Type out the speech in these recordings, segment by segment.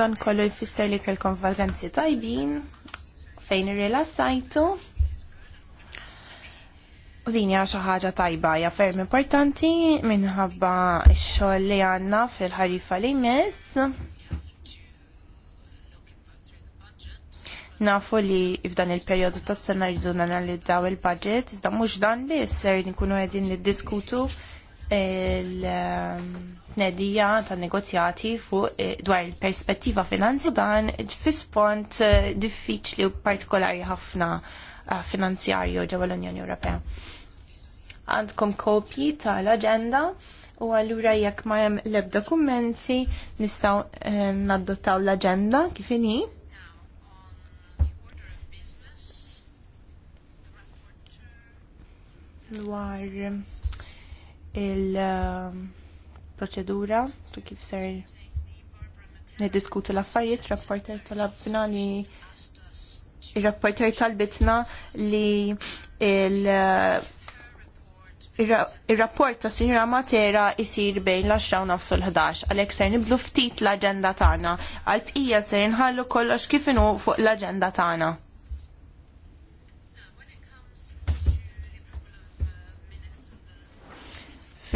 Dan kollu jfisser li kelkom vaganzi tajbin, fejn rilassajtu. U din hija xi ħaġa tajba hija ferm importanti minħabba x-xogħol li għandna fil-ħarifa li jmiss. Nafu li f'dan il-perjodu tas-sena rridu nanalizzaw il-budget, iżda mhux dan biss ser nkunu qegħdin niddiskutu il-nedija ta' negozjati fuq eh, dwar il-perspettiva finanzi dan fis font eh, diffiċli u partikolari ħafna eh, finanzjarju ġewwa l-Unjoni Ewropea. Għandkom kopji tal-aġenda u għallura jekk ma hemm l dokumenti kummenti nistgħu naddottaw l-aġenda kif inhi. dwar il-proċedura ta' kif ser niddiskutu l-affarijiet, rapporter tal-abna li il-rapporter tal-bitna li il- Il-rapport ta' Sinjura Matera isir bejn l-10 nafsu l-11, għalek ser nibdu ftit l-agenda tagħna, għal-bqija ser nħallu kollox kif inhu fuq l-agenda tagħna.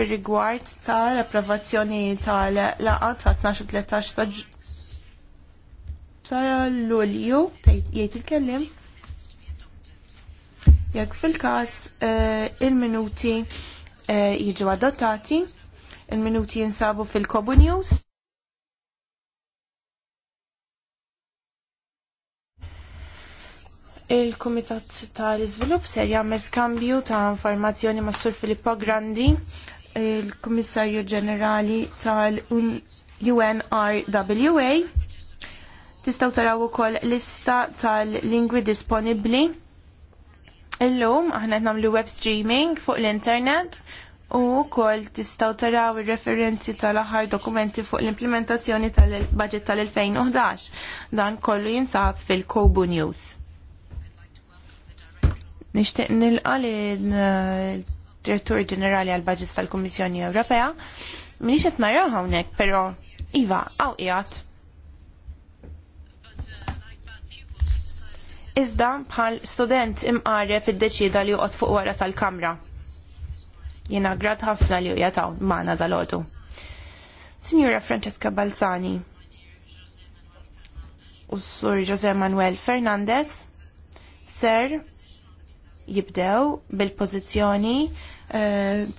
fir-rigward tal-approvazzjoni tal-laqa ta' 12-13 ta' ta' Lulju, jgħid il-kellim. Jekk fil-każ eh, il-minuti eh, jiġu adottati, il-minuti jinsabu fil-Kobu News. il-Kumitat tal-Iżvilupp ser jagħmel skambju ta' informazzjoni ma' Sur Filippo Grandi il-Kummissarju Ġenerali tal-UNRWA. Tistaw taraw ukoll lista tal-lingwi disponibbli. Illum aħna qed nagħmlu web streaming fuq l-internet u wkoll tistgħu taraw ir-referenzi tal-aħħar dokumenti fuq l-implementazzjoni tal-budget tal-2011. Dan kollu jinsab fil-Kobu News. Nixtieq nilqa' direttur ġenerali għal budget tal-Kummissjoni Ewropea. Minix qed naraw hawnhekk, però iva għaw qiegħed. Iżda bħal student imqareb iddeċida li joqgħod fuq wara tal-kamra. Jiena grad ħafna li hawn magħna dal-għodu. Signora Francesca Balzani u s-sur Jose Manuel Fernandez ser jibdew bil-pożizzjoni eh,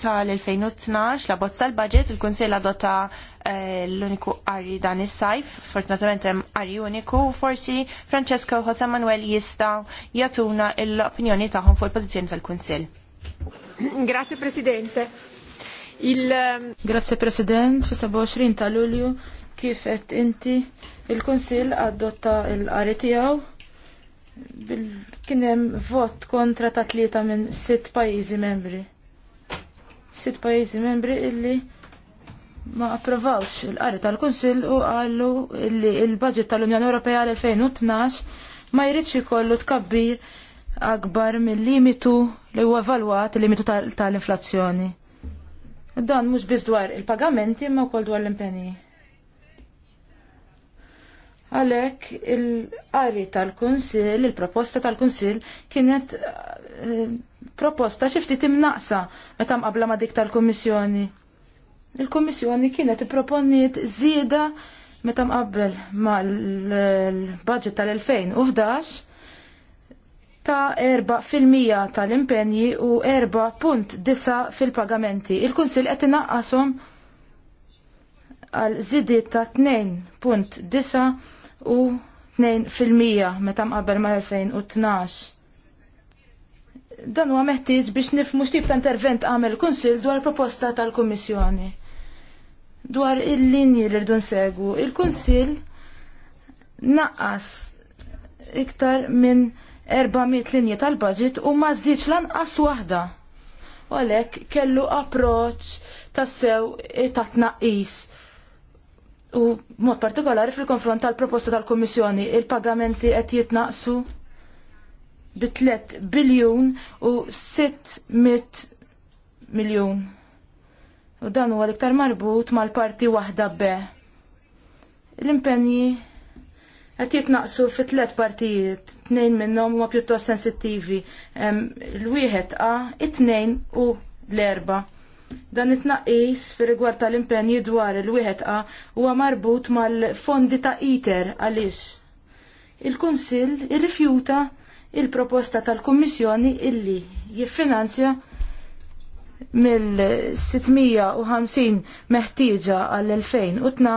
tal-2012 la bozza l-budget il-Kunsill adotta eh, l-uniku arri dan is-sajf, sfortunatament hemm arri uniku, forsi Francesco Jose Manuel jista' jatuna l-opinjoni tagħhom fuq il-pożizzjoni tal-Kunsill. Grazie Presidente. Il... Ehm, Grazie President, fi 27 ta' Lulju kif qed inti il-Kunsill adotta l-qari tiegħu kienem hemm vot kontra ta' tlieta minn sitt pajjiżi membri. Sitt pajjiżi membri illi ma approvawx il-qari tal-Kunsill u qalu illi il-budget tal-Unjoni Ewropea għal 2012 ma jridx ikollu tkabbir akbar mill-limitu li huwa evalwat il-limitu tal-inflazzjoni. Dan mhux biss dwar il-pagamenti imma wkoll dwar l-impenji. Għalhekk il-qari tal-Kunsill, il-proposta tal-Kunsill kienet eh, proposta xi ftit imnaqsa meta mqabla ma dik tal-Kummissjoni. Il-Kummissjoni kienet ipproponiet żieda meta mqabbel ma l-budget tal-2011 ta' 4% tal-impenji u 4.9 fil-pagamenti. Il-Kunsil qed inaqqashom għal żidiet ta' 2.9 u 2% meta mqabel ma' 2012 dan huwa meħtieġ biex nifmu x'tip ta' intervent għamel kunsil dwar proposta tal-Kummissjoni. Dwar il-linji li rridu nsegu, il-Kunsil naqqas iktar minn 400 linji tal-budget u ma żidx lanqas waħda. U għalhekk kellu approċċ tassew ta' tnaqqis U mod partikolari fil-konfront tal-proposta tal-Kommissjoni, il-pagamenti qed jitnaqsu bi 3 biljun u 600 miljun. U dan huwa l-iktar marbut mal-parti waħda B. L-impenji qed jitnaqsu fi tliet partijiet, tnejn minnhom huma pjuttost sensittivi. L-wieħed A, it-tnejn u l-erba' Dan it-tnaqqis fi rigward tal-impenji dwar il wieħedqa huwa marbut mal-fondi ta' ITER għaliex il-Kunsill irrifjuta il-proposta tal-Kummissjoni illi jiffinanzja mill-650 meħtieġa għall-2012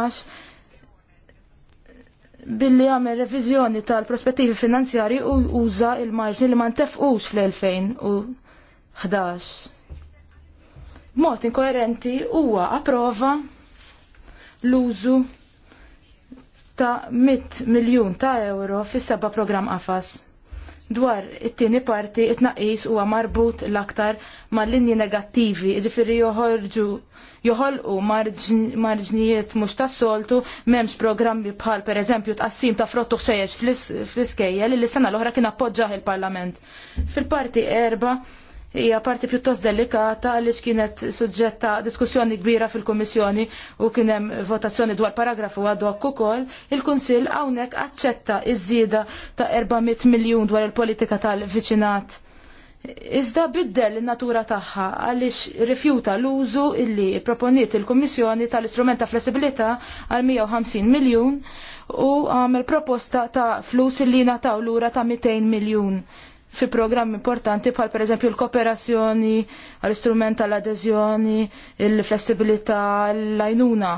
billi għamel revizjoni tal-prospettivi finanzjari u uża il-marġni li ma ntefqux fl-2011 mod inkoerenti huwa approva l-użu ta' 100 miljun ta' euro fis-seba' programm qafas. Dwar it-tieni parti it-naqis huwa marbut l-aktar mal-linji negattivi, ġifiri joħorġu joħolqu marġnijiet mhux tas-soltu m'hemmx programmi bħal pereżempju tqassim ta' frottu xejjex fl-iskejjel li s-sena l-oħra kien appoġġaħ il-Parlament. Fil-parti erba' hija parti pjuttost delikata għaliex kienet suġġetta diskussjoni kbira fil-Kummissjoni u kien hemm votazzjoni dwar paragrafu għadok ukoll, il-Kunsill hawnhekk aċċetta iż-żieda ta' 400 miljun dwar il-politika tal-viċinat. Iżda biddel in-natura tagħha għaliex rifjuta l-użu illi proponiet il-Kummissjoni tal-istrument ta' flessibilità għal 150 miljun u għamel proposta ta' flus illi nataw lura ta' 200 miljun fi programm importanti bħal per eżempju l-kooperazzjoni, għall-istrument tal-adeżjoni, il-flessibilità, l ajnuna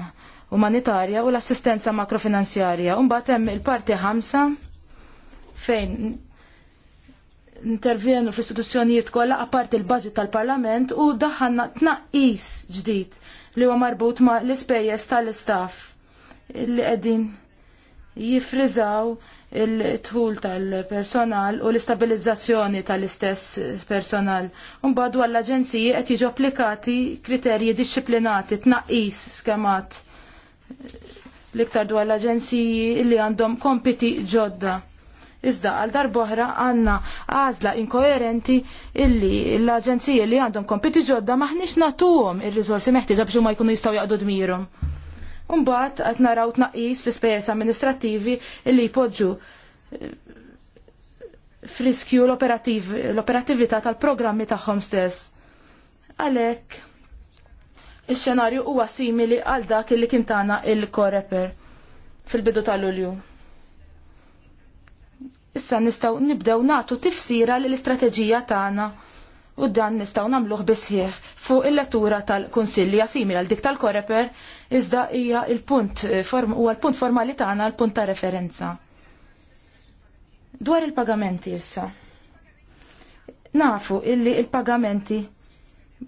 umanitarja u l-assistenza makrofinanzjarja. Umbat hemm il-parti ħamsa fejn intervjenu fl-istituzzjonijiet kollha apart il-budget tal-Parlament u daħanna tnaqqis ġdid li huwa marbut ma' l-ispejjeż tal-istaff li qegħdin jifriżaw il-tħul tal-personal u l-istabilizzazzjoni tal-istess personal. Umbadu għall-aġenziji qed jiġu applikati kriterji disciplinati, tnaqqis skemat l-iktar dwar l-aġenziji li għandhom kompiti ġodda. Iżda għal darboħra għanna għazla inkoerenti illi l-aġenziji li għandhom kompiti ġodda maħniex natuħom ir rizorsi meħtieġa biex ma jkunu jistgħu jaqdu dmirhom. Umbat qed naraw tnaqqis fi ispejjeż amministrattivi li jpoġġu eh, friskju l-operattività tal-programmi tagħhom stess. Għalhekk ix-xenarju huwa simili għal dak li kien tagħna il-koreper fil-bidu tal-Ulju. Issa nistgħu nibdew nagħtu tifsira lill istrateġija tagħna u dan nistgħu nagħmluh bisħieħ fuq il-lettura tal-Kunsilli simili għal dik tal-Koreper iżda hija eh, l-punt u għal punt formali tagħna l-punt ta' referenza. Dwar il-pagamenti issa. Nafu illi il-pagamenti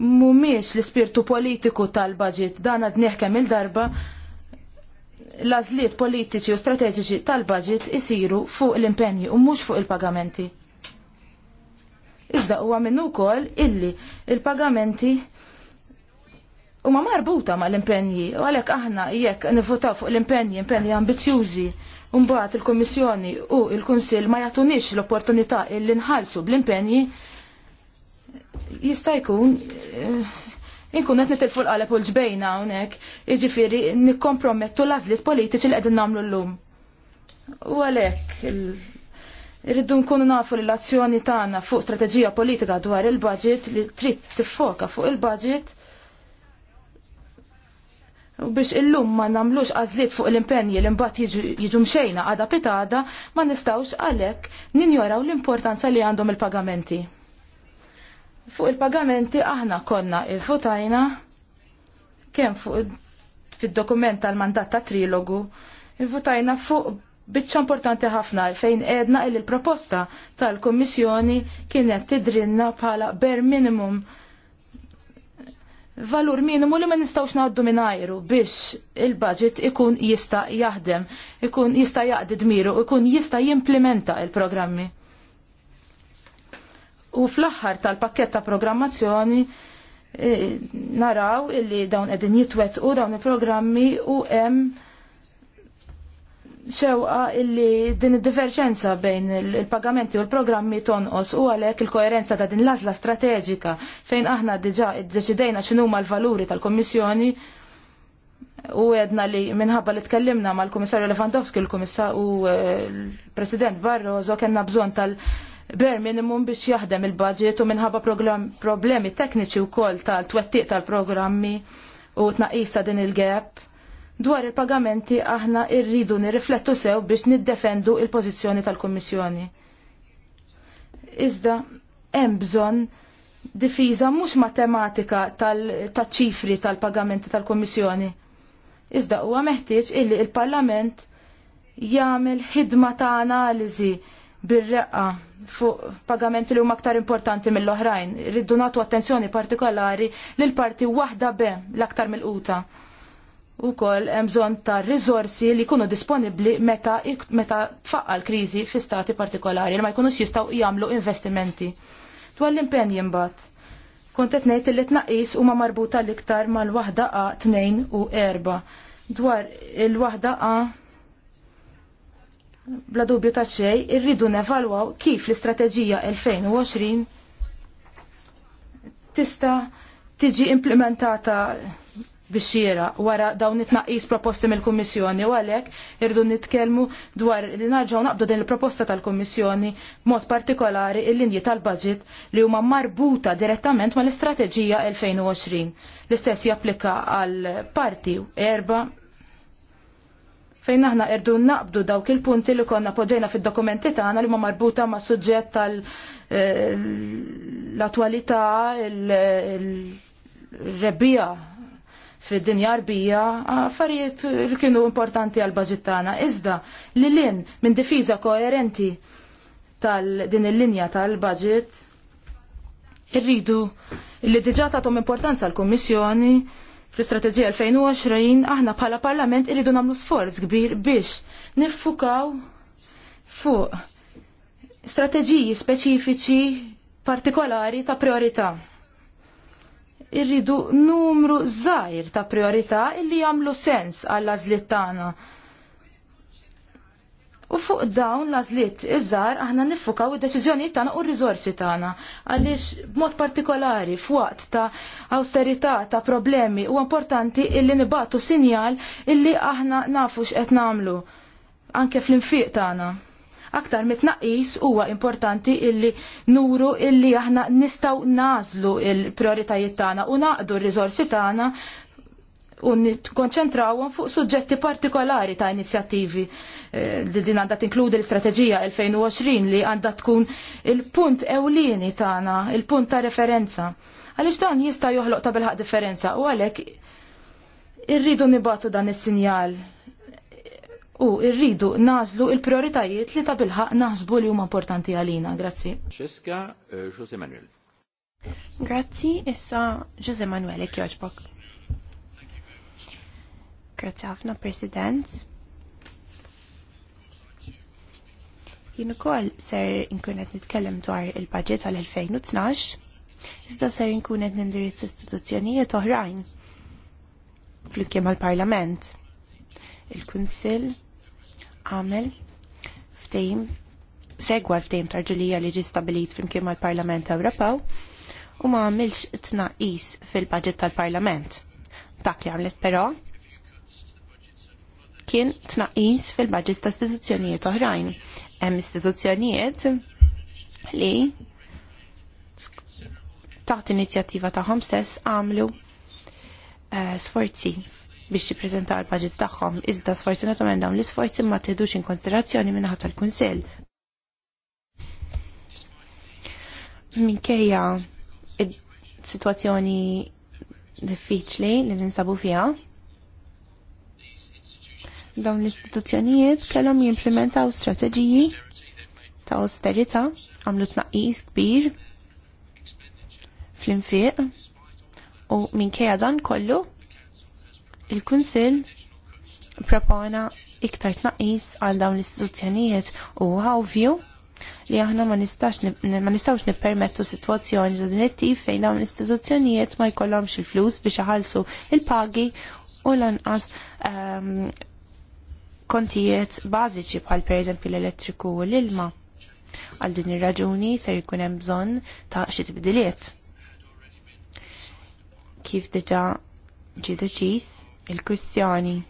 mumiex l-ispirtu politiku tal-budget dan għad neħkem il-darba l-azliet politiċi u strateġiċi tal-budget isiru fuq l-impenji u mhux fuq il-pagamenti. Iżda huwa minnu wkoll illi il-pagamenti huma marbuta mal-impenji u għalhekk aħna jekk nifutaw fuq l-impenji, impenji ambizjużi u mbagħad il-Kummissjoni u l-Kunsill ma jatunix l-opportunità illi nħallsu bl-impenji jista' jkun eh, inkun qed nitilfu l-qalep u l-ġbejna hawnhekk, jiġifieri nikkompromettu l-għażliet politiċi li qegħdin nagħmlu llum. U għalhekk Irridu nkunu nafu li l-azzjoni tagħna fuq strateġija politika dwar il-budget li trid tiffoka fuq il-budget u biex illum ma nagħmlux għażliet fuq l-impenji li mbagħad jiġu mxejna għadha pitada ma nistgħux għalhekk ninjoraw l-importanza li għandhom il-pagamenti. Fuq il-pagamenti aħna konna il-futajna kemm fuq fid-dokument tal-mandat ta' trilogu, il-futajna fuq biċċa importanti ħafna fejn edna il proposta tal-Kommissjoni kienet tidrinna bħala ber minimum valur minimu li ma nistawx naħddu minajru biex il-budget ikun jista jaħdem, ikun jista jaqdi dmiru, ikun jista jimplementa il-programmi. U fl-aħħar tal-pakket ta' programmazzjoni eh, naraw illi dawn edin jitwet u dawn il-programmi u hemm xewqa illi din id-diverġenza bejn il-pagamenti u l-programmi tonqos u għalhekk il-koerenza ta' din l-għażla strateġika fejn aħna diġà iddeċidejna x'inhuma l-valuri tal kummissjoni u għedna li minħabba li tkellimna mal komissarju Lewandowski l-komissar u eh, l-President Barroso kena bżon tal- Ber minimum biex jaħdem il-budget u minħabba problemi tekniċi u kol tal-twettiq tal-programmi u tnaqis ta' din il-gap Dwar il-pagamenti aħna irridu nirriflettu sew biex niddefendu il-pożizzjoni tal-Kummissjoni. Iżda hemm bżonn difiża mhux matematika tal-ċifri tal-pagamenti tal-Kummissjoni. Iżda huwa meħtieġ illi il-Parlament jagħmel ħidma ta' analiżi bir-reqqa fuq pagamenti li huma aktar importanti mill-oħrajn. Riddu nagħtu attenzjoni partikolari lil parti waħda be l-aktar mill-quta u kol bżon ta' rizorsi li kunu disponibli meta, meta tfaqqa l-krizi fi stati partikolari li ma jkunux jistaw jamlu investimenti. Dwar l-impenn jimbat. Kontet nejt li tnaqis u ma marbuta l-iktar mal-wahda A 2 u 4. Dwar il-wahda A bla dubju ta' xej, irridu nevalwaw kif l-istrateġija 2020 tista' tiġi implementata bixiera wara dawn it-naqis proposti mill-Kummissjoni u għalhekk irdu nitkellmu dwar li narġgħu naqbdu din il-proposta tal-Kummissjoni mod partikolari il-linji tal-budget li huma marbuta direttament mal-Istrateġija 2020. L-istess japplika għal parti erba fejn aħna irdu naqbdu dawk il-punti li konna poġġejna fid-dokumenti tagħna li huma marbuta ma' suġġett tal-attualità eh, il-rebbija fid-dinja arbija affarijiet li kienu importanti għal tagħna, Iżda li lin minn difiża koerenti tal-din il-linja tal-budget irridu li diġà tagħhom importanza l kummissjoni fl-istrateġija 2020 aħna bħala parlament irridu nagħmlu sforz kbir biex niffukaw fuq strateġiji speċifiċi partikolari ta' priorità irridu numru żgħir ta' priorità illi jagħmlu sens għall-għażliet tagħna. U fuq dawn lażliet iż-żar aħna niffukaw id-deċiżjonijiet tagħna u r-riżorsi tagħna għaliex b'mod partikolari f'waqt ta' awsterità ta' problemi u importanti illi nibatu sinjal illi aħna nafu x'qed nagħmlu anke fl-infiq tagħna aktar mitnaqis huwa importanti illi nuru illi aħna nistaw nażlu il-prioritajiet tagħna u naqdu r-riżorsi tagħna u nikkonċentrawhom fuq suġġetti partikolari ta' inizjattivi eh, li din għandha tinkludi l-istrateġija 2020 li għandha tkun il-punt ewlieni tagħna, il-punt ta' referenza. Għaliex dan jista' joħloq ta' bilħaq differenza u għalhekk irridu nibatu dan is-sinjal u rridu nażlu il-prioritajiet li ta' bilħaq naħsbu li huma importanti għalina. Grazzi. Francesca eh, Jose Manuel. Grazzi, issa Jose Manuel, kjoġbok. Grazzi ħafna, President. Jien ukoll ser inkun qed nitkellem dwar il-budget għal-2012, iżda ser inkun qed nindirizz istituzzjonijiet oħrajn flimkien mal-Parlament, il-Kunsill, għamel ftejm segwa ftejm tarġilija li ġi stabilit flimkien mal-Parlament Ewropew u ma għamilx tnaqis fil-budget tal-Parlament. Dak li għamlet però kien tnaqis fil-budget ta' istituzzjonijiet oħrajn. Hemm istituzzjonijiet li taħt inizjattiva tagħhom stess għamlu eh, sforzi biex jippreżentaw il-budget tagħhom, iżda sfortunatament dawn l-isforzi ma tieħdux in konsiderazzjoni minn ħadd tal-Kunsell. Minkejja situazzjoni diffiċli li ninsabu fiha, dawn l-istituzzjonijiet kellhom jimplementaw strateġiji ta' austerita għamlu tnaqqis kbir fl-infiq u minkejja dan kollu Il-Kunsill propona iktar tnaqqis għal dawn l-istituzzjonijiet u ovvju li aħna ma nistawx nippermettu situazzjoni ta' din it-tip fejn dawn l-istituzzjonijiet ma jkollhomx il-flus biex iħallsu il-pagi u lanqas um, kontijiet bażiċi bħal pereżempju l-elettriku u l-ilma. Għal din ir-raġuni ser jkun hemm bżonn ta' xi tibdiliet. Kif diġà ġie deċiż, il-kwistjoni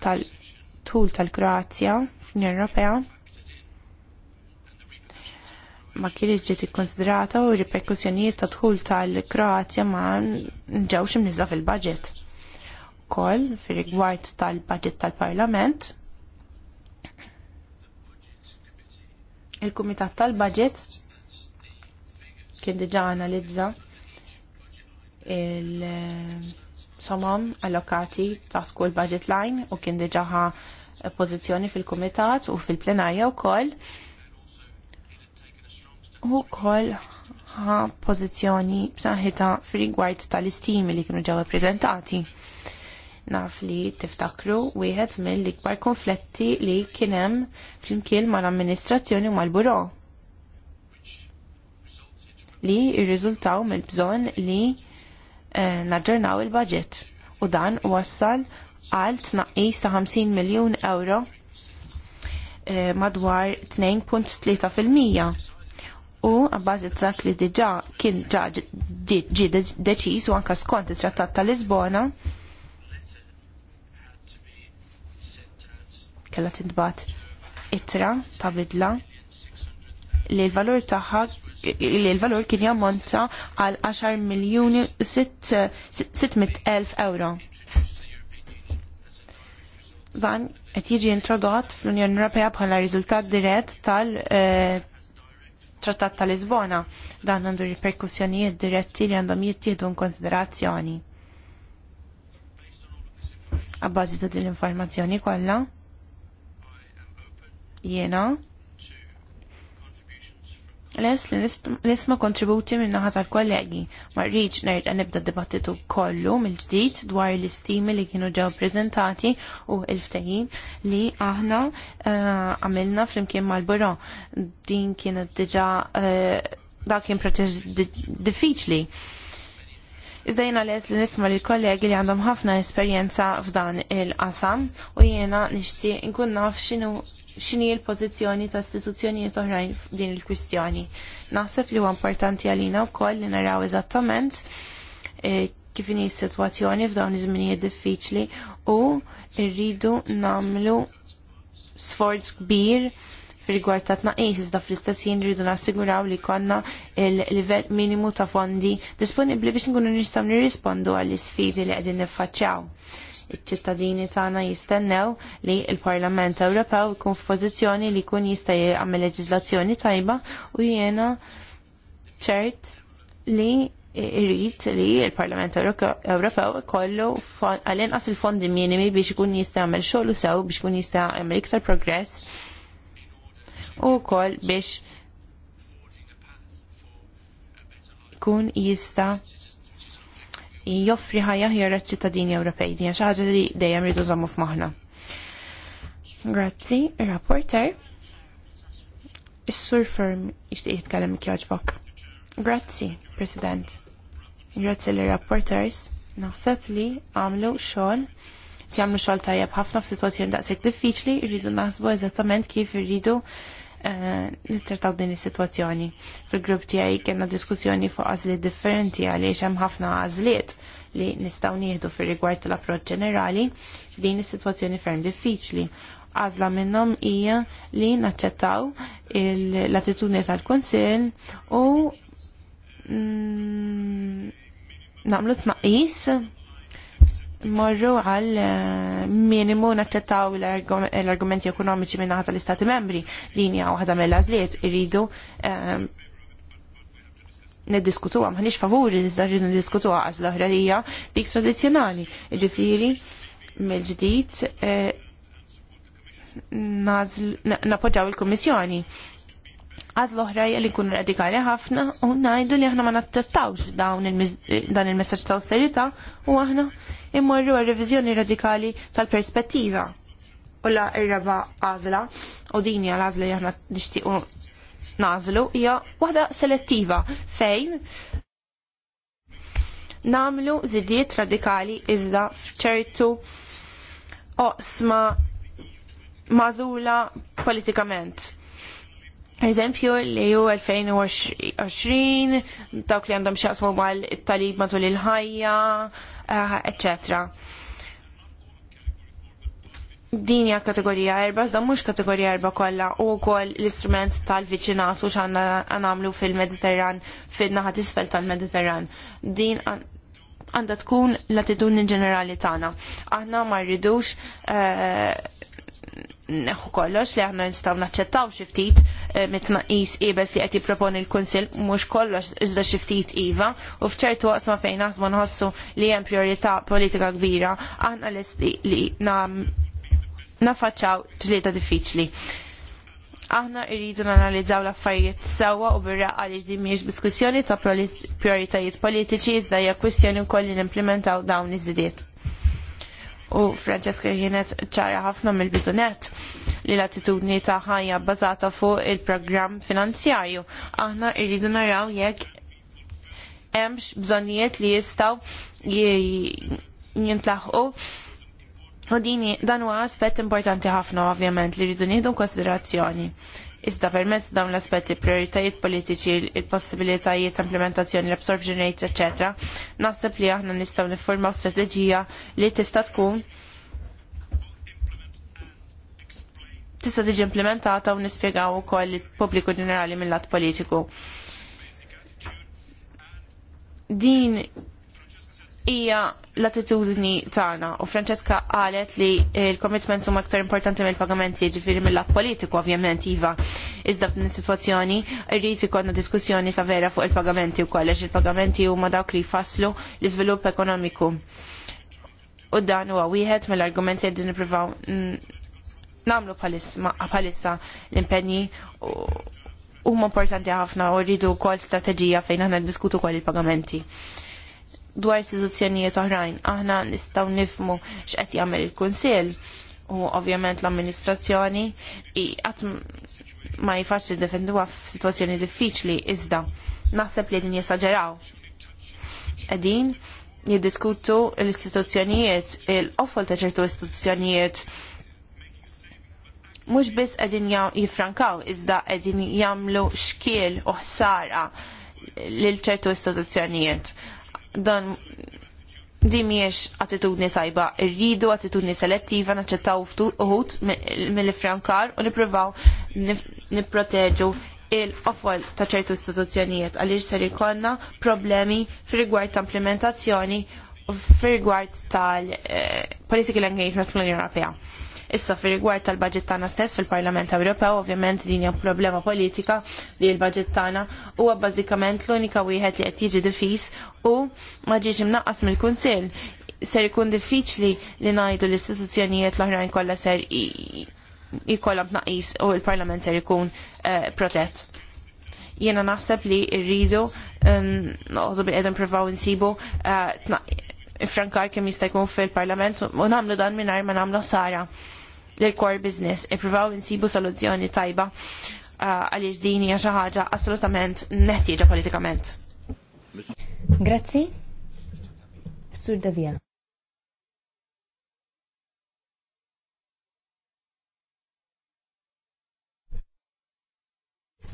tal-tul tal-Kroazja fl-Unjoni Ewropea ma kienx ġiet ikkonsidrata u riperkussjonijiet ta' dħul tal-Kroazja ma ġewx imniżla fil-budget. Kol, fir-rigward tal-budget tal-Parlament il-Kumitat tal-Budget kien diġa analizza il- somom allokati ta' kull budget line u kien diġaħa pozizjoni fil-komitat u fil-plenarja u koll. U koll ħa pozizjoni b'saħħita fil-rigward tal-istimi li kienu ġewa prezentati. Naf li tiftakru wieħed mill-ikbar konfletti li kienem flimkien mal-amministrazzjoni u mal-buro li rriżultaw mill-bżonn li Eh, naġġornaw il-budget u dan wassal għal tnaqqis ta' 50 miljun euro eh, madwar 2.3% u għabbażi t-zak li diġa kien ġi deċiż u anka skont it-trattat ta' Lisbona kella tintbat itra ta' bidla li l-valur li l-valur kien jammonta għal 10 miljuni 600,000 euro. Dan qed jiġi introdott fl-Unjoni Ewropea bħala riżultat dirett tal eh, Trattat ta' Lisbona dan għandu riperkussjonijiet diretti li għandhom jittieħdu konsiderazzjoni. A Abbażi ta' din l-informazzjoni kollha, jiena Les li nisma kontributi minn naħat tal-kollegi, ma rridx nerġa' nibda dibattitu kollu mill-ġdid dwar l-istimi li kienu ġew prezentati u l-ftehim li aħna eh, għamilna uh, flimkien mal bura Din kienet diġà uh, dak kien proċess diffiċli. Iżda les li nisma li kollegi li għandhom ħafna esperjenza f'dan il-qasam u jena nixtieq nkun naf x'inhu x'inhi l-pożizzjoni ta' istituzzjonijiet oħrajn din il-kwistjoni. Naħseb li huwa importanti għalina wkoll li naraw eżattament eh, kif inhi s-sitwazzjoni f'dawn iż-żminijiet diffiċli u rridu nagħmlu sforz kbir Rigward ta' tnaqis iżda fl-istess jien rridu nassiguraw li konna il-livell minimu ta' fondi disponibbli biex nkunu nistgħu nirrispondu għall-isfidi li qegħdin niffaċċjaw. Iċ-ċittadini tagħna jistennew li l-Parlament Ewropew ikun f'pożizzjoni li jkun jista' jagħmel leġiżlazzjoni tajba u jiena ċert li irrit li il-Parlament Ewropew kollu għal-inqas il-fondi minimi biex ikun jista' jagħmel xogħol sew biex ikun jista' jagħmel iktar progress u wkoll biex kun jista joffri ħajja ħjar ċittadini Ewropej. Din xi li dejjem rridu żommu f'maħna. Grazzi, rapporter. Is-sur firm jixtieq jitkellem kjoġbok. Grazzi, President. Grazzi li rapporters. Naħseb li għamlu xogħol si għamlu xogħol tajjeb ħafna f'sitwazzjoni daqshekk diffiċli, rridu naħsbu eżattament kif irridu Eh, nittertaw din is-sitwazzjoni. Fil-grupp tiegħi kena diskussjoni fuq għażliet differenti għaliex hemm ħafna għażliet li nistgħu nieħdu fir-rigward tal-approċċ ġenerali din is-sitwazzjoni ferm diffiċli. Għażla minnhom hija li naċċettaw l-attitudni tal-Kunsill u mm, nagħmlu tnaqqis morru għal eh, minimu naċċettaw l-argumenti ekonomiċi minna għata l-Istati membri din hija għada mill zliet irridu eh, niddiskutuha m'ħniex favuri iżda rridu niddiskutuha għażla oħra hija dik tradizzjonali. Ġifieri mill-ġdid eh, napoġaw il-Kummissjoni għaz l-oħra li nkunu radikali ħafna u najdu li aħna ma nattattawx eh, dan il-messagġ ta' austerita u aħna immorru għal revizjoni radikali tal-perspettiva u la ir-raba għazla u dini għal għazla li aħna nishtiqu nazlu hija waħda selettiva fejn namlu zidiet radikali iżda f'ċertu oqsma mażula politikament Eżempju li ju 2020 dawk li għandhom xaqsmu mal talib matul il-ħajja, eccetera eh, din hija kategorija erba, da mhux kategorija erba kollha u wkoll l-istrument tal-viċinat u x'għandna nagħmlu fil-Mediterran fin-naħa isfel tal-Mediterran. Din għandha tkun l-attitudni ġenerali tagħna. Aħna ma rridux eh, neħu kollox li aħna nistgħu naċċettaw xi ftit Eh, mit-tnaqqis ibes li qed jipproponi l-Kunsill mhux kollox iżda xi ftit iva u f'ċertu ma' fejn naħsbu nħossu li hemm priorità politika kbira aħna lesti li nafaċċaw ġlieda diffiċli. Aħna irridu nanalizzaw l-affarijiet sewwa u bir-raqqa li din mhijiex diskussjoni ta' prioritajiet politiċi iżda hija kwistjoni wkoll li nimplementaw dawn iż-żidiet u Francesca kienet ċara ħafna mill-bidunet li l-attitudni ta' ħajja bbażata fuq il-programm finanzjarju. Aħna irridu naraw jekk hemmx bżonnijiet li jistgħu jintlaħqu U dini, dan huwa aspett importanti ħafna ovvjament li rridu nieħdu konsiderazzjoni. Iżda permezz dawn l-aspetti prioritajiet politiċi, il-possibilitajiet ta' implementazzjoni, l-absorption rate, ecc. naħseb li aħna nistgħu niffurmaw strateġija li tista' tkun tista' tiġi implementata u nispjegaw ukoll il-pubbliku ġenerali mill-lat politiku. Din hija l-attitudni tagħna u Franceska qalet li l-commitments huma aktar importanti mill-pagamenti jiġifieri mill-att politiku ovvjament iva. Iżda f'din is-sitwazzjoni rrid ikollna diskussjoni ta' vera fuq il-pagamenti wkoll għax il-pagamenti huma dawk li jfasslu l-iżvilupp ekonomiku. U dan huwa wieħed mill-argumenti qed nippruvaw nagħmlu bħalissa l-impenji huma importanti ħafna u rridu wkoll strateġija fejn aħna ndiskutu wkoll il-pagamenti dwar istituzzjonijiet oħrajn. Aħna nistgħu nifmu x'qed jagħmel il-Kunsill u ovvjament l-amministrazzjoni qatt ma jifax jiddefenduha f'sitwazzjoni diffiċli iżda naħseb li din jesaġeraw. Qegħdin jiddiskutu l-istituzzjonijiet, il-qofol ta' ċertu istituzzjonijiet mhux biss qegħdin jiffrankaw iżda qegħdin jagħmlu xkiel u ħsara lil ċertu istituzzjonijiet dan di miex attitudni tajba, irridu attitudni selettiva naċċettaw uħut mill-Frankar u nippruvaw nipproteġu il-qofol ta' ċertu istituzzjonijiet għaliex ser ikollna problemi fil rigward ta' implementazzjoni fil rigward tal-political eh, engagement fl-Unjoni Ewropea. Issa fir rigward tal-budget tagħna stess fil-Parlament Ewropew, ovvjament din hija problema politika li l-budget tagħna huwa bażikament l-unika wieħed li qed jiġi difis u ma ġiex imnaqqas mill-Kunsill. Ser ikun diffiċli li ngħidu l-istituzzjonijiet l-oħrajn kollha ser jkollhom tnaqqis u l-Parlament ser ikun eh, protett. Jiena naħseb li rridu um, noqogħdu bil-qegħdu nipprovaw insibu eh, frankar kemm jista' jkun fil-Parlament u nagħmlu dan mingħajr ma nagħmlu sara l-core business ippruvaw insibu soluzzjoni tajba uh, għaliex din hija xi ħaġa assolutament neħtieġa politikament. Grazzi. Sur Davia.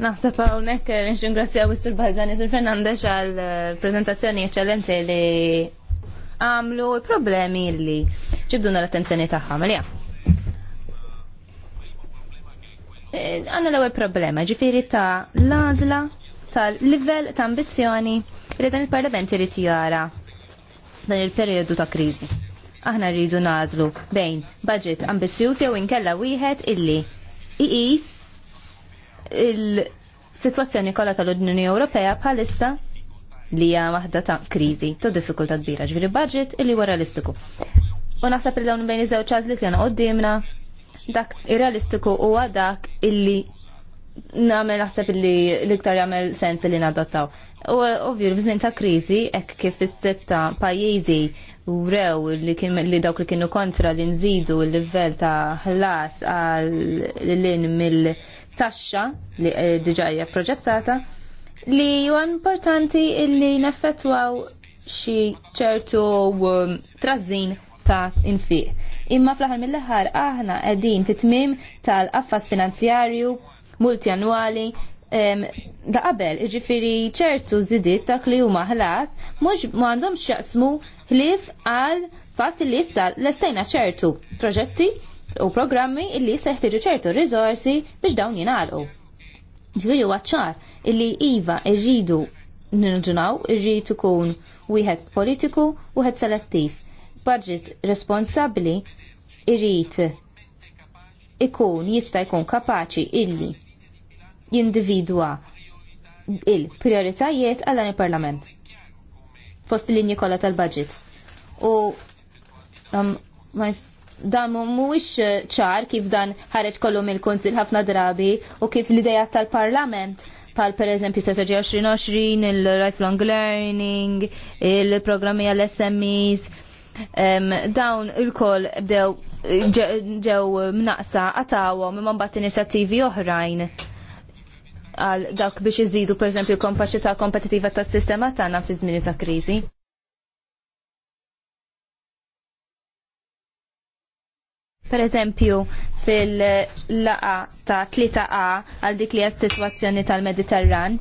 Naħseb hawnhekk eh, nixringrazzjaw is-Sur Bażani Sur Fernandez għal eh, prezentazzjoni eċċellenti li għamlu problemi li ġibduna l-attenzjoni tagħha. Malja. Eh, għanna l-ewwel problema ġifiri ta' l-għażla tal-livell ta' ambizzjoni li dan il-Parlament irid jara dan il periodu ta' kriżi. Aħna rridu nażlu bejn budget ambizzjuż jew inkella wieħed illi iqis il-sitwazzjoni kollha tal-Unjoni Ewropea bħalissa li hija waħda ta' kriżi, ta' diffikulta kbira, ġifieri budget illi huwa realistiku. U naħseb li dawn bejn iż-żewġ għażliet li dak irrealistiku huwa dak illi nagħmel naħseb illi l-iktar jagħmel sens li nadottaw. U ovvju, f'żmien ta' kriżi, hekk kif is-setta pajjiżi wrew li, li dawk li kienu kontra li nżidu l-livell ta' ħlas għal l mill-taxxa li eh, diġajja proġettata, li huwa importanti li neffettwaw xi ċertu um, trażin ta' infiq imma fl-aħħar mill-aħħar aħna qegħdin fit-tmim tal-qaffas finanzjarju multjanwali da qabel, ġifiri ċertu zidiet dak li huma ħlas, mhux m'għandhomx jaqsmu ħlief għal fatt li issa lestejna ċertu proġetti u programmi illi jeħtieġu ċertu riżorsi biex dawn jingħalqu. Ġifieri huwa ċar illi iva rridu nirġunaw irrid ikun wieħed politiku u wieħed selettiv budget responsabbli irrit ikun jista' jkun kapaċi illi jindividwa il-prioritajiet għal dan il-Parlament fost linji kollha tal-budget. U um, dan mhuwiex uh, ċar kif dan ħareġ kollu mill kunsill ħafna drabi u kif l-idea tal-Parlament pal per eżempju strategija 2020, il-lifelong learning, il-programmi għall-SMEs, dawn il-koll bdew ġew mnaqsa għatawhom imma mbagħad inizjattivi oħrajn għal dak biex iżidu pereżempju l-kompaċità kompetittiva tas-sistema tagħna fi żmieni ta' kriżi. Per eżempju, fil-laqa ta' 3A għal dik li situazzjoni tal-Mediterran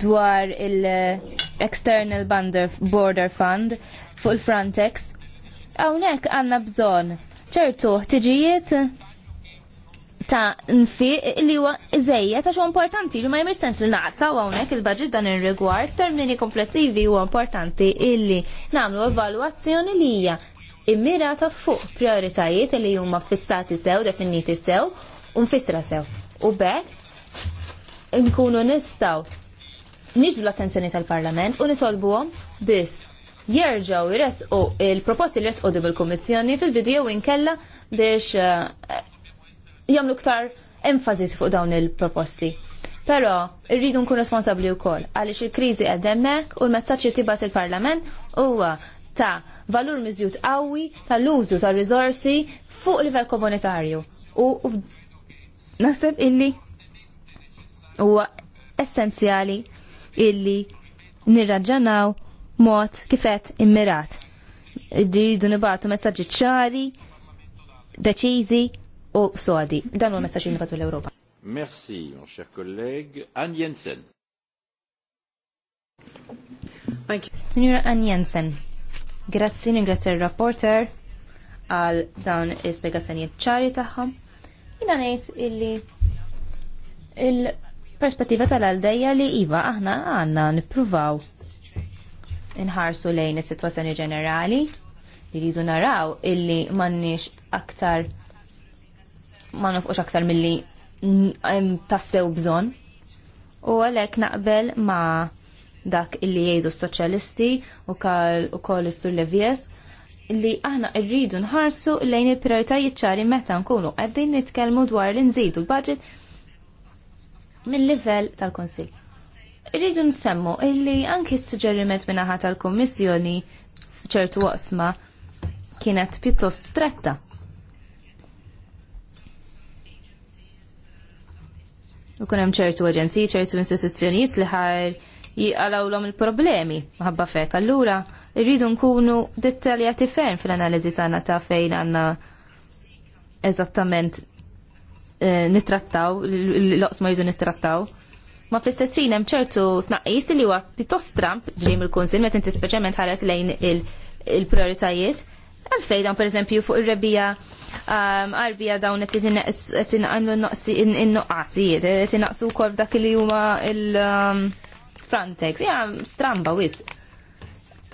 dwar il-External Border Fund fuq il-Frontex Hawnhekk għandna bżonn ċertu ħtiġijiet ta' nfi li huwa iżejja ta' xi importanti li ma jmirx sens li naqta' hawnhekk il-baġit dan ir-rigward termini komplettivi huwa importanti illi nagħmlu evalwazzjoni li hija immirata fuq prioritajiet li huma fissati sew, definiti sew u sew. U bekk nkunu nistgħu niġdu l-attenzjoni tal-Parlament u nitolbuhom biss jerġaw jresqu il-proposti li jresqu dibil-Komissjoni fil-bidu jew inkella biex eh, jagħmlu ktar enfazis fuq dawn il-proposti. Pero, rridu nkun responsabli u kol, għalix il-krizi għademmek u l-messagġi tibat il-parlament huwa ta' valur miżjut qawwi tal-użu ta' rizorsi fuq livell komunitarju. U naħseb illi huwa essenzjali illi nirraġanaw mod kifet immirat. Iridu nibatu messaġġi ċari, deċiżi u sodi. Dan huwa messaġġi nibatu l-Ewropa. Merci, mon cher collègue. Anne Jensen. Thank you. Signora Anne Jensen, grazie, ringrazio il-rapporter għal dawn spiegazzjoni ċari taħħom. Jina ngħid illi il-perspettiva tal għaldeja li iva aħna għandna nippruvaw Inħarsu lejn is-sitwazzjoni ġenerali jridu naraw illi m'għandniex aktar ma nofqux aktar milli tassew bżonn. U għalhekk naqbel ma dak illi jgħidu s-soċjalisti u kal u koll sur Levies li aħna rridu nħarsu lejn il-prioritajiet ċari meta nkunu qegħdin nitkellmu dwar li nżidu l-budget mill-livell tal-Konsil. Irridu nsemmu illi anki s-suġġeriment ħat tal-Kommissjoni f'ċertu waqsma kienet pjuttost stretta. U kunem hemm ċertu aġenziji, ċertu istituzzjonijiet li ħar l-om il-problemi maħabba fek. Allura irridu nkunu dettaljati ferm fil-analiżi tagħna ta' fejn għandna eżattament eh, nitrattaw, l-oqsma jridu nittrattaw ma fl-istessin hemm ċertu tnaqqis li huwa pjuttost Trump ġej mill-Kunsil meta inti speċjalment ħares lejn il-prioritajiet. Għalfej dawn pereżempju fuq ir-rebija għarbija um, dawn qed inqamlu n-nuqqasijiet, qed inaqsu wkoll dak li huma il-Frontex. Um, ja, tramba wis.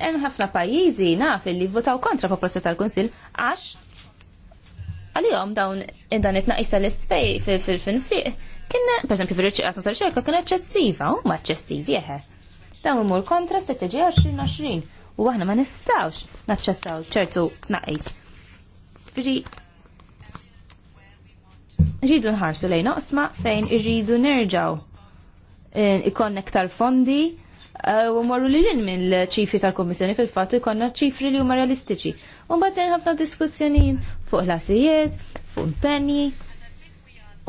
Hemm ħafna pajjiżi naf li votaw kontra proposta tal-Kunsil għax għalihom dawn dan it-tnaqqis tal-ispej fil-finfiq kien, per esempio, fil għasna tal-ċerka kien eċċessiva, u ma eċċessivi eħe. Dawn imur kontra strategija 2020 u aħna ma nistawx naċċettaw ċertu naqis. Fri rridu nħarsu lejn oqsma fejn irridu nerġaw eh, ikkonnek tal-fondi eh, u morru li l-in minn ċifri tal komissjoni fil-fattu jkollna ċifri li huma realistiċi. U mbagħad ħafna diskussjonijiet fuq l-asijiet, fuq l-penji,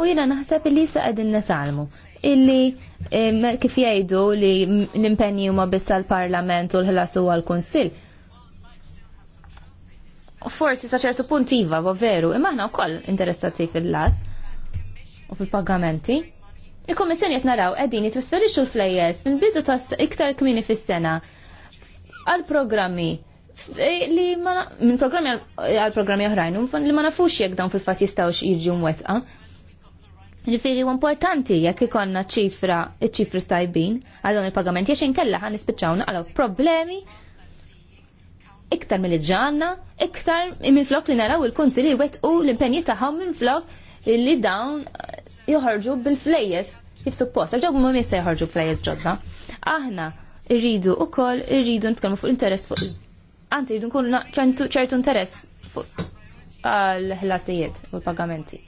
u jina naħseb illi sa' għedin netalmu illi kif jgħidu li l-impenji huma biss għal-parlament u l ħlasu għal-konsil forsi sa ċertu puntiva, iva, va veru, imma u wkoll interessati fil-las u fil-pagamenti. il komissjoni qed naraw qegħdin jitrasferixxu l flejes mill-bidu ta' iktar kmini fis-sena għal programmi li ma minn programmi għal programmi oħrajn li ma nafux jekk dawn fil-fatt jistgħux jiġu mwettqa. Ġifiri u importanti jekk ikonna ċifra, ċifri stajbin għal dawn il-pagamenti jiex inkella ħan nispiċċaw naqgħu problemi iktar mill ġanna, iktar minn flok li naraw il-konsili wet u l-impenji tagħhom minn flok li dawn joħorġu bil-flejjes kif suppost, Għagħu mumi se joħorġu flejes ġodda. Aħna rridu ukoll irridu nitkellmu fuq interess fuq anzi rridu nkunu ċertu interess fuq għal ħlasijiet u l-pagamenti.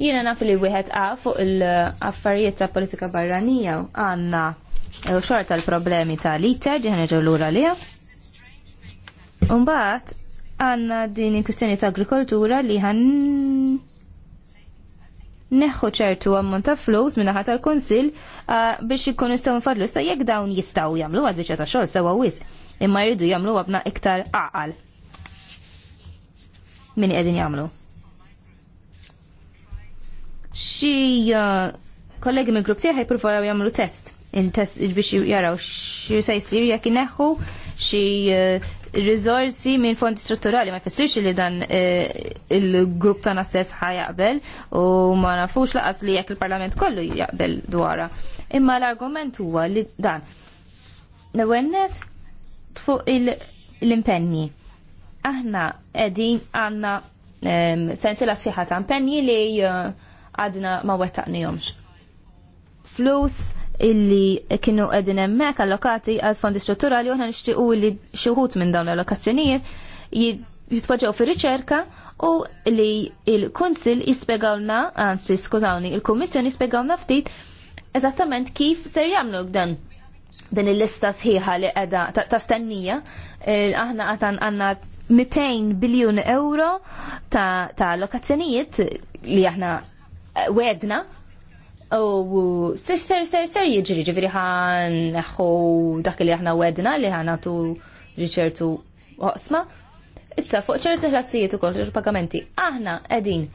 Jiena naf li wieħed A fuq il-affarijiet ta' politika barranija għandna eh, xorta l-problemi ta' liter ġeħna ġew lura liha. Umbagħad għandna din il-kwistjoni ta' agrikoltura li ħan neħħu ċertu ammont ta' flus minna ħat tal-konsil eh, biex ikun jistgħu nfadlu sta' jekk dawn jistgħu jagħmlu għad biex ta' xogħol sewa wis imma jridu jagħmlu għabna iktar aqal. Min qegħdin jagħmlu? xi uh, kollegi minn grupp tiegħi jippruvaw jagħmlu test il-test biex jaraw xi se jsir jekk ineħħu xi uh, rizorsi minn fondi strutturali ma jfessirx li dan uh, il-grupp tagħna stess jaqbel u ma nafux laqas li jekk il-Parlament kollu jaqbel dwarha. Imma l-argument huwa li dan l-ewennet fuq l-impenni. Aħna qegħdin għandna um, sensila sħiħa ta' impenni li għadna ma wettaqnijomx. Flus illi kienu għedin emmek allokati għal fondi strutturali u għana nishtiqu li xuħut minn dawn l-allokazzjonijiet jitpoġġaw fi riċerka u li il-Kunsil jispegawna, għansi skużawni, il-Kommissjoni jispegawna ftit eżattament kif ser jamlu dan din il-lista sħiħa li għedha ta' stennija, eh, aħna għatan għanna 200 biljun euro ta' allokazzjonijiet li aħna wedna u sex ser ser ser jiġri ġifiri ħan neħu dak li aħna wedna li ħan għatu ċertu oqsma. Issa fuq ċertu ħlassijiet u kol pagamenti aħna edin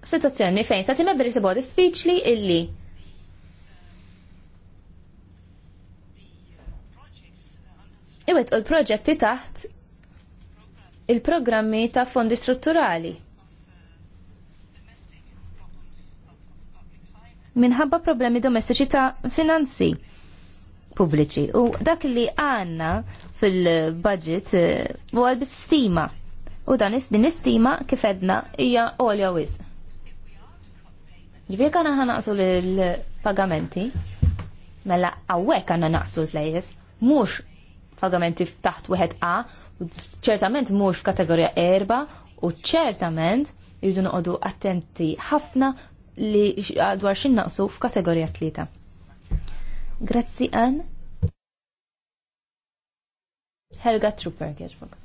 situazzjoni fejn sa' timma beri sebo diffiċli illi Iwet u l-proġetti taħt il-programmi ta' fondi strutturali. minħabba problemi domestiċi ta' finanzi pubbliċi. U dak li għanna fil-budget eh, u għal stima. U dan din istima kif edna hija għolja wis. Ġbir għana ħanaqsu l-pagamenti, mela għawek għanna naqsu l lejes mux pagamenti taħt wieħed A, u ċertament mux f'kategorija erba, u ċertament jridu noqogħdu attenti ħafna li għadwar xin naqsu f'kategorija tlieta. Grazzi għan. Helga Trooper, kieġbog.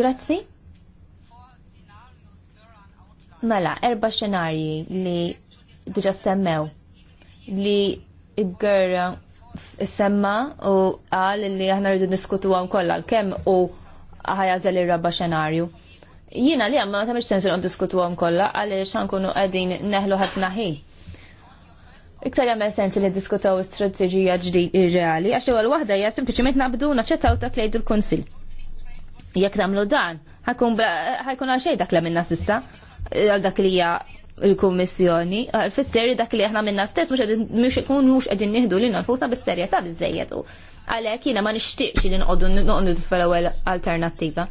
Grazzi. Mela, erba xenarji li diġa semmew li id-gwerra semma u għal li aħna rridu niskutu għam kollha l-kem u ħajażel ir-raba xenarju Jina li għamma ta' miex sensu għon diskutu għom kolla għalli xankunu għadin neħlu ħafna ħin. Iktar jagħmel sens li diskutaw strateġija ġdid irreali għax l-ewwel waħda hija sempliċiment nabdu naċċettaw ta' li l-Kunsill. Jekk tagħmlu dan, ħajkun għal xejn dak li minna sissa għal dak li hija il-kommissjoni, fisseri dak li aħna minna stess, mux ikun mux għedin nihdu li nfusna bis-serjeta bizzejiet. U għalek jina ma nishtiqx li nqoddu nqoddu t-fela alternattiva.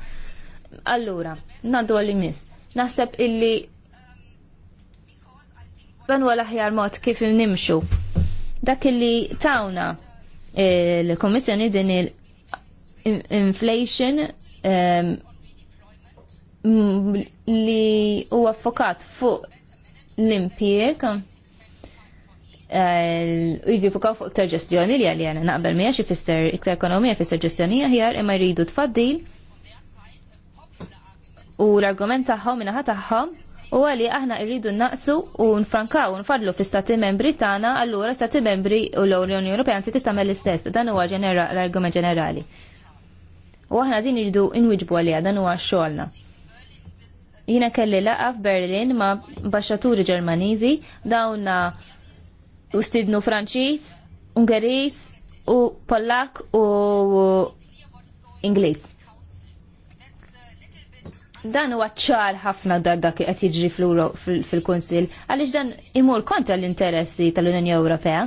Allura, nandu għalli mis. Naħseb illi dan huwa l-aħjar mod kif nimxu. Dak illi tawna eh, l-Komissjoni din il-inflation ehm, li huwa fokat fuq l-impjeg eh, jridu fuq fuq iktar ġestjoni li għalli għana naqbel mija xie fisser iktar ekonomija fisser ġestjonija ħjar imma jridu tfaddil u l-argument tagħhom minnaħa tagħhom u għali aħna irridu naqsu u nfrankaw u nfadlu fi stati membri tagħna allura stati membri u l-Unjoni Ewropea nsi tagħmel l-istess dan huwa l-argument ġenerali. U aħna din irridu inwiġbu għalija dan huwa xogħolna. Jiena kelli laqa f'Berlin ma' baxxaturi Ġermaniżi dawna u stidnu Franċiż, Ungeriż u Pollak u Ingliż dan huwa ċar ħafna dar dak qed jiġri fil-Kunsill għaliex dan imur kontra l-interessi tal-Unjoni Ewropea.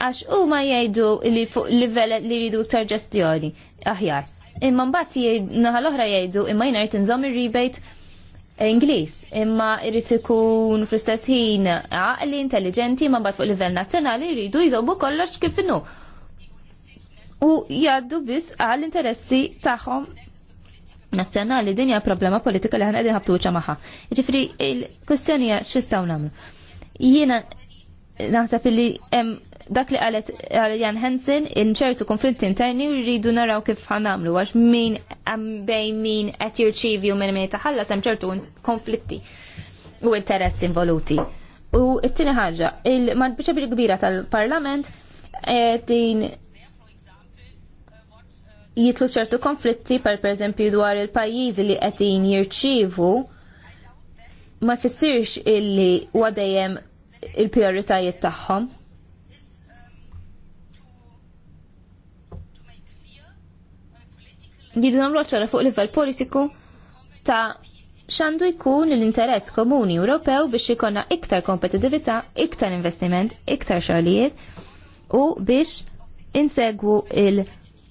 Għax huma jgħidu li fuq livell li jridu iktar ġestjoni aħjar. Imma mbagħad naħa l-oħra jgħidu imma jingħid inżomm ir-rebate Ingliż, imma jrid ikun fl-istess ħin għaqli intelligenti imma mbagħad fuq livell nazzjonali jridu jżommu kollox kif u jaddu biss għall interessi tagħhom nazzjonali din hija problema politika li ħana qegħdin ħabtuċa magħha. Jiġifieri il-kwestjoni hija x'istgħu nagħmlu. Jiena naħseb li hemm dak li qalet Jan Hansen inċertu konflitti interni u rridu naraw kif ħanamlu għax min bejn min qed jirċivi u minn min taħallas hemm ċertu konflitti u interessi involuti. U t-tieni ħaġa, il-marbiċa bil-kbira tal-Parlament eh, din jitlu ċertu konflitti per pereżempju dwar il-pajjiżi li qegħdin jirċivu ma jfissirx illi huwa dejjem il-prijoritajiet tagħhom. Jridu nagħmlu ċara fuq livell politiku ta' xandu jkun l-interess komuni Ewropew biex ikonna iktar kompetitività, iktar investiment, iktar xogħlijiet u biex insegwu il-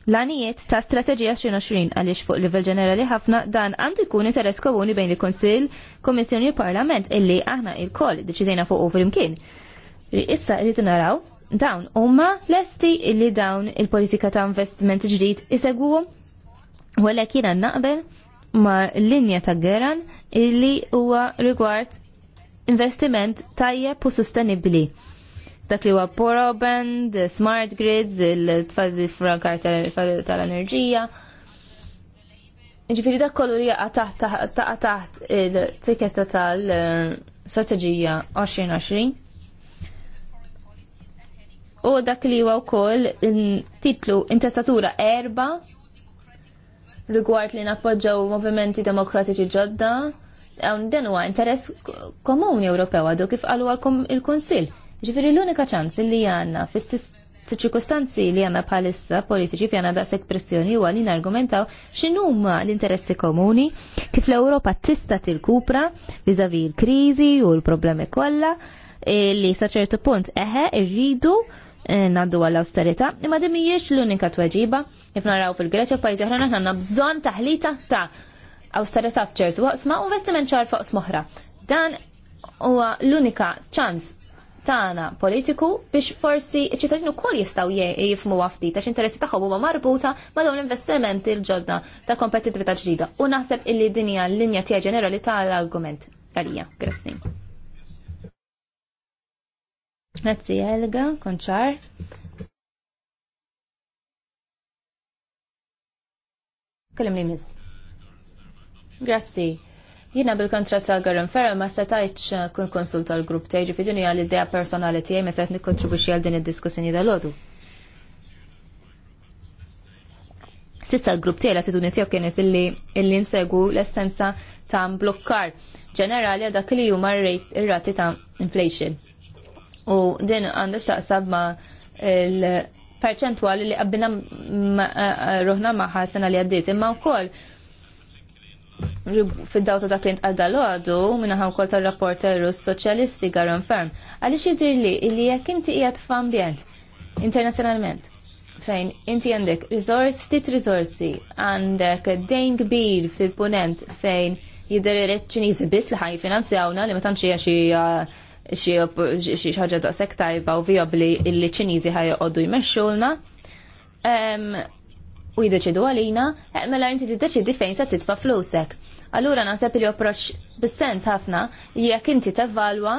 l għanijiet ta' strategija 2020 għaliex fuq livell ġenerali ħafna dan għandu jkun interess komuni bejn il-Konsil, Komissjoni u Parlament illi aħna il-koll deċidejna fuq u flimkien. Issa rridu naraw dawn huma lesti illi dawn il-politika ta' investiment ġdid iseguhom u għalhekk jiena naqbel ma' linja ta' Geran illi huwa rigward investiment tajjeb u sostenibbli dak li huwa broadband, smart grids, il-tfadis frankar tal-enerġija. Ġifiri dak kollu li jaqa taħt il-tiketta tal-strategija 2020. U dak li huwa wkoll titlu intestatura erba rigward li nappoġġaw movimenti demokratiċi ġodda, dan huwa interess komuni Ewropew għadu kif għalu għal il-Kunsill Ġifiri l-unika ċans li għanna fis-ċirkustanzi li għanna bħalissa politiċi fi għanna daqseg pressjoni u għalin argumentaw x'inhuma l-interessi komuni kif l-Ewropa tista tilkupra vizavi l-kriżi u l-problemi kollha e, li sa punt eħe irridu e, naddu għall-austerita, imma din l-unika tweġiba. Kif naraw fil-Greċja pajjiżi pajzi ħrana għandna bżonn taħlita ta' austerita f'ċertu waqsma u investiment ċar fuq moħra. Dan huwa l-unika ċans Tana politiku biex forsi ċittadinu kol jistaw jistgħu jifmu għafti għax interessi tagħhom huma marbuta ma' dawn l-investimenti l ta' kompetitività ġdida. U naħseb illi din hija l-linja tija ġenerali tal-argument għalija. Grazzi. Grazzi Elga, konċar. Kellim li miss. Grazzi Jina bil-kontrat ta' Garen Ferra ma setajċ kun konsulta l-grupp tiegħi ġifieri hija l-idea personali tiegħi meta qed nikkontribwixxi għal din id-diskussjoni dal Sissa l-grupp la t attitudni tijaw kienet illi illi nsegu l-essenza ta' blokkar ġenerali dak li huma r-rati ta' inflation. U din għandux taqsab ma' l-perċentwali li qabbilna ruħna maħħa sena li għaddiet imma wkoll fid-dawta dak li ntqadda l-għadu minna ħankol tal Russ soċjalisti Garon Ferm. Għaliex jidir li jekk inti qiegħed f'ambjent internazzjonalment fejn inti għandek resource ftit risorsi għandek dejn kbir fil-punent fejn jidher il-Ċiniżi biss li ħaj finanzjawna li ma tantx hija xi xi ħaġa daqshekk tajba u vijabbli li ċiniżi ħaj għoddu jmexxulna u jiddeċidu għalina, eh, mela inti tiddeċidi fejn se titfa' flusek. Allura naħseb li approċċ bis-sens ħafna jekk inti tevalwa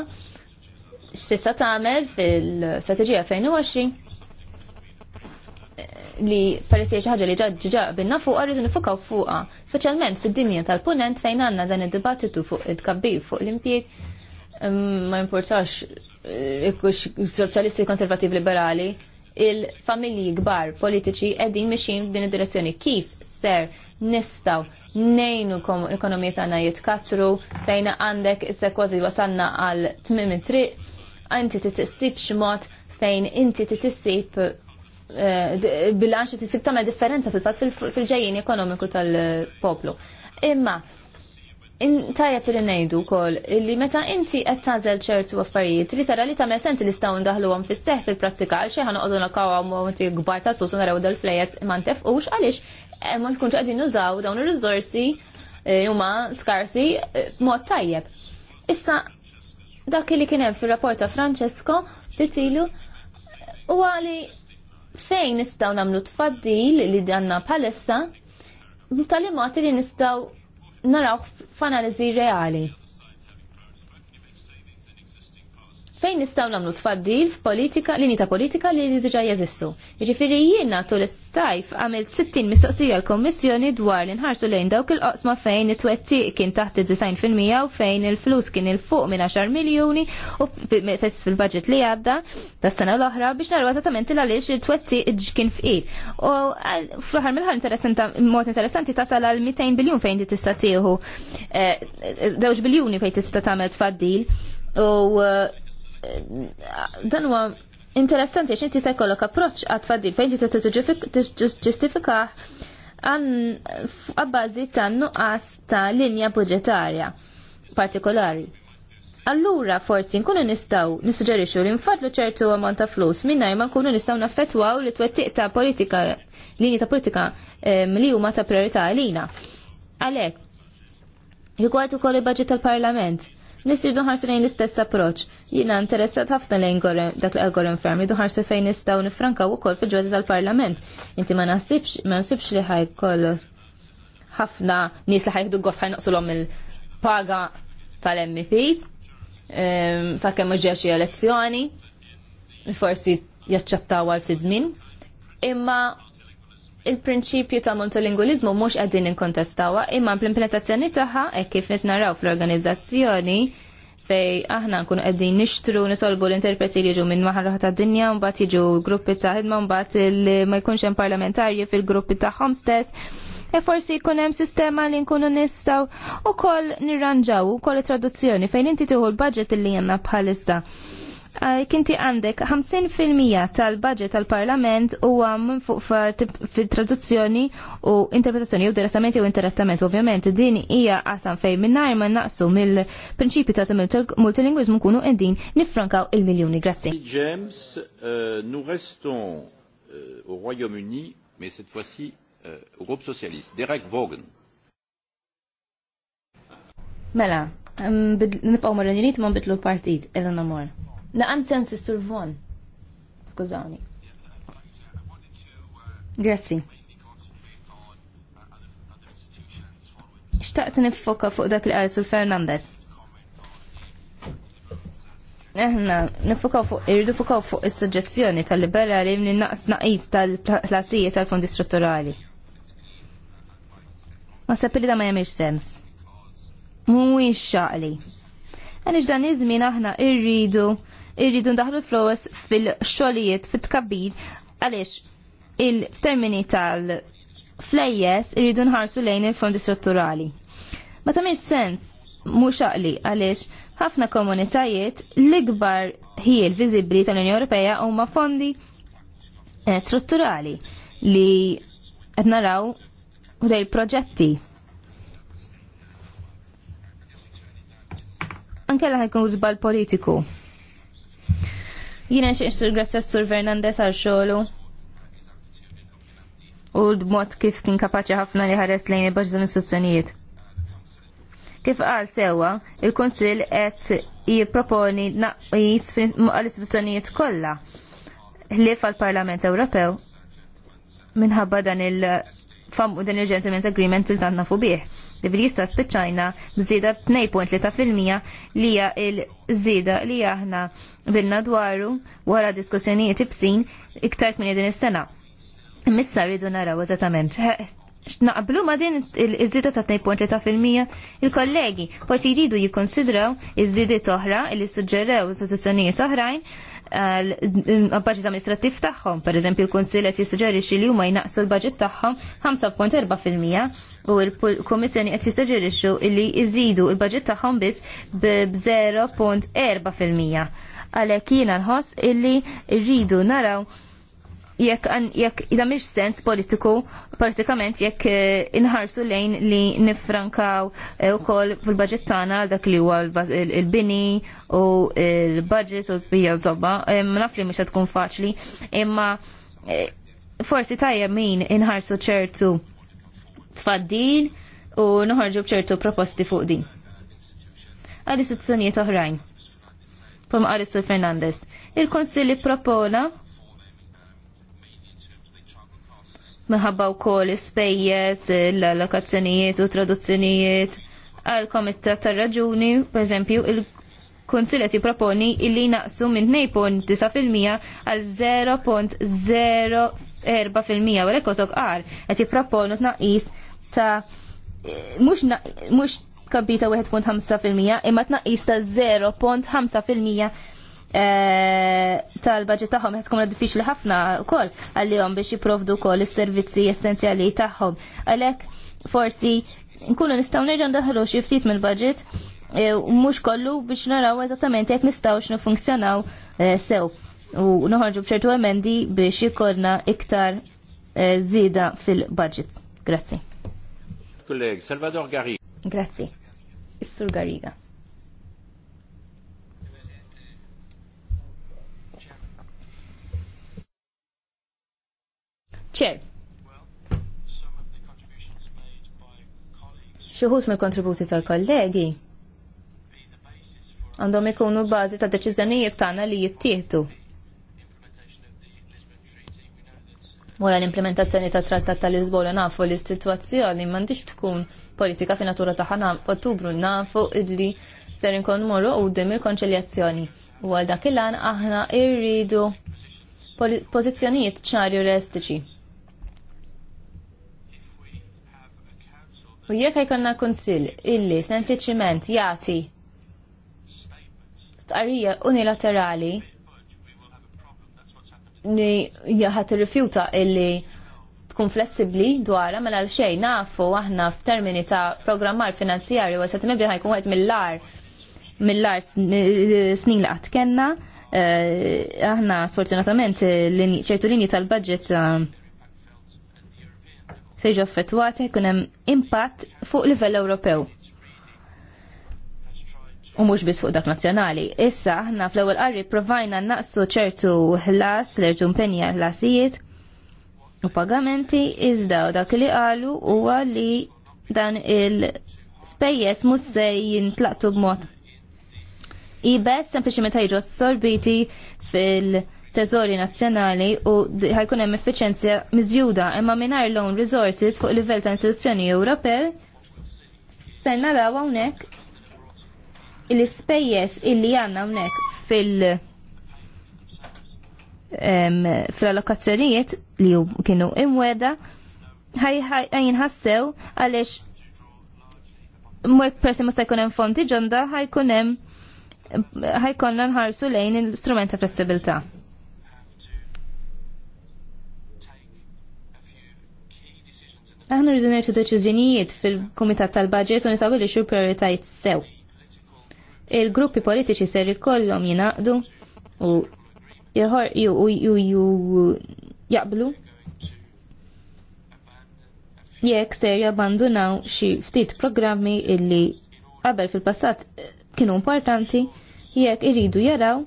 x'tista' tagħmel fil-strateġija 2020 eh, li peressi xi ħaġa li ġaġġa binna fuq rridu nifukaw fuqha, speċjalment fid-dinja tal-punent fejn għandna dan id-dibattitu fuq it-kabbir fuq l-impjieg mm, ma importax ikkux eh, soċjalisti konservativ liberali il-familji kbar politiċi qegħdin mixin din id-direzzjoni kif ser nistaw nejnu ekonomija tagħna jitkatru fejna għandek issa kważi wasanna għal tmim triq inti titissibx x'mod fejn inti titissib eh, bilanċ titissib tagħmel differenza fil-fatt fil-ġejjin ekonomiku tal-poplu. Imma Tajja li ngħidu wkoll li meta inti qed tażel ċertu affarijiet li tara li tagħmel sens li staw ndaħluhom fis-seħħ fil-prattika għal xi ħanoqogħdu nakawha momenti kbar tal-flus u naraw dal-flejes ma ntefqux għaliex eh, ma tkunx qegħdin nużaw dawn ir-riżorsi eh, huma skarsi eh, b'mod tajjeb. Issa dak li kien hemm fir-rapport Francesco titilu huwa li fejn nistgħu nagħmlu tfaddil li danna palessa tal-imot li nistgħu naraw f'analiżi reali. fejn nistgħu nagħmlu tfaddil f'politika lini ta' politika li diġa' jeżistu. Jiġifieri jiena tul l sajf għamil 60 mistoqsija l-Kommissjoni dwar li nħarsu lejn dawk il-qosma fejn it-twettiq kien taħt id-design fil-mija u fejn il-flus kien il fuq minn 10 miljuni u fess fil-budget li għadda tas sena l-oħra biex naraw għazatament il għaliex it-twetti kien fqir. U fl-aħħar mill-ħar mod interessanti tasal għal 200 biljun fejn tista' tieħu, 2 eh, biljuni fejn tista' tagħmel tfaddil u eh, dan huwa interessanti għax inti tajkollok approċċ għad fadil fejn tista' tiġġustifika għan għabbażi ta' nuqqas ta' linja budġetarja partikolari. Allura forsi nkunu nistaw nissuġġerixxu li nfadlu ċertu ammont ta' flus minnaj ma nkunu nistaw naffettwaw li twettiq ta' politika linji ta' politika li huma ta' priorità għalina. Għalhekk, rigward ukoll il baġit tal-Parlament Nistri duħarsu lejn l-istess approċ. Jina interessat ħafna lejn dak l-għagor infermi duħarsu fejn nistaw nifranka u kol fil ġwazi tal-parlament. Inti ma nasibx, ma nasibx li ħaj kol ħafna nis li ħajħdu għos ħajnaqsu l-om il-paga tal-MPs, ehm, Sakke kemm elezzjoni, forsi jaċċattaw għal ftit żmien. Imma il-prinċipju ta' montolingualizmu mhux qegħdin inkontestawha, imma l-implementazzjoni tagħha hekk kif qed naraw fl-organizzazzjoni fej aħna nkunu qegħdin nixtru nitolbu l-interpreti li jiġu minn maħarraħ ta' dinja mbagħad jiġu gruppi ta' ħidma mbagħad ma jkunx hemm parlamentarji fil-gruppi tagħhom stess. E forsi jkun hemm sistema li nkunu nistgħu ukoll nirranġaw ukoll traduzzjoni fejn inti tieħu l-budget li għandna bħalissa kinti għandek 50% tal-budget tal-parlament u minn fuq fil-traduzzjoni u interpretazzjoni u direttament u indirettament. Ovvjament din hija għasan fej minnajr ma naqsu mill prinċipi ta' multilingwiżmu kunu qegħdin nifrankaw il-miljuni. Grazie. James, euh, nous restons euh, au Royaume-Uni, mais cette fois-ci euh, au groupe socialiste. Derek Vaughan. Mela, mm, nipaw marranjiniet ma bitlu partit, Elena Moore. Naqan sensi survon. Skużawni. Grazzi. Xtaqt nifoka fuq dak li qal Fernandez. Eħna, nifoka fuq, irridu fokaw fuq il suġġezzjoni tal-liberali minn naqs naqis tal-klasijiet tal-fondi strutturali. Ma sappi da ma jamiex sens. Mu xaqli. Għan iġdan izmin aħna irridu irridu ndaħlu flowers fil-xolijiet, fit-tkabbir, għalix il-termini tal-flejjes irridu nħarsu lejn il-fondi strutturali. Ma tamiex sens mhux għaqli għaliex ħafna komunitajiet l-ikbar ħiel viżibbli tal-Unjoni Ewropea huma fondi eh, strutturali li qed naraw dej proġetti. Anke l ħajkun żbal politiku. Jina xiex grazzja Sur Fernandez għal xogħlu u d-mod kif kien kapaċi ħafna li ħares lejn il-baġġ dan istituzzjonijiet. Kif qal sewa, il-Kunsill qed jipproponi naqis għall-istituzzjonijiet kollha ħlief għall-Parlament Ewropew minħabba dan il famu dan il-Gentleman's Agreement il-tanna fu bih li bil-jista spiċċajna bżida b-2.3% li hija l-żieda li aħna bilna dwaru wara diskussjonijiet ibsin iktar minn din is-sena. Missa rridu naraw eżattament. Naqblu ma din iż-żieda ta' 2.3% il-kollegi forsi jridu jikkonsidraw iż-żiediet oħra li suġġerew istituzzjonijiet oħrajn l-budget amministrativ tagħhom. Pereżempju l-Kunsill qed jissuġġerixxi li huma jnaqsu l-budget tagħhom 5.4% u l-Kummissjoni qed jissuġġerixxu li jżidu l-budget tagħhom biss b'0.4%. Għalhekk jiena nħoss illi rridu naraw jekk jekk mhix sens politiku politikament jekk eh, inħarsu lejn li nifrankaw eh, ukoll fil-budget tagħna dak li huwa il-bini u l-budget u l-bija żobba, naf li mhux tkun faċli, imma eh, forsi tajja min inħarsu ċertu tfaddil u nħarġu bċertu proposti fuq din. Għal istituzzjonijiet oħrajn. Pom għal Fernandez. Il-Konsilli propona minħabba wkoll ispejjeż l-allokazzjonijiet u traduzzjonijiet għal komitta tar raġuni, per eżempju, il konsiljet qed jipproponi illi naqsu minn 2.9% għal 0.04% u l-ekosok għet qed jipproponu tnaqqis ta' mhux mhux kabita 1.5% imma tnaqqis ta' 0.5% Eh, tal-budget tagħhom qed tkun diffiċli ħafna wkoll għalihom biex jipprovdu wkoll is-servizzi essenzjali tagħhom. Għalhekk forsi nkunu nistgħu nerġa' ndaħlu xi ftit mill-budget eh, mhux kollu biex naraw eżattament jekk nistgħu x'nu funzjonaw eh, sew u noħorġu b'ċertu emendi biex jkollna iktar zida fil-budget. Grazzi. Kolleg, Salvador Garriga. Grazzi. Is-Sur Garriga. ċer. Xuħut mill kontributi tal-kollegi għandhom ikunu bażi ta' deċiżjonijiet tagħna li jittieħdu. Wara l-implementazzjoni ta' trattat ta' Lisbona nafu li s-sitwazzjoni m'għandix tkun politika fi natura ta' ħana ottubru nafu idli ser inkun morru u dim il-konċiljazzjoni. U għal dak il-għan aħna irridu pożizzjonijiet ċari u U jekk jkollna kunsill illi sempliċiment jagħti stqarrija unilaterali li jaħat irrifjuta illi tkun flessibbli dwarha mela għal xejn nafu aħna f'termini ta' programmar finanzjarju u se tmibli ħajkun wieħed mill-lar mill-lar snin li qatt kellna eh, aħna sfortunatament ċertu linji tal-budget eh, se jiġu affettwati jkun hemm impatt fuq livell Ewropew. U mhux biss fuq dak nazzjonali. Issa aħna fl-ewwel qari provajna naqsu ċertu ħlas l impenja ħlasijiet u pagamenti iżda dak li qalu huwa li dan il-spejjeż mhux se jintlaqtu b'mod ibes meta ħajġu assorbiti fil- teżori nazzjonali u ħajkun hemm effiċenzja miżjuda imma mingħajr loan resources fuq livell ta' istituzzjoni Ewropew se naraw hawnhekk l-ispejjeż illi għandna hawnhekk fil- fl allokazzjonijiet li kienu imweda ħajinħassew għaliex mwek persi ma jkun hemm fonti ġonda ħajkun hemm ħajkonna nħarsu lejn l-istrument ta' flessibilità. Aħna rridu nerċu deċiżjonijiet fil-Kumitat tal-Budget u nisabu li xur prioritajiet sew. Il-gruppi politiċi ser ikollhom jinaqdu u jirħor jaqblu jekk ser jabbandunaw xi ftit programmi illi qabel fil-passat kienu importanti jekk iridu jaraw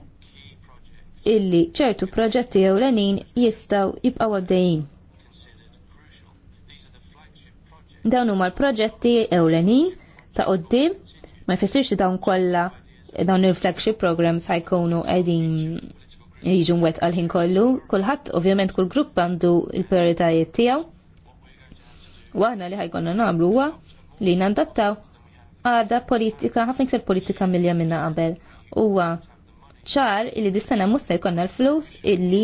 illi ċertu proġetti ewlenin jistgħu jibqgħu għaddejjin. Dawn huma l-proġetti ewlenin ta' qoddim ma jfissirx dawn kollha dawn il-flagship programs ħajkunu qegħdin jiġu wet għal-ħin kollu. Kulħadd ovvjament kull grupp għandu l-prioritajiet tiegħu. Waħna li ħajkonna nagħmlu huwa li nandattaw għada politika, ħafna iktar politika milja minna qabel. Huwa ċar illi distana mussa jkollna l-flus illi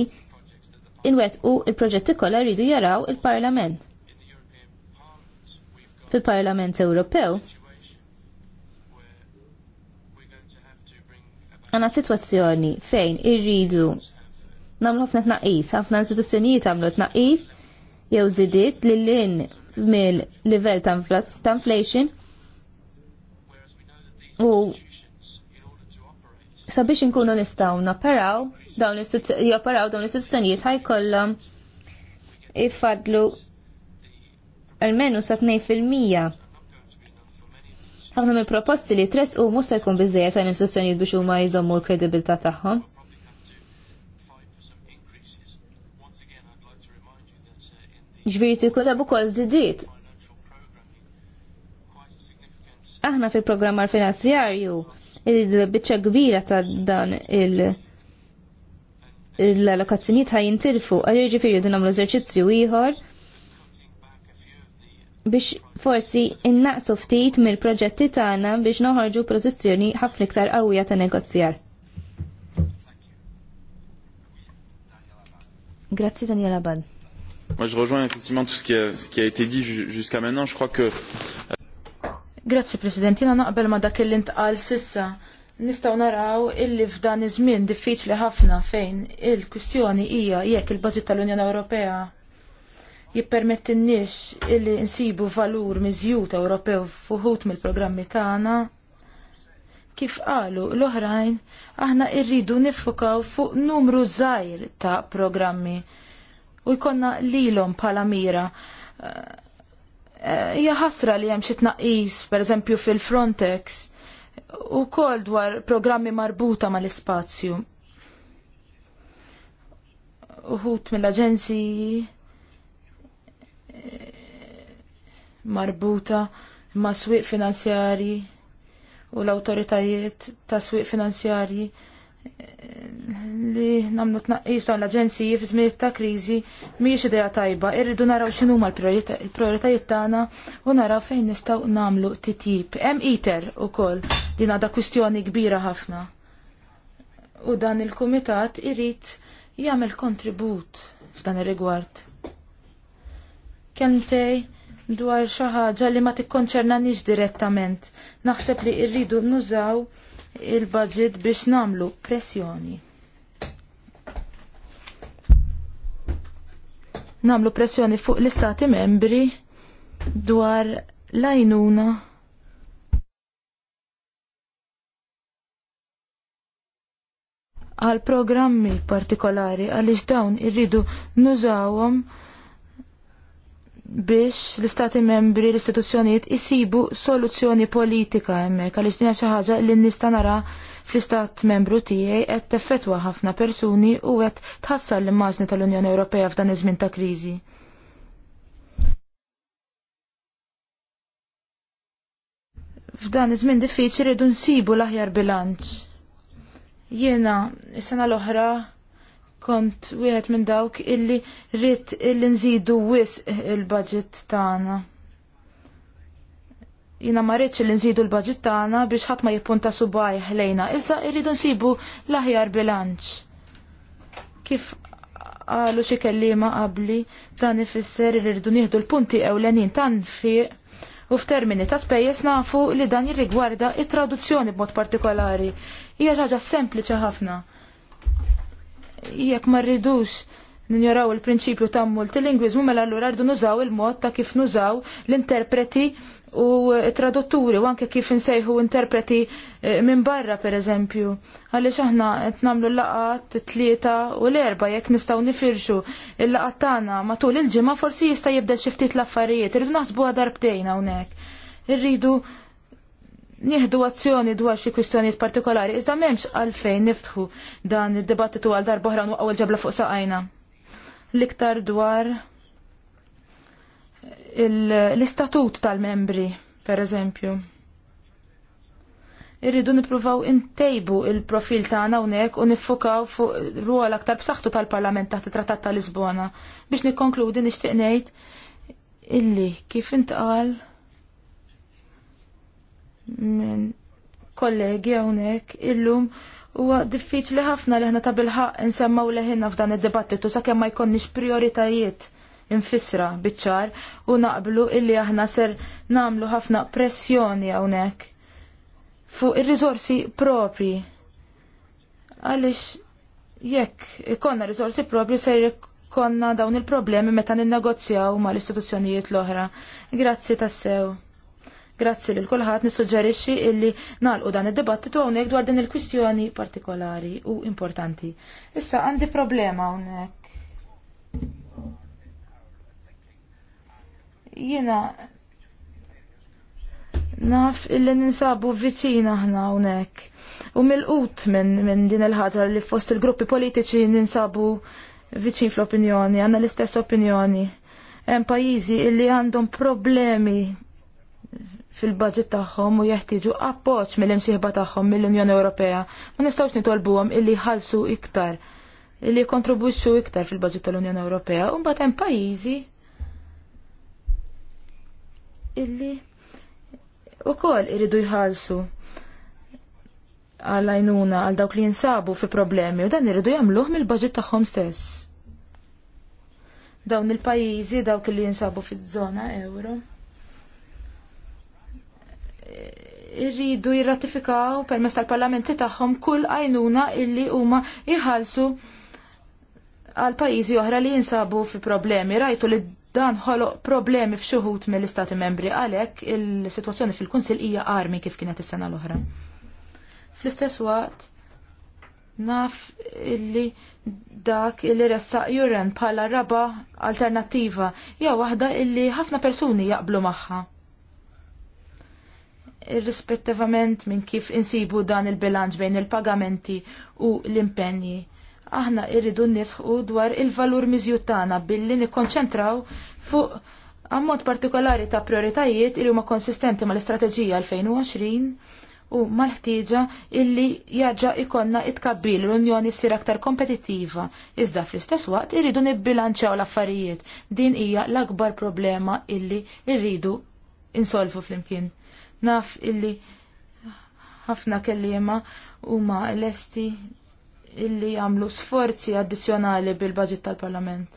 il u il-proġetti kollha jridu jaraw il-Parlament fil-Parlament Ewropew. Għana situazzjoni fejn irridu namlu ħafna tnaqis, ħafna istituzzjonijiet għamlu tnaqis jew zidiet li l-in mill-livell ta' inflation u sabiex inkunu nistaw naparaw dawn l-istituzzjonijiet ħajkollhom ifadlu almenu sa 2%. Ħafna mill proposti li tres u musa jkun biżejjed għal istituzzjonijiet biex ma jizommu l kredibilta tagħhom. Ġviri kolla hemm ukoll zidit. Aħna fil-programm finanzjarju il bicċa kbira ta' dan il- l-allokazzjoniet ħaj jintilfu, għalli ġifiri din għamlu eżerċizzju ieħor biex forsi innaqsu ftit mill-proġetti tagħna biex noħorġu pożizzjoni ħafna iktar qawwija ta' negozjar. Grazzi Daniel Abad. Moi je rejoins effectivement tout ce qui a, ce qui a été dit jusqu'à maintenant. Je crois que Grazzi President, jina naqbel ma dak il intqal sissa. Nistaw naraw illi f'dan iż-żmien diffiċli ħafna fejn il-kwistjoni hija jekk il budget tal-Unjoni Ewropea jippermettinniex illi nsibu valur miżjut Ewropew fuħut mill-programmi tagħna. Kif qalu l-oħrajn, aħna rridu nifukaw fuq numru żgħir ta' programmi u jkollna lilhom bħala mira. Eh, eh, hija ħasra li hemm xi tnaqqis, pereżempju fil-Frontex, u kol dwar programmi marbuta mal-ispazju. Uħut mill-aġenziji marbuta ma' swieq finanzjari u l-autoritajiet ta' swiq finanzjarji eh, li namlu tnaqqis dawn l-aġenziji fi żmien ta' kriżi mhijiex idea tajba. Irridu naraw x'inhu huma l-prijoritajiet tagħna u naraw fejn nistgħu nagħmlu titjib. Hemm iter ukoll din għadha kwistjoni kbira ħafna. U dan il-kumitat irid jagħmel kontribut f'dan ir-rigward kentej dwar xi ħaġa li ma tikkonċernanix direttament. Naħseb li rridu nużaw il-budget biex namlu pressjoni. Namlu pressjoni fuq l-istati membri dwar lajnuna għal programmi partikolari għaliex dawn irridu nużawhom biex l-istati membri l istituzzjoniet isibu soluzzjoni politika hemmhekk għaliex dinja xi ħaġa li nista' nara fl-istat membru tiegħi qed teffettwa ħafna persuni u qed tħassar l-immaġni tal-Unjoni Ewropea f'dan iż-żmien ta' kriżi. F'dan iż-żmien diffiċli rridu nsibu l-aħjar bilanċ. Jiena is-sena l-oħra kont wieħed minn dawk illi rrit illi nżidu wis il-budget tagħna. Jina ma rridx illi nżidu l-budget tagħna biex ħadd ma jippunta subaj lejna, iżda rridu nsibu l-aħjar bilanċ. Kif qalu xi kelliema qabli dan ifisser irridu nieħdu l-punti ewlenin tan fiq u f'termini ta' spejjeż nafu li dan jirrigwarda it-traduzzjoni b'mod partikolari. Hija ħaġa sempliċi ħafna jekk ma rridux ninjoraw il-prinċipju ta' multilingwiżmu mela allura rridu nużaw il-mod ta' kif nużaw l-interpreti u tradutturi u anke kif insejħu interpreti eh, minn barra per eżempju. Għaliex aħna qed nagħmlu laqat tlieta u l-erba jekk nistgħu nifirxu il-laqat tagħna matul il-ġimgħa forsi jista' jibda xi ftit l-affarijiet, irridu naħsbuha darbtejn hawnhekk. Irridu nieħdu azzjoni dwar xi kwistjonijiet partikolari, iżda m'hemmx għalfejn niftħu dan id-dibattitu għal darba oħra nwaqgħu l-ġabla fuq saqajna. L-iktar dwar l-istatut tal-membri, per eżempju. Irridu nippruvaw intejbu il-profil tagħna hawnhekk u niffukaw fuq ruol aktar b'saħħtu tal-Parlament taħt it-Trattat tal Lisbona biex nikkonkludi nixtieq ngħid illi kif intqal minn kollegi hawnhekk illum huwa diffiċli ħafna li ħna tabilħaq nsemmaw insemmaw leħinna f'dan id-dibattitu sakemm ma jkonniex prioritajiet infisra bitċar u naqblu illi aħna ser namlu ħafna pressjoni hawnhekk fuq ir rizorsi propri. Għaliex jekk ikonna rizorsi propri ser konna dawn il-problemi meta ninnegozjaw mal istituzzjonijiet l-oħra. Grazzi tassew. Grazzi lil kulħadd nissuġġerixxi illi nagħlqu dan id-dibattitu hawnhekk dwar din il-kwistjoni partikolari u importanti. Issa għandi problema hawnhekk. Jiena naf illi ninsabu viċin aħna hawnhekk. U mill-qut minn min din il-ħatra li fost il-gruppi politiċi ninsabu viċin fl-opinjoni, għandna l-istess opinjoni. Hemm pajjiżi illi għandhom problemi fil-budget tagħhom u jeħtieġu appoġġ mill-imsieħba tagħhom mill-Unjoni Ewropea. Ma nistgħux nitolbuhom illi jħallsu iktar, illi jkontribwixxu iktar fil-budget tal-Unjoni Ewropea u mbagħad hemm pajjiżi illi wkoll iridu jħallsu għal-għajnuna għal dawk li jinsabu fi problemi u dan iridu jagħmluh mill-budget tagħhom stess. Dawn il-pajjiżi dawk li jinsabu fiż-żona euro irridu jirratifikaw permess tal-parlamenti tagħhom kull għajnuna illi huma jħallsu għal pajjiżi oħra li jinsabu fi problemi. Rajtu li dan ħoloq problemi f'xuħut mill-Istati membri għalhekk il-sitwazzjoni fil-Kunsil hija armi kif kienet is-sena l-oħra. Fl-istess waqt naf illi dak illi ressaq juren bħala raba alternativa jew waħda illi ħafna persuni jaqblu magħha rispettivament minn kif insibu dan il-bilanċ bejn il-pagamenti u l-impenji. Aħna irridu nisħu dwar il-valur miżjut tagħna billi nikkonċentraw fuq ammont partikolari ta' prioritajiet li huma konsistenti mal-istrateġija 2020 u mal-ħtieġa illi jaġġa ikonna itkabbil l-Unjoni ssir aktar kompetittiva. Iżda fl-istess waqt irridu nibbilanċaw l-affarijiet. Din hija l-akbar problema illi irridu insolvu flimkien. Naf illi ħafna kelliema huma lesti illi jagħmlu sforzi addizzjonali bil-budget tal-Parlament.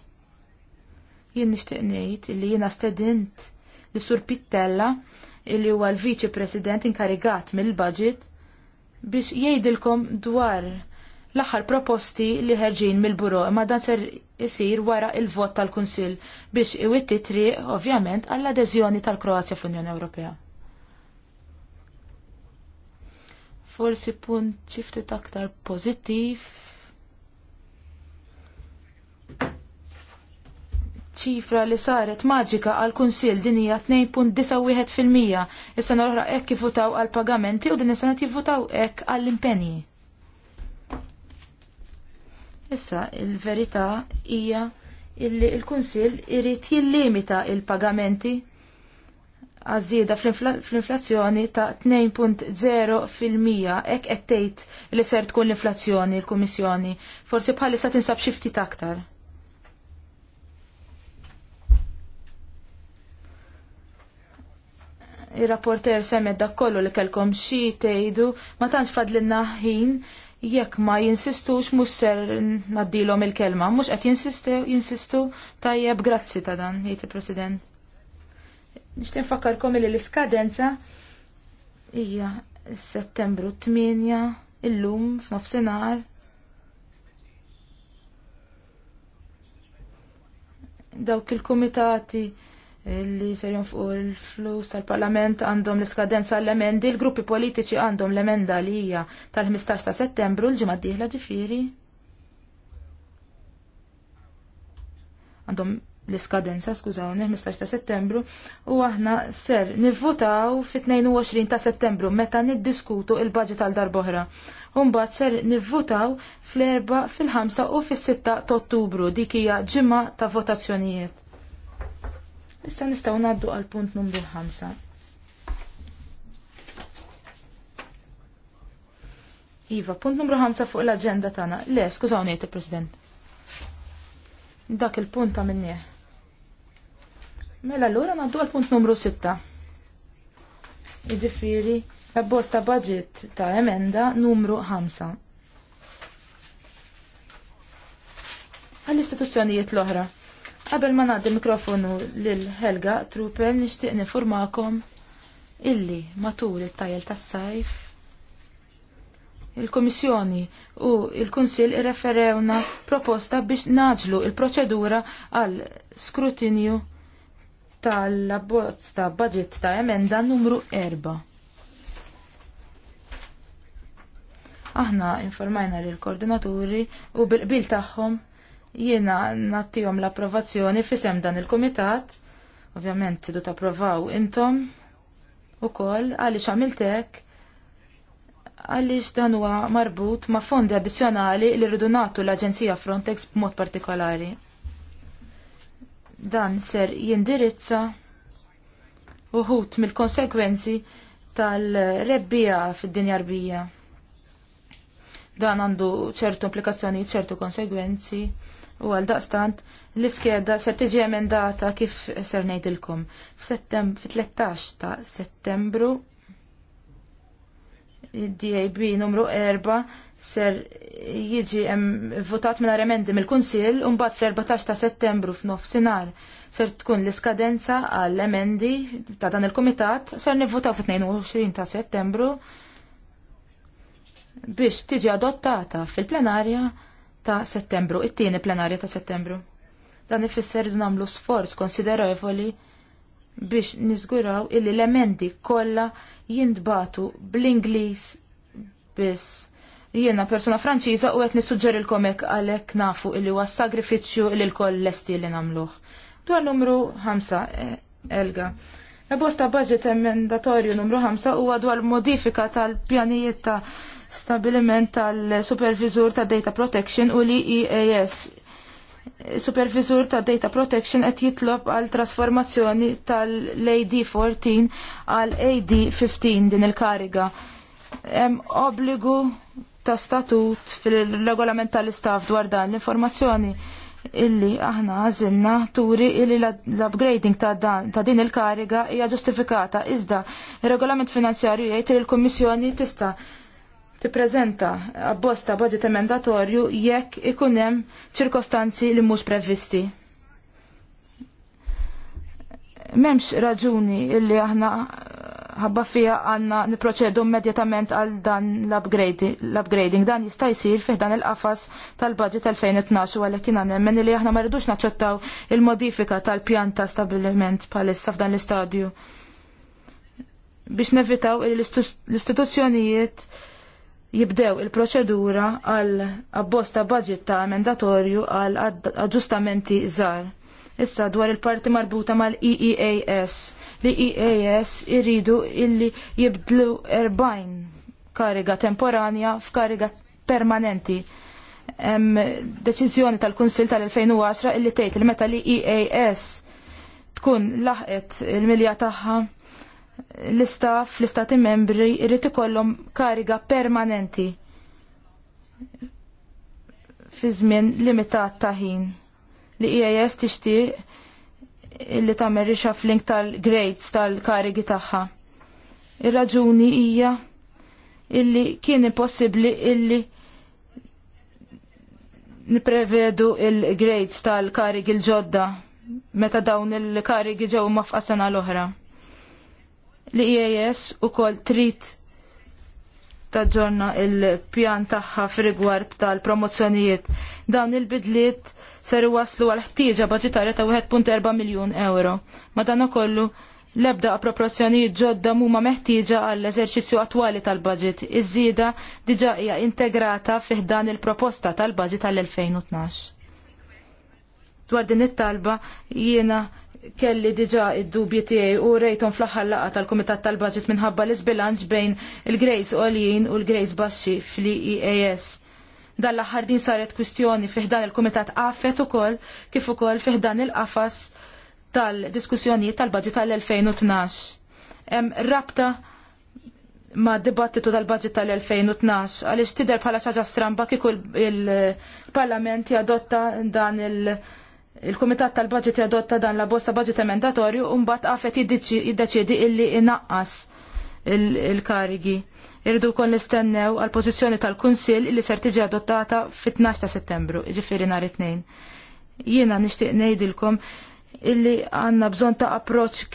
Jien nixtieq ngħid illi jiena stedint li sur Pittella illi huwa l-Viċi President inkarigat mill-budget biex jgħidilkom dwar l-aħħar proposti li ħerġin mill-buro imma dan ser isir wara il-vot tal-Kunsill biex iwitti triq ovvjament għall-adeżjoni tal-Kroazja fl-Unjoni Ewropea. forsi punt ċiftit aktar pozittiv. ċifra li saret maġika għal kunsil din hija 2.91%. Is-sena l-oħra hekk jivvutaw għal pagamenti u din is-sena jivvutaw hekk għall impenji. Issa il-verità hija illi il-kunsil irid jillimita il-pagamenti il pagamenti għażieda fl-inflazzjoni ta' 2.0% ek qed tgħid li ser tkun l-inflazzjoni l-Kummissjoni. Forsi sa' tinsab xi ftit aktar. Ir-rapporter semmet dak kollu li kelkom xi tgħidu ma tantx fadlinna ħin jekk ma jinsistux mhux ser naddilom il-kelma, mhux qed jinsistu, jinsistu tajjeb grazzi ta' dan, jgħid il-President. Nishtin fakkarkom li l-iskadenza hija settembru 8 illum f'nofsinhar. Dawk il-kumitati li ser fuq il-flus tal-Parlament għandhom l-iskadenza l-emendi, il-gruppi politiċi għandhom l-emenda li hija tal-15 ta' settembru l-ġimgħa d-dieħla ġifieri. Għandhom l-iskadenza, skużawni, 15 ta' settembru, u aħna ser nivvutaw fit-22 ta' settembru meta niddiskutu il-budget tal darboħra. Umbat ser nivvutaw fl-4, fil-5 u fil-6 ta' ottubru, dik hija ġimma ta' votazzjonijiet. Issa nistaw naddu għal punt numru 5. Iva, punt numru 5 fuq l-agenda tagħna. Le, skużawni, President. Dak il-punt ta' minnieħ. Mela l għura naddu għal-punt numru 6. Iġifiri, abbosta budget ta' emenda numru 5. Għall-istituzzjonijiet l-oħra. Qabel ma nagħdi mikrofonu lil Helga Trupel nixtieq nifurmakom illi matul it-tajl tas-sajf il-Komissjoni u il-Kunsil irreferewna proposta biex naġlu il-proċedura għal skrutinju tal-abbozz ta' budget ta' emenda numru 4. Aħna informajna l koordinaturi u bil-qbil tagħhom jiena nattijom l-approvazzjoni fisem dan il-komitat, ovvjament tidu tapprovaw intom u koll għaliex għamiltek għaliex dan huwa marbut ma' fondi addizzjonali li rridu nagħtu l-Aġenzija Frontex b'mod partikolari. Dan ser jindirizza uħut mill-konsekwenzi tal-rebbija fid-dinja rbija. Dan għandu ċertu implikazzjoni, ċertu konsegwenzi u għal daqstant l-iskeda ser tiġi emendata kif ser ngħidilkom. F-13 ta' settembru DAB numru 4 ser jiġi votat minn remendi mill-Kunsill u mbagħad fl-14 ta' Settembru f'nofsinhar ser tkun l-iskadenza għall emendi ta' dan il-Kumitat ser nivvotaw fit-22 ta' Settembru biex tiġi adottata fil-plenarja ta' Settembru, it-tieni plenarja ta' Settembru. Dan ifisser nagħmlu sforz konsiderevoli biex niżguraw illi l-emendi kollha jintbatu bl-Ingliż biss. Jiena persuna Franċiża u qed nissuġġerilkom hekk għalhekk nafu illi huwa sagrifiċċju li l-koll lesti li nagħmluh. Dwar numru 5, e, Elga. La bosta budget emendatorju numru 5 huwa dwar modifika tal-pjanijiet ta' stabiliment tal-supervisur ta' data protection u li EAS supervisur ta' data protection qed jitlob għal trasformazzjoni tal-AD14 għal AD15 din il-kariga. Hemm obbligu ta' statut fil-regolament tal-istaff dwar dan l-informazzjoni illi aħna għazinna turi illi l-upgrading ta, ta' din il-kariga hija ġustifikata iżda ir regolament finanzjarju jgħid il-Kummissjoni tista' tippreżenta abbosta budget emendatorju jekk ikun hemm ċirkostanzi li mhux previsti. M'hemmx raġuni illi aħna ħabba fija għanna niproċedu immedjatament għal dan l-upgrading. Dan jista' jsir fih dan il-qafas tal-budget 2012 għalhekk kien nemmen li aħna ma rridux naċċettaw il-modifika tal-pjan ta' stabiliment bħalissa f'dan l-istadju biex nevitaw li l-istituzzjonijiet jibdew il-proċedura għal abbosta budget ta' emendatorju għal aġġustamenti żgħar. Issa dwar il-parti marbuta mal-EEAS. L-EEAS irridu illi jibdlu erbajn kariga temporanja f'kariga permanenti. Deċiżjoni tal-Kunsil tal-2010 illi tgħid il-meta l eas tkun laħqet il-milja tagħha l-istaff, l-istati membri irrid ikollhom kariga permanenti fi żmien limitat ta' ħin li e IAS tixtieq illi tagħmel reshuffling tal-grades tal-karigi tagħha. Ir-raġuni hija illi kien possibbli illi niprevedu il-grades tal-karigi l-ġodda meta dawn il-karigi ġew mafqasana l-oħra. Li IAS e u kol trit taġġorna il-pjan tagħha fir-rigward tal-promozzjonijiet. Dawn il-bidliet seru waslu għal ħtieġa budġetarja ta' 1.4 miljun euro. Madanakollu l-ebda appropriazzjonijiet ġodda huma meħtieġa għall eżerċizzju attwali tal-budget. Iż-żieda diġà hija integrata fih dan il-proposta tal-budget għall 2012 Dwar din it-talba jiena kelli diġa id-dubji tiegħi u rejtom fl-aħħar laqgħa tal-Kumitat tal-Baġit minħabba l-isbilanċ bejn il-Grejs Olin u l-Grejs baxxi fl-EAS. Dan l-aħħar din saret kwistjoni fiħdan il-Kumitat għaffet ukoll kif ukoll fiħdan il-qafas tal-diskussjonijiet tal-Baġit tal-2012. Hemm rabta ma' dibattitu tal baġit tal-2012 għaliex tidher bħala ċaġa stramba kieku il-Parlament jadotta dan il- il-Kumitat tal-Budget jadotta dan la bosta budget emendatorju u mbagħad qafet jiddeċiedi illi inaqqas il-karigi. Irridu kon nistennew għal pożizzjoni tal-Kunsill illi ser tiġi adottata fit-12 ta' Settembru, ġifieri nhar it-tnejn. Jiena nixtieq ngħidilkom illi għanna bżon ta' approċ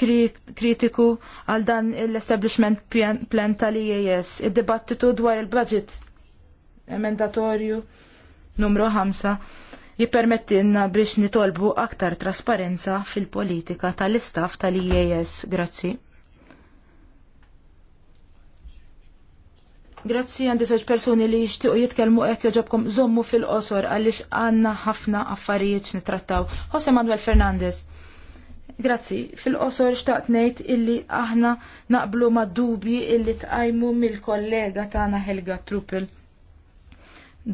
kritiku għal dan l-establishment plan tal-IAS. Id-dibattitu dwar il-budget emendatorju numru 5 jippermettilna biex nitolbu aktar trasparenza fil-politika tal-istaff tal-IAS. Grazzi. Grazzi għandi żewġ persuni li jixtiequ jitkellmu hekk joġobkom zommu fil-qosor għaliex għandna ħafna affarijiet nittrattaw. Jose Manuel Fernandez. Grazzi, fil-qosor xtaqt nejt illi aħna naqblu ma' dubji illi tqajmu mill-kollega tagħna Helga Truppel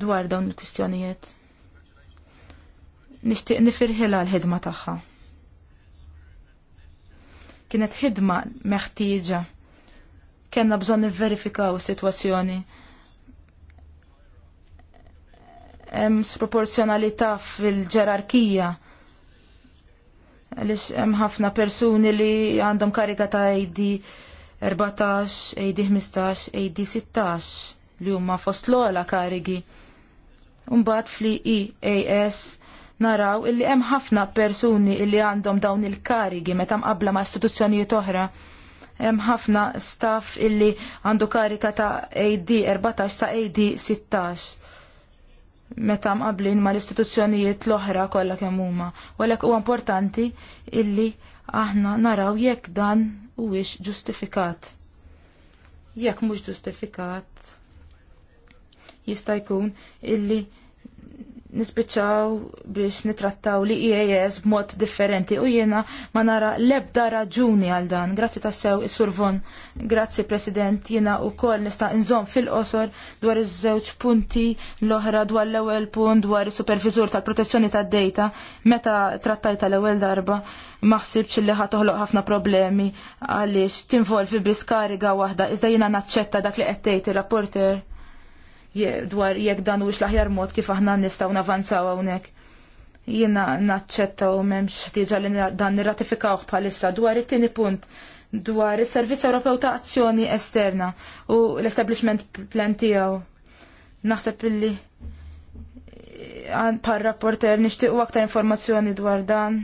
dwar dawn il-kwistjonijiet nixtieq nifirħilha l-ħidma tagħha. Kienet ħidma meħtieġa. Kenna bżonn nivverifikaw is-sitwazzjoni. Hemm sproporzjonalità fil-ġerarkija għaliex hemm ħafna persuni li għandhom kariga ta' ID 14, ID 15, ID 16 li huma fost l-ola karigi. Umbat fli EAS naraw illi hemm ħafna persuni illi għandhom dawn il-karigi meta mqabbla ma' istituzzjonijiet oħra. Hemm ħafna staff illi għandu karika ta' AD 14 sa' AD 16 meta mqablin ma' l-istituzzjonijiet l-oħra kollha kemm huma. Walek huwa importanti illi aħna naraw jekk dan huwiex ġustifikat. Jekk mhux ġustifikat jista' jkun illi nispiċċaw biex nitrattaw li IAS e b'mod differenti u jiena ma nara lebda raġuni għal dan. Grazzi tassew is-survon. Grazzi President, jiena u koll nista' nżomm fil-qosor dwar iż-żewġ punti l-oħra dwar l-ewwel punt dwar is superviżur tal-protezzjoni tad-dejta meta trattajt tal ewwel darba maħsibx li ħa toħloq ħafna problemi għaliex tinvolvi biss kariga waħda iżda jiena naċċetta dak li qed tgħid ir-rapporter dwar jekk dan hux l-aħjar mod kif aħna nistgħu navanzaw hawnhekk. Jiena naċċetta u m'hemmx ħtieġa li dan nirratifikaw bħalissa dwar it-tieni punt dwar is-Servizz Ewropew ta' Azzjoni Esterna u l-establishment plan tiegħu. Naħseb illi eh, par rapporter nixtiequ aktar informazzjoni dwar dan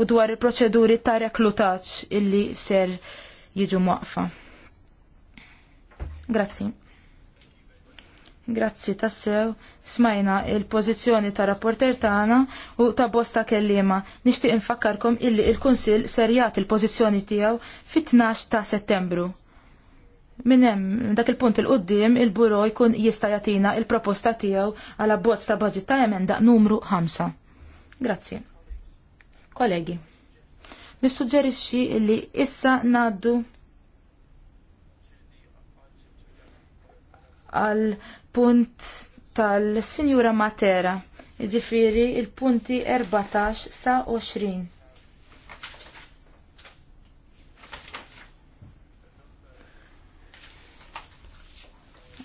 u dwar il-proċeduri ta' reklutaċ illi ser jiġu mwaqfa. Grazzi. Grazzi tassew, smajna il-pozizjoni ta' rapporter tagħna u ta' bosta kellima. Nixtieq infakkarkom illi il-Kunsill serjat il-pożizzjoni tiegħu fit-12 ta' Settembru. Min hemm dak il-punt il-qudiem il-buro jkun jista' jagħtina il-proposta tiegħu għal abbozz ta' budget ta' emenda numru 5. Grazzi. Kollegi, nissuġġerixxi li issa ngħaddu għal punt tal-Sinjura Matera, ġifiri il-punti 14 sa 20.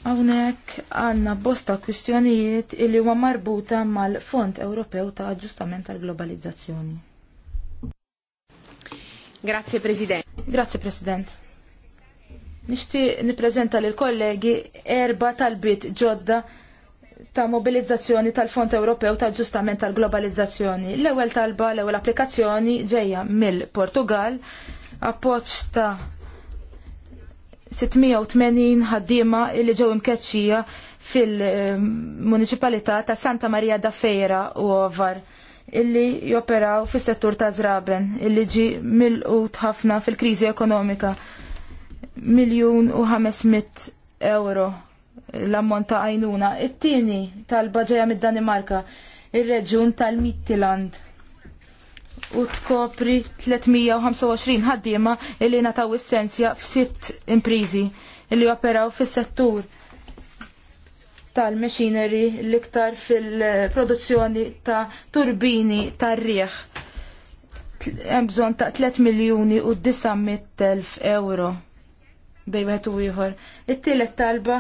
Hawnhekk għandna bosta kwistjonijiet illi huma marbuta mal-Fond Ewropew ta' Aġġustament tal-Globalizzazzjoni. Grazie President. Grazie President. Nixtieq nippreżenta lil kollegi erba talbiet ġodda ta' mobilizzazzjoni tal-Fond Ewropew ta' ġustament tal-globalizzazzjoni. L-ewwel talba, l-ewwel applikazzjoni ġejja mill-Portugal, appoġġ ta' 680 ħaddiema li ġew imkeċċija fil-municipalità ta' Santa Maria da Feira u Ovar illi joperaw fis settur ta' Zraben, illi ġi mill ħafna fil kriżi ekonomika miljun u 500 euro l-ammont ta' għajnuna. It-tieni tal-baġeja mid-Danimarka, ir-reġjun tal-Mittiland. U tkopri 325 ħaddiema li nataw essenzja f'sitt imprizi li operaw fis-settur tal-machinery l-iktar fil-produzzjoni ta' turbini tar-rieħ. Hemm bżonn ta' 3 miljuni u 900 euro bej wieħed u ieħor. It-tielet talba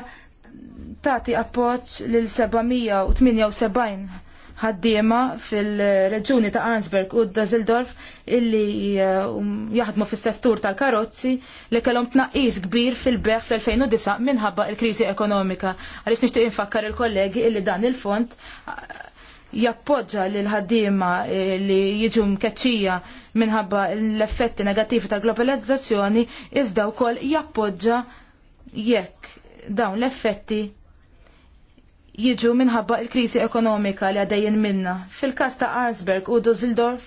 tagħti appoġġ lil 778 ħaddiema fil-reġuni ta' Arnsberg u Dazildorf illi uh, um, jaħdmu fis-settur tal-karozzi li kellhom tnaqqis kbir fil-beħ fl-2009 minħabba il-kriżi ekonomika. Għaliex nixtieq infakkar il-kollegi illi dan il-fond jappoġġa lil ħaddiema eh, li jiġu mkeċċija minħabba l-effetti negattivi tal globalizzazzjoni iżda wkoll jappoġġa jekk dawn l-effetti jiġu minħabba l-krisi ekonomika li għaddejjin minna. Fil-każ ta' Arnsberg u Düsseldorf,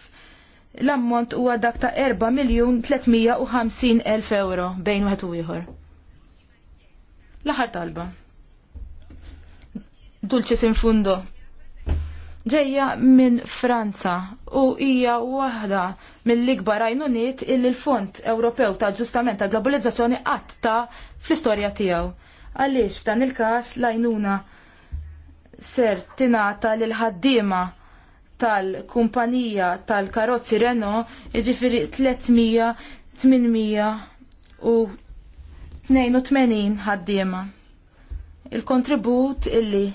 l-ammont huwa dak ta' 4 miljun 350 elf euro bejn wieħed u ieħor. L-aħħar talba. Dulċis sin ġejja minn Franza u hija waħda mill-ikbar għajnuniet illi l-Fond Ewropew ta' ġustament ta' globalizzazzjoni qatt ta' fl-istorja tiegħu. Għaliex f'dan il-każ l-għajnuna ser tingħata lil ħaddiema tal-kumpanija tal-karozzi Renault jiġifieri 300 u 82 ħaddiema. Il-kontribut illi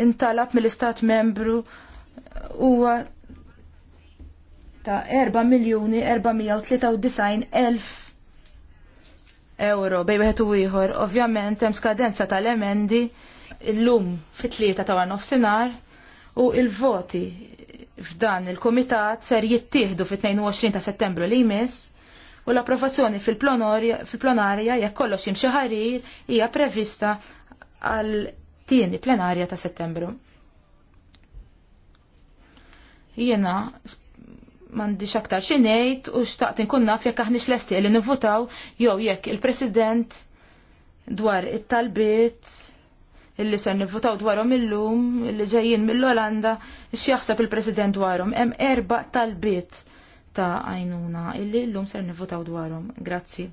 intalab mill-Istat membru huwa ta' 4 miljoni 493 elf euro bej u ieħor. Ovvjament hemm skadenza tal-emendi illum fit-tlieta ta' nofsinhar u il-voti f'dan il-komitat ser jittieħdu fit-22 ta' settembru li jmiss u l-approvazzjoni fil-plonarja jekk kollox jimxi ħarir hija prevista għal tieni plenarja ta' settembru. Jena, m'għandix aktar xi ngħid u xtaqt inkun naf jekk aħniex lesti li nivvutaw jew jekk il-President dwar it-talbiet illi ser nivvutaw dwarhom illum illi ġejjin mill-Olanda x'jaħseb il-President dwarhom hemm erba' talbiet ta' għajnuna illi llum ser nivvutaw dwarhom. Grazzi.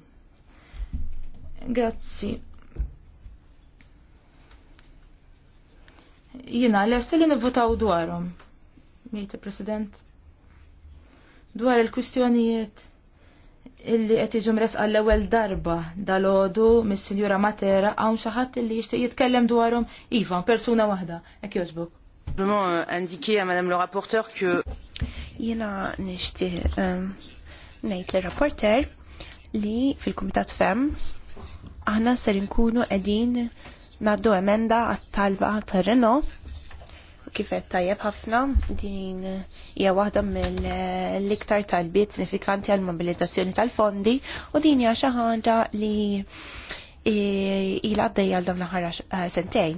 Grazzi. jina lest li nivvotaw dwarhom. Miet President. Dwar il-kwistjonijiet illi qed jiġu mresqa l-ewwel darba dalodu mis-Sinjura Matera hawn xi ħadd illi jixtieq jitkellem dwarhom iva persuna waħda hekk jogħġbok. Simplement euh, indiquer à Madame le rapporteur que jiena nixtieq ehm, ngħid le rapporter li fil-Kumitat Fem aħna ser inkunu qegħdin Naddu emenda għat-talba tar-Reno kifet tajjeb ħafna din hija waħda mill-iktar talbiet sinifikanti għal mobilizzazzjoni tal-fondi u din hija xi ħaġa li ilha għaddejja għal dawn l-aħħar eh, sentejn.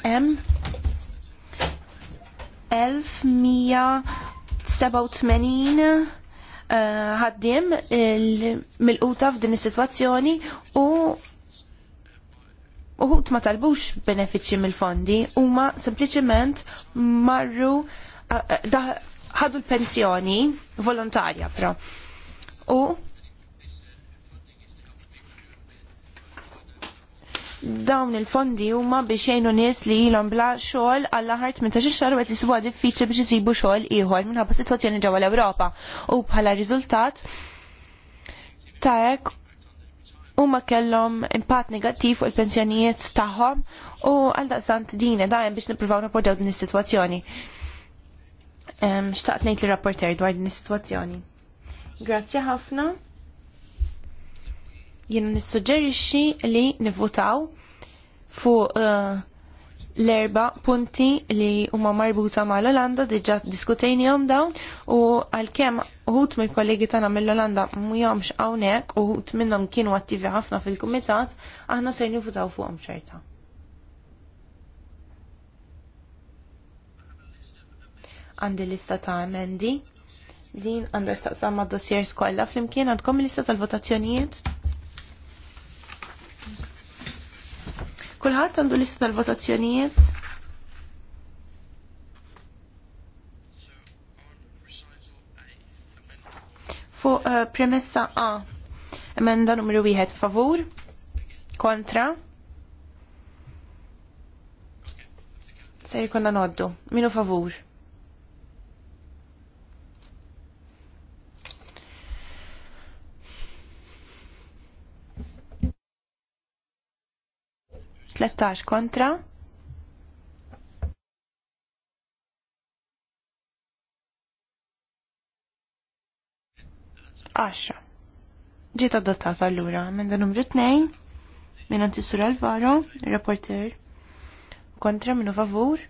Hemm 1187 eh, ħaddiem mill-quta f'din is-sitwazzjoni u uħut ma talbux benefiċċji mill-fondi, huma sempliċement marru ħadu l-pensjoni volontarja pro. U dawn il-fondi huma biex jgħinu nies li ilhom bla xogħol għall aħar 18 xahar qed jisibuha diffiċli biex isibu xogħol ieħor minħabba sitwazzjoni ġewwa l-Ewropa. U bħala riżultat ta' hekk huma kellhom impatt negattiv fuq il-pensjonijiet tagħhom u għal daqsant din dajem biex nippruvaw nappoġġaw din is-sitwazzjoni. Xtaqt ngħid li rapporter dwar din is-sitwazzjoni. Grazzi ħafna. Jien nissuġġerixxi li nivvutaw fuq uh, l-erba punti li huma marbuta ma' l-Olanda diġa għom dawn u għalkemm uħut mill kollegi tagħna mill-Olanda mujomx hawnhekk uħut minnhom kienu attivi ħafna fil-kumitat aħna se nifutaw fuqhom ċerta. Għandi lista ta' emendi din għandha staqsam ma' dossiers kollha flimkien għandkom lista tal-votazzjonijiet? Kulħadd għandu lista tal-votazzjonijiet? Fuq eh, premessa A, emenda numru wieħed favur, kontra. Ser jkollna noddu. Minu favur? 13 kontra. Għaxa. Ġiet adottata allura minn dan numru 2 minn antisur Alvaro, reporter. Kontra minnu favur?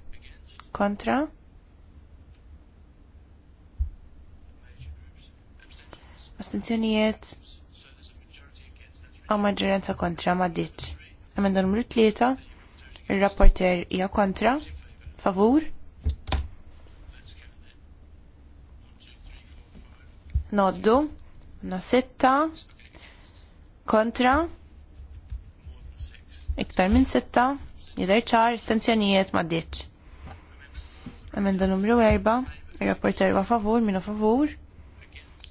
Kontra? Astenzjonijiet għaw maġġoranza kontra ma ditx. Emenda numru 3. Il-rapporter hija kontra. Favur. Noddu. Na sitta. Kontra. Iktar minn sitta. Jidher ċar stenzjonijiet ma ditx. Emenda numru 4. Il-rapporter huwa favur, minna favur.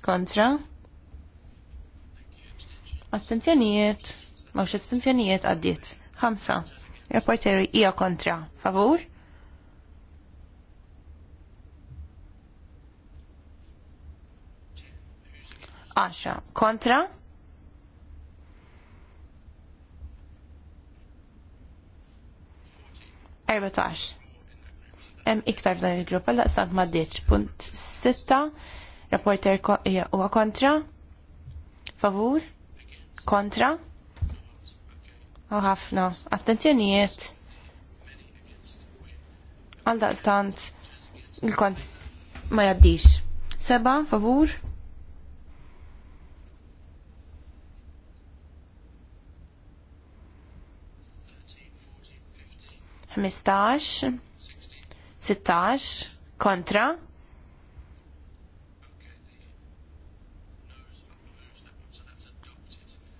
Kontra. Astenzjonijiet Mawx estenzjonijiet għaddiet. 5. Rapporteri ija kontra. Favur? Aċa. Kontra? Erbatax. Em iktar f'dan il-grupp għalla stant ma Punt 6. Rapporter huwa kontra? Favur? Kontra? Kontra? u ħafna Attenzjonijiet. għal daqstant il-kon ma jaddix. Seba, favur. Mistax. sittax, kontra.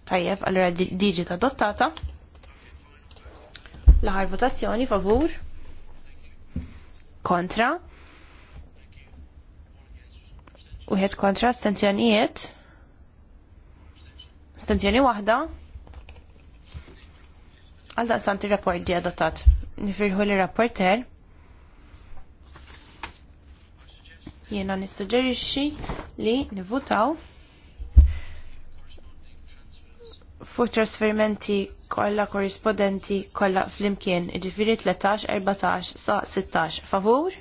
Tajjeb, allora diġi ta' dottata. L-aħħar votazzjoni favur. Kontra. Uħed kontra astenzjonijiet. Stenzjoni waħda. Għal sant ir-rapport di adottat. Nifirħu l-rapporter. Jiena nissuġġerixxi li nivutaw fuq trasferimenti kollha korrispondenti kollha flimkien, ġifiri 13, 14 sa 16 favur.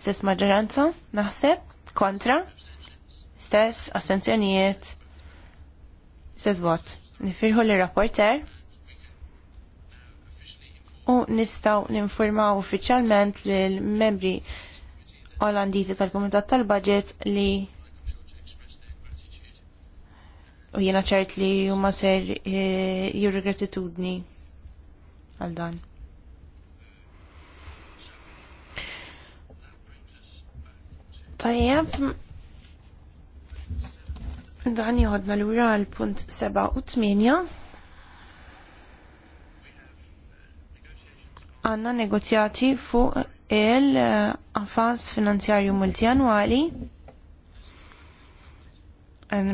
Stess maġġoranza, naħseb, kontra, stess assenzjonijiet, stess vot. Nifirħu l-rapporter u nistaw ninformaw uffiċjalment lill membri Olandiżi tal-Kumitat tal-Budget li u jiena ċert li huma ser e, juri gratitudni għal dan. Tajjeb, dan jħodna l-ura għal-punt 7 u 8. Għanna negozjati fuq il-qafas finanzjarju multianwali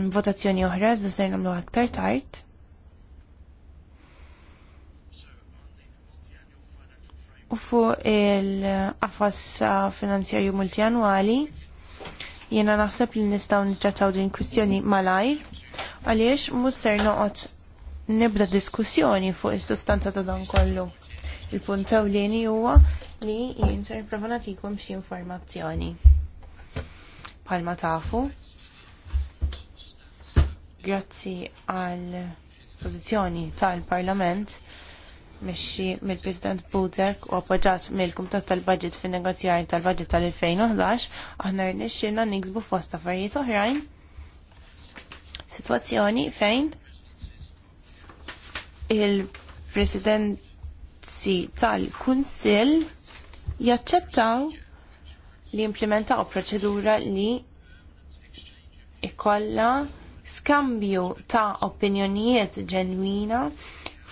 votazzjoni oħra, iżda se nagħmlu aktar tard. U fuq il-qafas finanzjarju multianwali, jiena naħseb li nistgħu nittrattaw din kwistjoni malajr, għaliex mhux ser noqgħod nibda diskussjoni fuq is-sustanza ta' dan kollu. Il-punt ewlieni huwa li jien ser nipprova nagħtikom xi informazzjoni. Palma tafu, grazzi għal pożizzjoni tal-Parlament mexxi mill-President Buzek u appoġġat mill-Kumitat tal-Budget fin negozjar tal-Budget tal-2011, aħna rnexxielna niksbu fost affarijiet oħrajn. Sitwazzjoni fejn il-Presidenzi tal-Kunsill jaċċettaw li implementaw proċedura li ikolla skambju ta' opinjonijiet ġenwina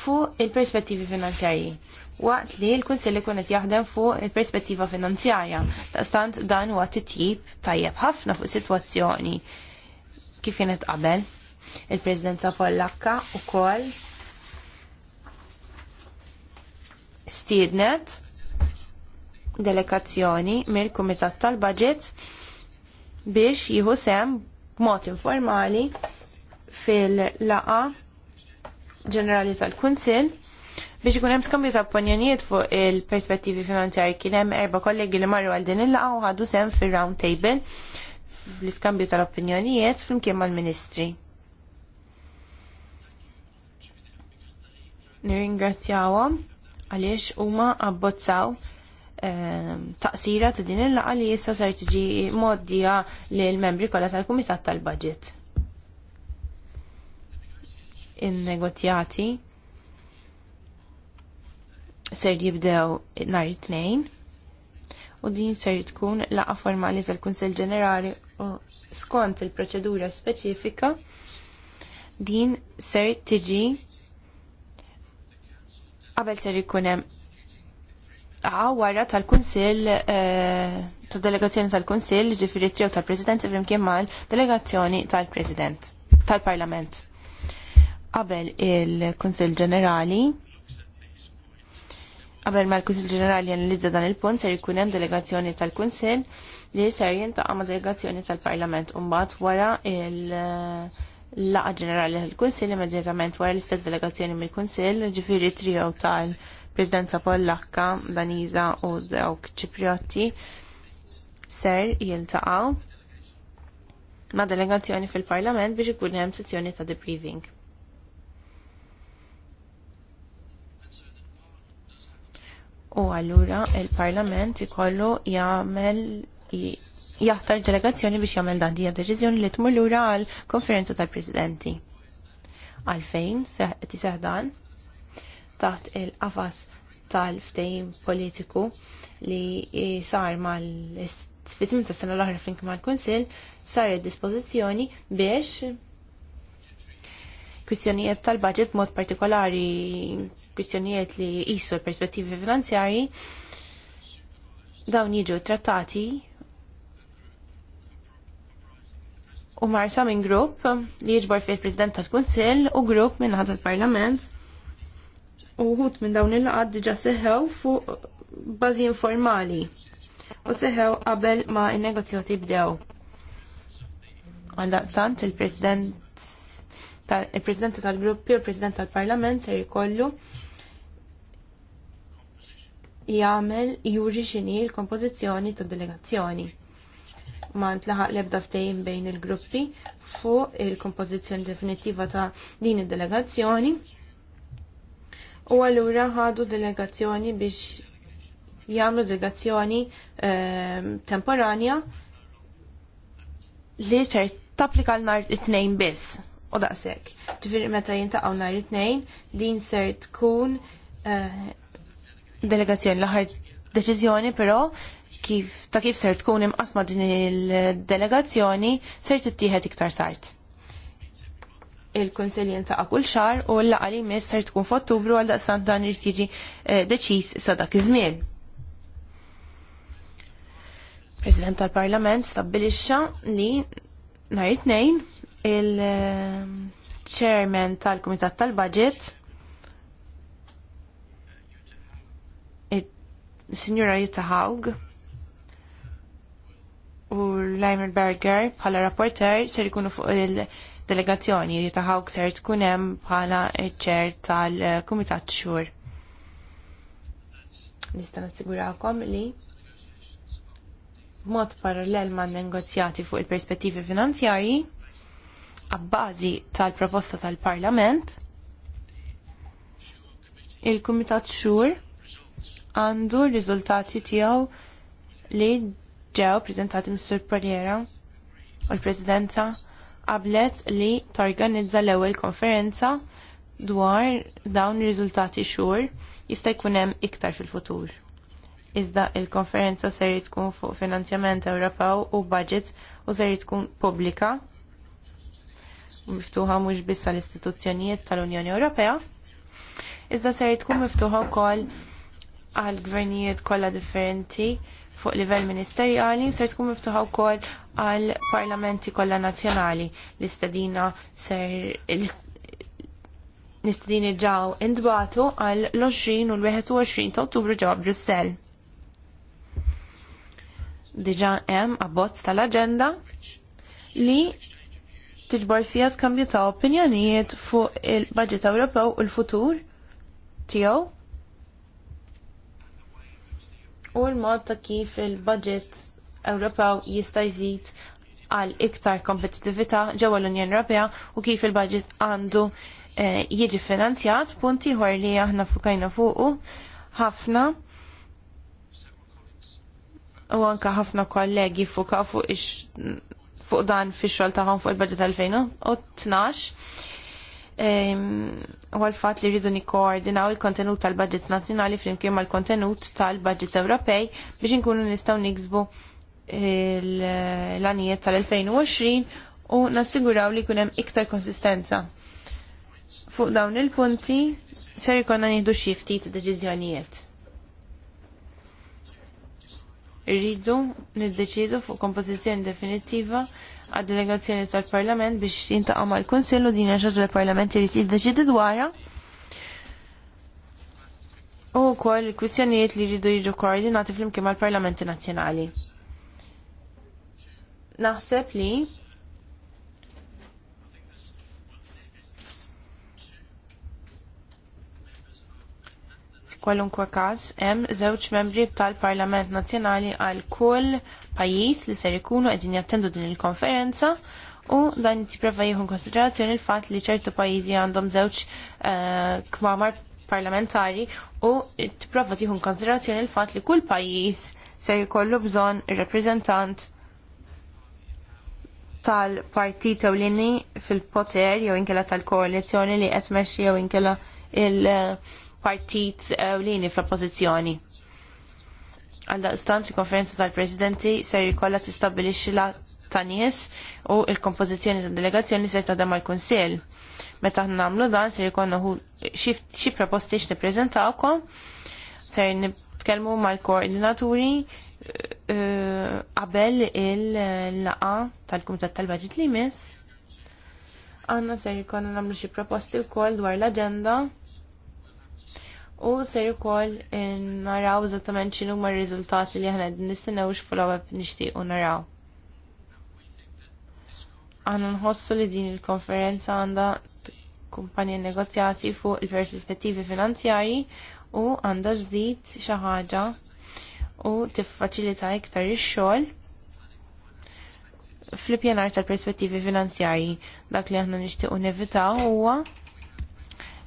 fuq il-perspettivi finanzjarji. Waqt li l-Kunsilli kun qed jaħdem fuq il-perspettiva finanzjarja, stant dan huwa titjib tajjeb ħafna fuq sitwazzjoni kif kienet qabel. Il-Presidenza Pollakka wkoll stiednet delegazzjoni mill-Kumitat tal-Budget biex jieħu sem b'mod informali fil-laqa ġenerali tal-Kunsill biex ikun hemm skambju ta' opinjonijiet fuq il-perspettivi finanzjari kien hemm erba' kollegi li marru għal din il-laqa u ħadu sem fir-round table l-iskambju tal-opinjonijiet flimkien mal-Ministri. Nirringrazzjawhom għaliex huma abbozzaw Ehm, taqsira ta' din il-laqa li jissa sar tiġi moddija li l-membri kollha tal-Kumitat tal-Budget. In-negozjati ser jibdew nhar it-tnejn u din ser tkun laqa formali tal kunsill Ġenerali u skont il-proċedura speċifika din ser tiġi qabel ser ikun hemm wara tal-Kunsill eh, ta' delegazzjoni tal-Kunsill ġifiri triw tal-President flimkien mal delegazzjoni tal-President tal-Parlament. Qabel il-Kunsill Ġenerali qabel ma l-Kunsill Ġenerali analizza dan il-punt ser ikun hemm delegazzjoni tal-Kunsill li ser jintaqa' ma' delegazzjoni tal-Parlament u mbagħad wara il- laqa ġenerali tal-Kunsill immedjatament wara l-istess delegazzjoni mill-Kunsill, ġifiri trio tal-Kunsill Presidenza Pollakka, Daniza u dawk Ċipriotti ser jiltaqgħu ma' delegazzjoni fil-Parlament biex ikun hemm sezzjoni ta' debriefing. U allura il-Parlament ikollu jagħmel jaħtar delegazzjoni biex jagħmel dan dija deċiżjoni li tmur lura għal konferenza tal-Presidenti. Għalfejn seħ dan? taħt il-qafas tal-ftehim politiku li sar mal-fitim ta' sena l-oħra flink mal-Kunsil sar il-dispozizjoni biex kwistjonijiet tal-budget mod partikolari kwistjonijiet li jisu l-perspettivi finanzjari dawn jiġu trattati u marsa minn grupp li jiġbor fil-President tal-Kunsil u grupp minn tal-Parlament uħut minn dawn il-laqad diġa seħew fuq bażi informali u seħew qabel ma il negozjoti bdew. Għaldaqstant il-President il-President tal-Gruppi u il-President tal-Parlament se jkollu jagħmel juri x'inhi l-kompożizzjoni tad-delegazzjoni ma ntlaħaq l-ebda ftehim bejn il-gruppi fuq il-kompożizzjoni definitiva ta' din id-delegazzjoni u allura ħadu delegazzjoni biex jagħmlu delegazzjoni ehm, temporanja li ser tapplika l-nar it-tnejn biss u daqshekk. ġifiri meta jintaqgħu nhar it-tnejn din ser tkun eh, delegazzjoni l-aħħar deċiżjoni però kif ta' kif ser tkun imqasma din il-delegazzjoni ser tittieħed iktar tard il konsiljen ta' kull xahar u l-laqgħa li jmiss ser tkun f'Ottubru għal daqsant dan irid jiġi eh, deċiż sa dak iż-żmien. President tal-Parlament stabbilixxa li nhar it-tnejn il-Chairman eh, tal-Kumitat tal-Budget Signora Jutta Haug u Leimer Berger bħala rapporter ser ikunu fuq il- delegazzjoni li ta' Hawkser tkun hemm bħala ċer tal-Kumitat Xhur. Nista' nassigurawkom li mod parallel ma' negozjati fuq il-perspettivi finanzjarji, għabbażi tal-proposta tal-Parlament, il-Kumitat Xur għandu r-riżultati tiegħu li ġew preżentati mis-Sur Paliera u l-Presidenza qablet li torganizza l-ewwel konferenza dwar dawn ir-riżultati xhur jista' jkun hemm iktar fil-futur. Iżda il konferenza ser tkun fuq finanzjament Ewropew u budget u ser tkun pubblika miftuħa mhux biss għall istituzzjonijiet tal-Unjoni Ewropea, iżda ser tkun miftuħa wkoll għal gvernijiet kollha differenti fuq livell ministerjali ser tkun miftuħa wkoll għal parlamenti kollha nazzjonali l-istadina ser l-istadini ġaw indbatu għal l-20 u l-21 ta' Ottubru ġewwa Brussell. Diġà hemm abbozz tal-aġenda li tiġbor fija skambju ta' opinjonijiet fuq il-budget Ewropew u l-futur tiegħu u l-mod ta' kif il-budget Ewropew jista' jżid għal iktar kompetitività ġewwa l-Unjoni Ewropea u kif il-budget għandu eh, jiġi finanzjat punti ħor li aħna fukajna fuqu ħafna u anka ħafna kollegi fuka fuq ix fuq dan fix-xogħol tagħhom fuq il-budget 2012 Ehm, u l-fatt li rridu nikkoordinaw il-kontenut tal-budget nazzjonali flimkien mal-kontenut tal-budget Ewropej biex inkunu nistgħu niksbu l-anijiet tal-2020 u nassiguraw li kunem iktar konsistenza. Fuq dawn il-punti ser ikonna nieħdu xi ftit deċiżjonijiet rridu niddeċidu fuq kompożizzjoni definittiva għad delegazzjoni tal-Parlament biex jintaqgħu mal-Kunsill u din hija xaġa l-Parlament irid jiddeċidi dwarha. U wkoll il-kwistjonijiet li jridu jiġu koordinati flimkien mal-Parlamenti Nazzjonali. Naħseb li kwalunkwe każ hemm żewġ membri tal-Parlament Nazzjonali għal kull pajjiż li ser ikunu qegħdin jattendu din il-konferenza u dan jipprova jieħu konsiderazzjoni l-fatt li ċertu pajjiżi għandhom żewġ uh, kmamar parlamentari u tipprova tieħu konsiderazzjoni l-fatt li kull pajjiż ser jkollu bżonn reprezentant tal-partit ewlieni fil-poter jew inkela tal-koalizzjoni li qed jew inkela il- uh, partit ewlieni fl-oppożizzjoni. Għalla stanzi konferenza tal-presidenti ser jkollha tistabilixxi la ta' nies u il-kompożizzjoni tad delegazzjoni se tagħdem mal kunsill Meta aħna nagħmlu dan se jkollna xi proposti nippreżentawkom, se nitkellmu mal-koordinaturi eh, eh, qabel il-laqa tal-Kumitat tal-Baġit li jmiss Għanna se jkollna nagħmlu xi proposti wkoll dwar l-aġenda u ser ukoll eh, naraw eżattament x'inhu ma r-riżultati li aħna qed nistennew x'follow-up nixtiequ naraw. Aħna nħossu li din il-konferenza għandha kumpanija negozjati fuq il-perspettivi finanzjarji u għandha żdid xi ħaġa u tiffaċilita iktar ix-xogħol fl-ippjanar tal-perspettivi finanzjarji. Dak li aħna nixtiequ nevitaw huwa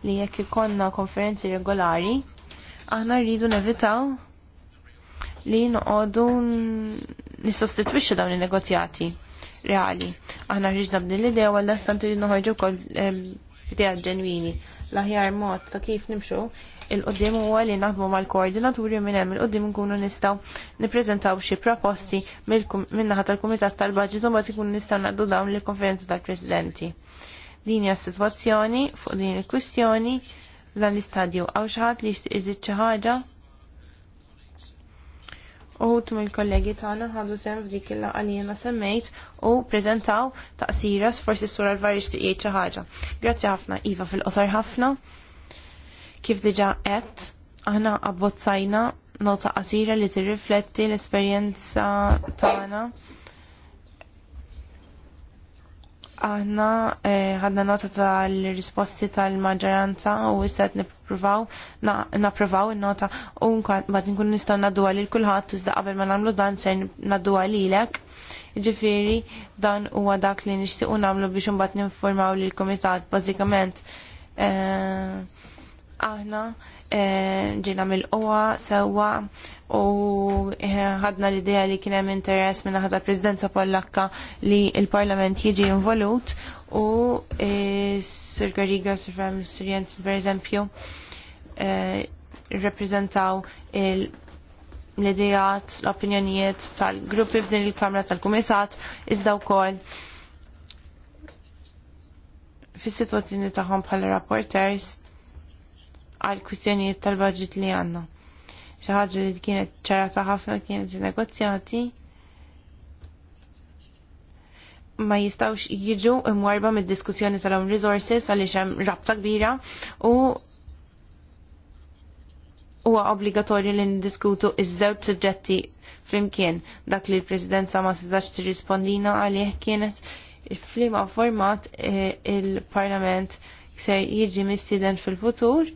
li jekk ikonna konferenzi regolari, aħna rridu nevitaw li noqogħdu nissostitwixxu dawn in-negozjati reali. Aħna rriġna b'din l-idea għal dastant li noħorġu wkoll idea ġenwini. L-aħjar mod ta' kif nimxu il-qoddim huwa li naħdmu mal-koordinaturi minn hemm il-qoddim nkunu nistgħu nippreżentaw xi proposti min-naħa tal-Kumitat tal-Baġit u mbagħad ikun nistgħu naqdu dawn l konferenza tal-Presidenti. Din hija s-sitwazzjoni fuq din il-kwistjoni dan l-istadju għaw xaħat li jizit ħaġa. Uħut mill kollegi tagħna ħadu sem f'dik il għalijena semmejt u ta' taqsira forsi s-sura l varri tiqiet xi ħaġa. Grazzi ħafna Iva fil qosar ħafna. Kif diġà għet, aħna abbozzajna nota qasira li tirrifletti l-esperjenza tagħna Aħna eh, ħadna nota tal-risposti tal-maġġoranza u issa qed nippruvaw napprovaw in-nota u mbagħad nkun nistgħu naddu għalil kulħadd iżda qabel ma nagħmlu dan se naddu għalilek. Ġifieri dan huwa dak li nixtiequ nagħmlu biex imbagħad ninformaw lill kumitat bażikament eh, aħna Eh, ġina mill-qowa sewwa u eh, ħadna l-idea li kien hemm interess minn ħaża Presidenza Pollakka li l-Parlament jiġi involut u eh, Sir Gariga, Sir Fem Sir Jensen per eżempju, il- l-idejat, l-opinjonijiet tal-gruppi f'din il-Kamra tal-Kumitat, iżda wkoll fis-sitwazzjoni tagħhom bħala rapporters għal kwistjonijiet tal-budget li għanna. Xi ħaġa li kienet ċarata ħafna kienet negozjati ma jistawx jiġu imwarba mid-diskussjoni tal-own resources għaliex hemm rabta kbira u huwa obbligatorju li ndiskutu iż-żewġ suġġetti flimkien dak li l-Presidenza ma sistax tirrispondina għalih kienet flima format eh, il-Parlament se jiġi mistiden fil-futur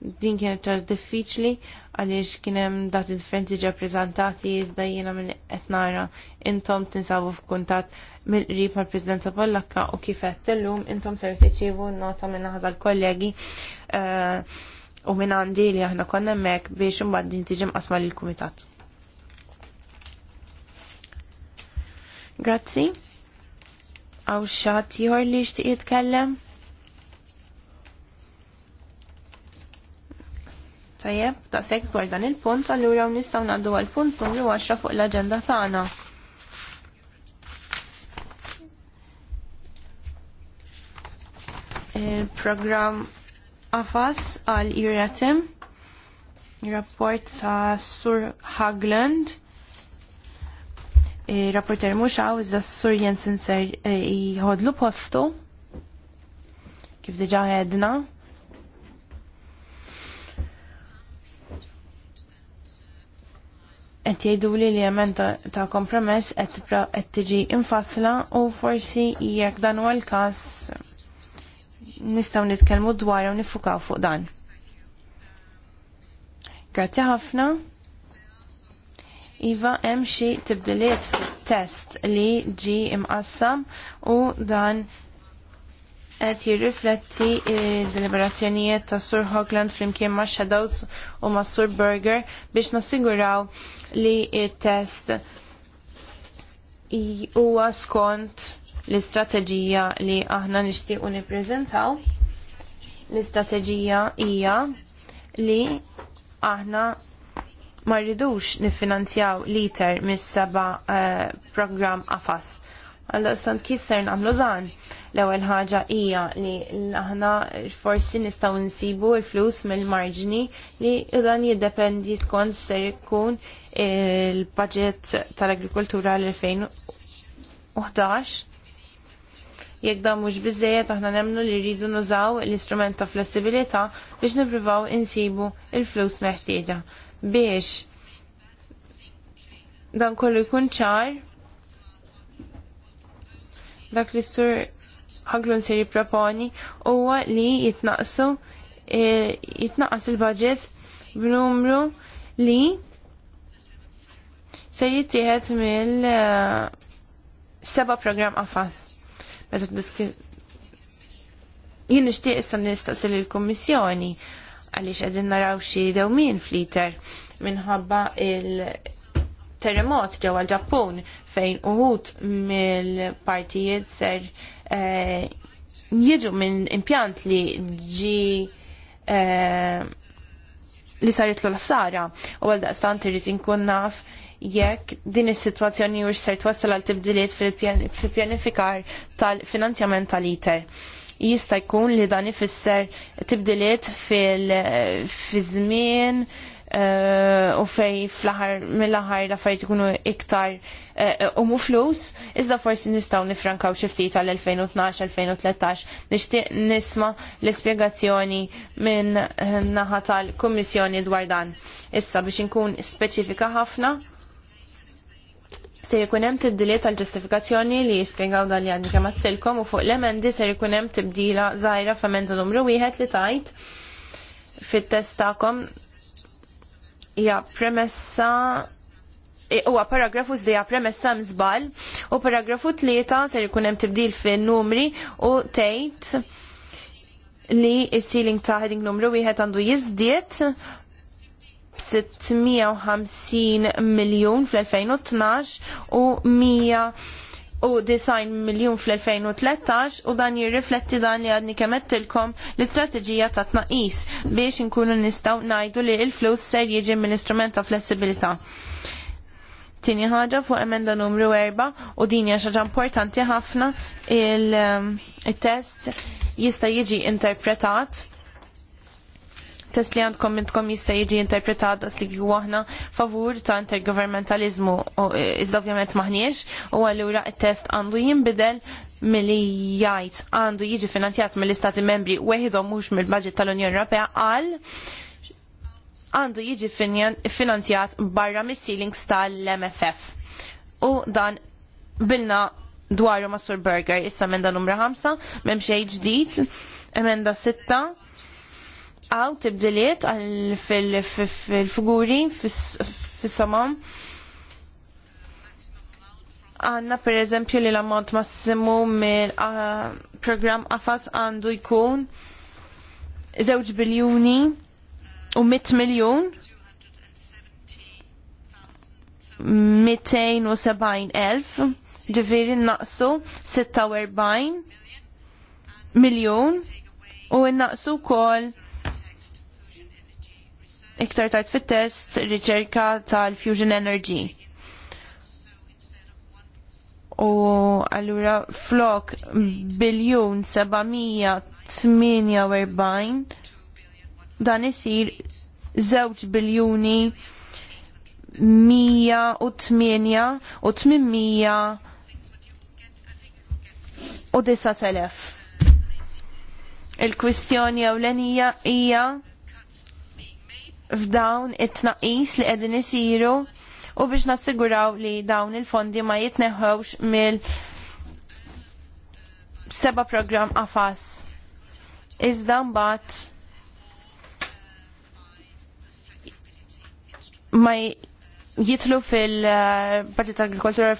din kienet ċar diffiċli għaliex kien hemm dati differenti ġa prezentati jizdajjina minn qed nara intom tinsabu f'kuntatt mill-qrib mal-Presidenza Pollakka u kif l illum intom ser tirċievu nota minn ħaża kollegi eh, u minn għandi li aħna konna hemmhekk biex imbagħad din tiġi mqasma lill-kumitat. Grazzi. Għaw xat jħor li jishtiq kellem? Tajjeb, ta' sekk dwar dan il-punt, allura nistgħu ngħaddu għall punt numru 10 fuq l-aġenda tagħna. Il-programm eh, AFAS għal Iratim, rapport ta' Sur Hagland, eh, rapporter mhux għaw iżda Sur Jensen ser jħodlu eh, postu, kif diġà għedna. qed jgħidu li li emenda ta' kompromess qed tiġi infassla u forsi jekk dan huwa l-każ nistgħu nitkellmu dwar u nifukaw fuq dan. Grazzi ħafna. Iva hemm xi tibdiliet fit-test li ġi imqassam u dan qed jirrifletti deliberazzjonijiet ta' Sur Hogland flimkien ma' Shadows u ma' Sur Burger biex nassiguraw li il-test huwa skont l-istrateġija li aħna nixtiequ nippreżentaw. L-istrateġija hija li aħna ma rridux niffinanzjaw liter mis-seba' uh, programm AFAS għal stant kif ser namlu dan? L-ewwel ħaġa hija li aħna forsi nistgħu nsibu l-flus mill-marġni li dan jiddependi skont ser ikun il-budget tal-agrikoltura l-2011. Jekk dan mhux biżejjed aħna nemmnu li rridu nużaw l-istrument ta' flessibilità biex nippruvaw insibu il-flus meħtieġa biex dan kollu jkun ċar dak li sur ħaglun se proponi huwa li jitnaqsu e, jitnaqas il-budget b'numru li se jittieħed mill e, seba program qafas. Meta jien nixtieq issa nistaqsil il-Kummissjoni għaliex qegħdin naraw xi dewmien fliter minħabba il- terremot ġewwa l-Ġappun fejn uħut mill-partijiet ser eh, jiġu minn impjant li ġi eh, li sarit l-sara u għal daqstant irrit inkun naf jekk din is-sitwazzjoni u ser twassal għal tibdiliet fil-pjanifikar tal-finanzjament tal-iter. Jista' jkun li dan ifisser tibdiliet fil-żmien eh, u fej fl-aħħar mill-aħħar l-affarijiet ikunu iktar Eh, eh, u mu flus, iżda forsi nistaw nifrankaw xiftit għal-2012-2013 nishtiq nisma l spiegazzjoni minn eh, naħa tal-Kummissjoni dwar dan. Issa biex inkun speċifika ħafna, se jkun hemm tibdiliet tal-ġustifikazzjoni li jispjegaw dan li għandi kemm għattilkom u fuq l-emendi se jkun hemm tibdila żgħira f'emenda numru wieħed li tajt fit-test tagħkom hija premessa huwa paragrafu żdejja premessa mżbal u paragrafu tlieta ser ikun hemm tibdil fin-numri u tgħid li s-ceiling ta' heading numru wieħed għandu jiżdied 650 miljon fl-2012 u 100 u design miljon fl-2013 u dan jirrifletti dan li għadni kemettilkom l-istrateġija ta' tnaqis biex nkunu nistaw najdu li il-flus ser jieġi mill-istrument ta' flessibilità. Tini ħaġa fuq emenda numru 4 u din hija xaġa importanti ħafna um, il-test jista' jiġi interpretat test li għandkom minnkom jista' jiġi interpretat għas li aħna favur ta' intergovernmentalizmu e, iżda ovvjament maħniex u allura il test għandu jinbidel milli jgħid għandu jiġi finanzjat mill-Istati Membri weħidhom mhux mill budget tal-Unjoni Ewropea għal għandu jiġi finanzjat barra mis ceilings tal-MFF. U dan bilna dwaru massur Burger, issa emenda numra 5, memxej ġdid, emenda 6, għaw tibdiliet fil-figuri, fil-samam. Għanna per eżempju li l-ammont massimu mill program għafas għandu jkun 2 biljuni u 100 miljon 270.000 ġifiri naqsu 46 miljon u naqsu kol iktar tard fit-test riċerka tal-Fusion Energy. U allura flok biljun 748 dan isir 2 biljuni 108 u 800 u 9000. Il-kwistjoni ewlenija hija f'dawn it-tnaqqis li qegħdin isiru u biex nassiguraw li dawn il-fondi ma jitneħħewx mill seba program AFAS. Iżda mbagħad ma jitlu fil-budget agrikoltura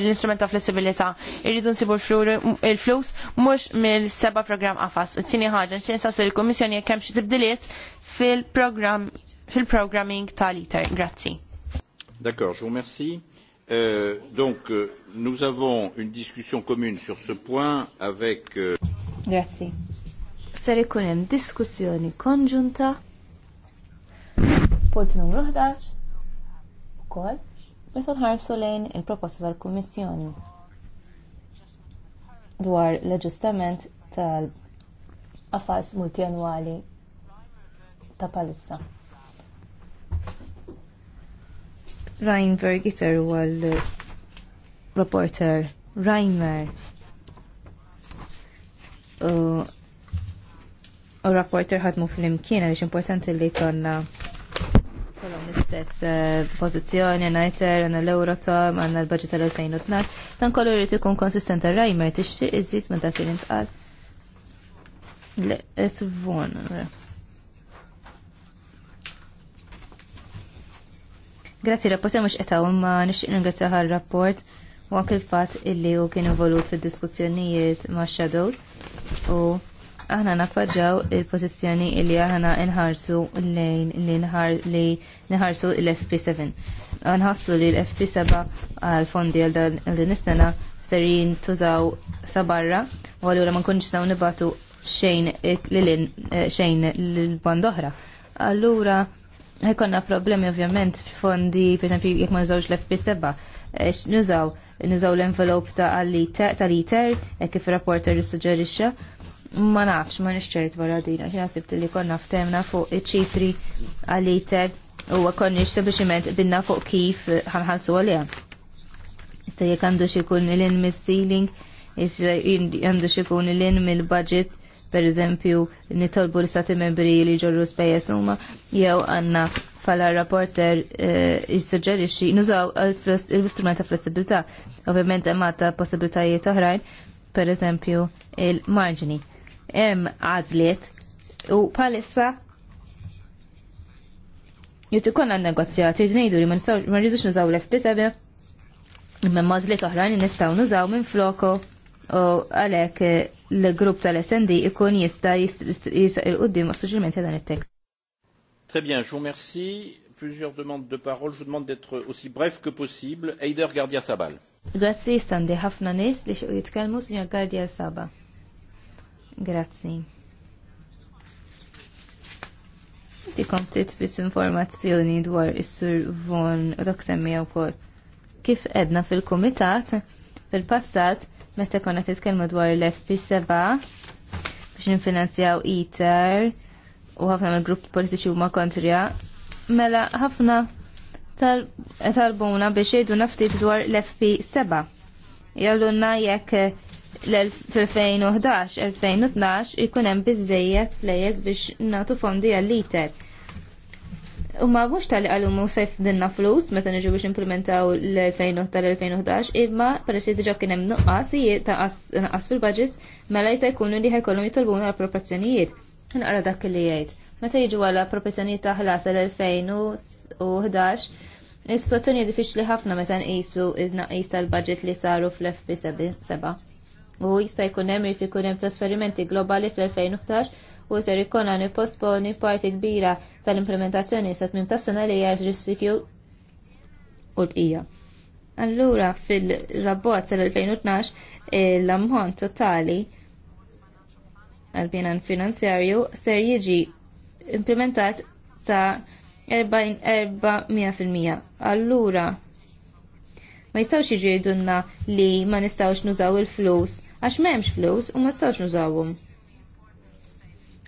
l-instrument ta' flessibilità. Irridu nsibu l-flus mux mill-seba program għafas. Tini ħagġa, nxin sassu l-Komissjoni kemm xi tibdiliet fil-programming tal-ITER. Grazzi. D'accord, je vous remercie. Euh, donc, euh, nous avons une discussion commune sur ce point avec. Euh... Grazie. Ser ikun hemm diskussjoni punt numru 11 kol meta nħarsu lejn il-proposta tal-Kummissjoni dwar l-aġġustament tal-qafas multjanwali ta' palissa. Ryan jitter u għal reporter Reimer u rapporter ħadmu fl-imkien għaliex importanti li konna kolom l-istess eh, pozizjoni, najter, għanna l-Eurotom, għanna l-budget tal-2012, dan kollu jrid ikun konsistent għal-rajmer, tixtieq iżid minn dak li intqal. L-esvon. Grazzi, rapporti mux etaw, imma nixtieq ringrazzja għal-rapport u għak il-fat illi u kien involut fil-diskussjonijiet ma' shadow u aħna nappoġġaw il-pożizzjoni li aħna nħarsu lejn li nħarsu l-FP7. Nħassu li l-FP7 għal fondi għal din is-sena ser jintużaw u għallura ma nkunx saw nibatu xejn eh, xejn l-band oħra. Allura ħekonna problemi ovvjament fondi, per esempio, jek ma nżawx l-FP7 eh, nużaw, l-envelop ta' għalli tal-iter, eh, kif rapporter suġġerixxa, ma nafx, ma nixċert wara din, għax nasib li konna ftemna fuq iċ-ċifri għal-liter u konni binna fuq kif ħanħalsu għalija. Issa jek għandu xikun l-in mis sealing għandu xikun l-in mill-budget, per eżempju, nitolbu l-istati membri li ġorru spejjes huma, jew għanna pala rapporter eh, jissuġġerixxi nużaw l-istrument ta' flessibilità, ovvjament hemm ta' possibilitajiet oħrajn, per eżempju, il-marġini hemm għażliet u palissa jitt ikon għan negozjati ġnejdu li ma rridux nużaw l-FP7 imma mażliet oħrajn nistgħu nużaw minn floko u għalhekk eh, l-grupp tal-SND ikun jista' jisaq il-qudiem suġġimenti dan it tek Très bien, je vous remercie. Plusieurs demandes de parole. Je vous demande d'être aussi bref que possible. Eider Gardia Sabal. Grazie, standi ħafna nis li xo jitkelmu, signor Gardia Sabal. Grazzi. Dikom bis informazzjoni dwar is-sur Von u dak wkoll. Kif edna fil-kumitat fil-passat meta konna titkellmu dwar l-FP7 biex nifinanzjaw ITER u ħafna mill gruppi politiċi huma kontrija, mela ħafna talbuna biex jgħidu naftit dwar l-FP7. Jallunna jekk l-2011-2012 ikun hemm biżejjed flejes biex nagħtu fondi għall-liter. U ma mux tal-li għallu mu dinna flus, meta nġu biex implementaw l-2011 tal-2011, imma peressi diġa kienem nuqqasijiet ta' naqqas fil budgets mela jista' jkunu li ħajkollhom jitolbuna l-appropriazzjonijiet. Nqara dak li jgħid. Meta jiġu għal appropriazzjonijiet ta' ħlas tal-2011, is-situazzjoni diffiċli ħafna meta nqisu id-naqis tal-budget li saru fl-FP7 u jista' jkun hemm irid ikun hemm trasferimenti globali fl-2011 u ser ikonna nipposponi parti kbira tal-implementazzjoni sa tmim tas-sena li hija riskju u l-bqija. Allura fil rabot tal-2012 l-ammont totali għal-binan finanzjarju ser jiġi implementat sa' 400%. Allura, ma jistawx jiġi jidunna li ma nistawx nużaw il-flus għax m'hemmx flus u ma stawx nużawhom.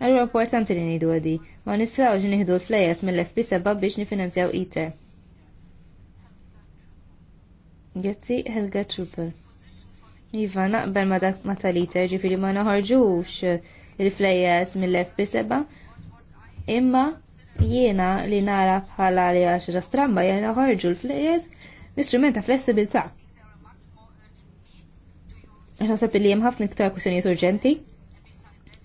Allura importanti li ngħidu għadi, ma nistawx nieħdu l-flejes mill-FP7 biex nifinanzjaw ITER. Grazzi Helga Trooper. Iva, naqbel ma dak ma tal-ITER ġifiri ma naħarġux il-flejjes mill-FP7, imma jiena li nara bħala li għaxra stramba jena ħarġu l-flejjes l flessibilta. Naħseb li hemm ħafna iktar kwistjonijiet urġenti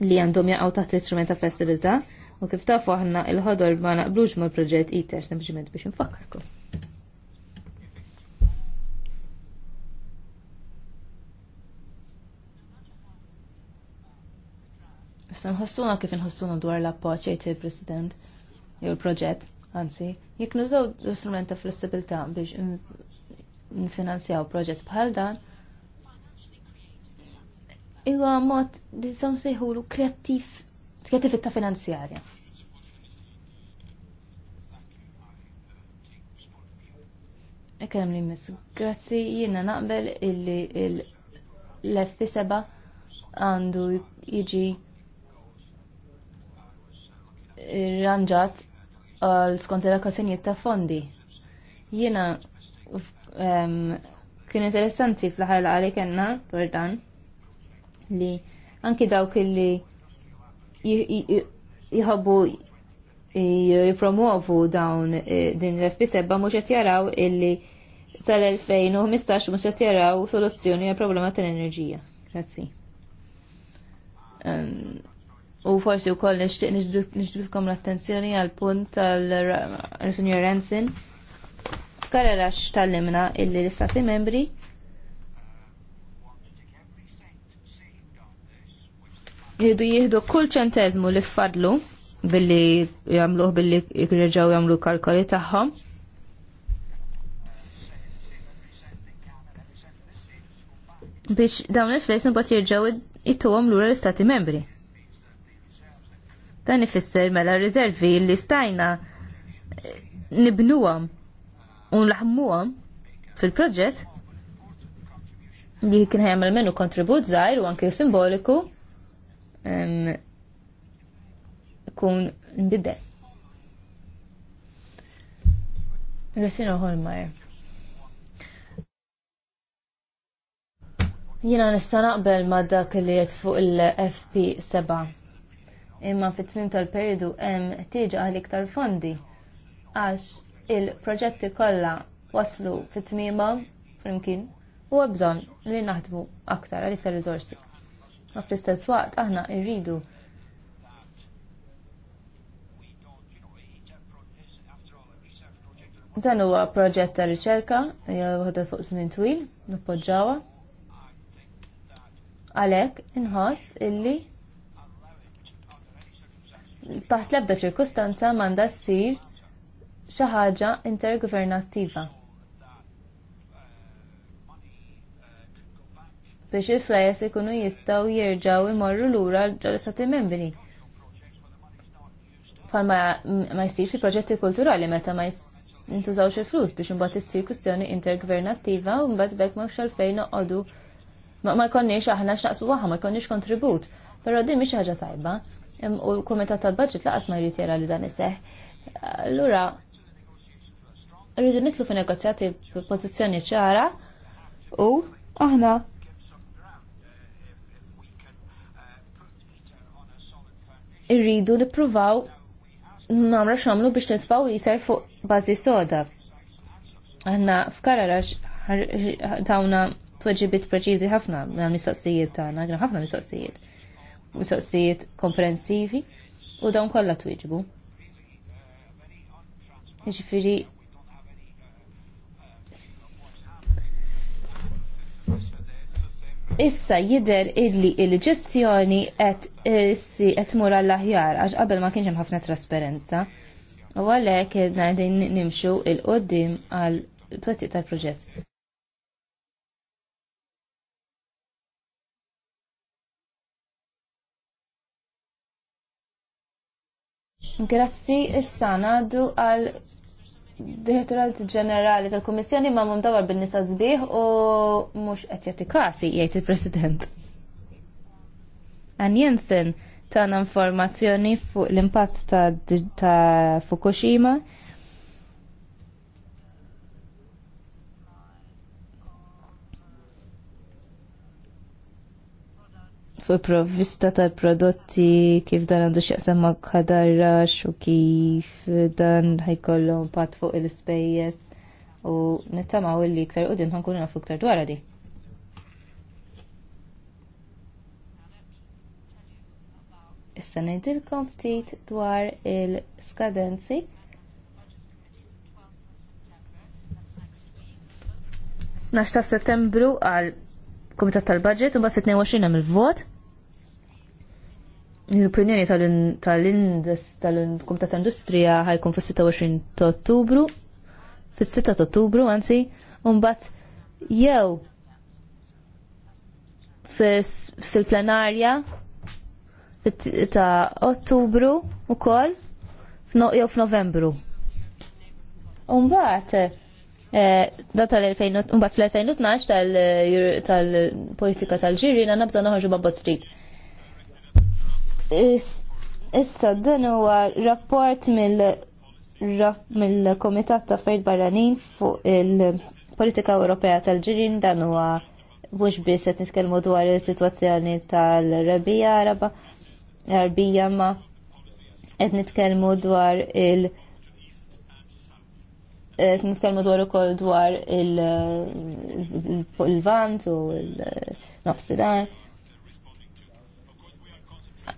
li għandhom jaqgħu taħt l-istrument ta' flessibilità u kif tafu aħna il-ħodor ma naqblux mal-proġett ITER sempliċement biex nfakkarkom. Issa nħossuna kif nħossuna dwar l-appoċ jgħid il-President jew il-proġett, anzi, jekk nużaw l-istrument ta' flessibilità biex nfinanzjaw proġett bħal dan, Iwa mod li sam sejħulu kreattiv kreattività finanzjarja. Ekkem li miss. Grazzi jiena naqbel illi l-FP7 għandu jiġi ranġat għal skont il-akkazzjonijiet ta' fondi. Jiena ehm, kien interessanti fl-ħar l-għali per dan li anki dawk li jħobbu jipromuovu dawn e, din l-FP7 mux qed jaraw illi sal-2015 mux qed jaraw soluzzjoni għal problema tal-enerġija. Grazzi. U forsi u koll nishtiq nixdufkom l-attenzjoni għal punt tal-Senjor Ransin. rax tal-limna illi l-istati membri jihdu jieħdu kull ċentezmu li fadlu billi jagħmluh billi jirġgħu jagħmlu kalkoli tagħhom. biex dawn il-flejs nbagħad jirġgħu jittuhom lura l-istati membri. Dan ifisser mela r-rizervi li stajna eh, nibnuhom u nlaħmuhom fil-proġett li kien l-menu kontribut zaħir u anke simboliku kun nbidde. Jessina Holmeyer. Jina nista naqbel ma dak li jett fuq il-FP7. Imma fit tmim tal-periodu hemm tiġa għal iktar fondi għax il-proġetti kollha waslu fit tmimhom flimkien u bżonn li naħdmu aktar għal iktar riżorsi. Ma fl-istess waqt aħna rridu Dan huwa proġett ta' riċerka, hija waħda fuq żmien twil, nippoġġawha. Għalhekk inħoss illi taħt l-ebda ċirkustanza m'għandha ssir xi ħaġa intergovernattiva. biex il-flajes ikunu jistaw jirġaw imorru l-ura ġal-istati membri. Fan ma jistix il-proġetti kulturali meta ma jintużawx il-flus biex imbagħad issir kwistjoni intergvernattiva u mbagħad bekk ma xalfejn noqogħdu ma konniex aħna x'naqsu waħda ma jkonniex kontribut. Però din miex ħaġa tajba. U l tal-Budget laqas ma jrid jara li dan iseħħ. Allura rridu nitlu fin negozjati pozizjoni ċara u aħna irridu nippruvaw namra xamlu biex nitfaw iter fuq bazi soda. Għanna f'Kararax tawna dawna tweġibit preċizi ħafna minna mistoqsijiet tana, għanna ħafna mistoqsijiet. Mistoqsijiet komprensivi u dawn kollha twieġbu. Jiġifieri issa jider illi il-ġestjoni qed issi eh, qed mur għall-aħjar għax qabel ma kienx hemm ħafna trasparenza. U għalhekk qegħdin nimxu il qoddim għal twettiq tal-proġett. Grazzi issa ngħaddu għal Direttorat Ġenerali tal-Kummissjoni ma' mum dawar bin-nisa zbiħ u mhux qed jagħti kasi jgħid il-President. Għan Jensen tana informazzjoni fuq l-impatt ta', ta Fukushima provvista tal prodotti kif dan għandu xieqsam ma' u kif dan ħajkollhom pat fuq il-spejjes u nittamaw li iktar qudiem ħankunu nafu iktar dwar di. Issa ngħidilkom ftit dwar il-skadenzi Nax ta' settembru għal Komitat tal-Budget u bat fit-22 il-vot l-opinjoni tal-Kumitat Industrija ħajkun fis-26 ta' Ottubru, fis-6 ta' Ottubru anzi, mbagħad jew fil-plenarja ta' Ottubru ukoll jew f'Novembru. Umbagħad da tal-2012 tal-politika tal-ġirina nabża noħorġu babbot strik Issa dan huwa rapport mill-Komitat ta' Affarijiet Barranin fuq il-Politika Ewropea tal-Ġirien dan huwa mhux biss qed nitkellmu dwar is-sitwazzjoni tal-Rabija Araba, Arabija ma qed nitkellmu dwar il- qed nitkellmu dwar ukoll dwar il-Vant u l-Nofsidan. Il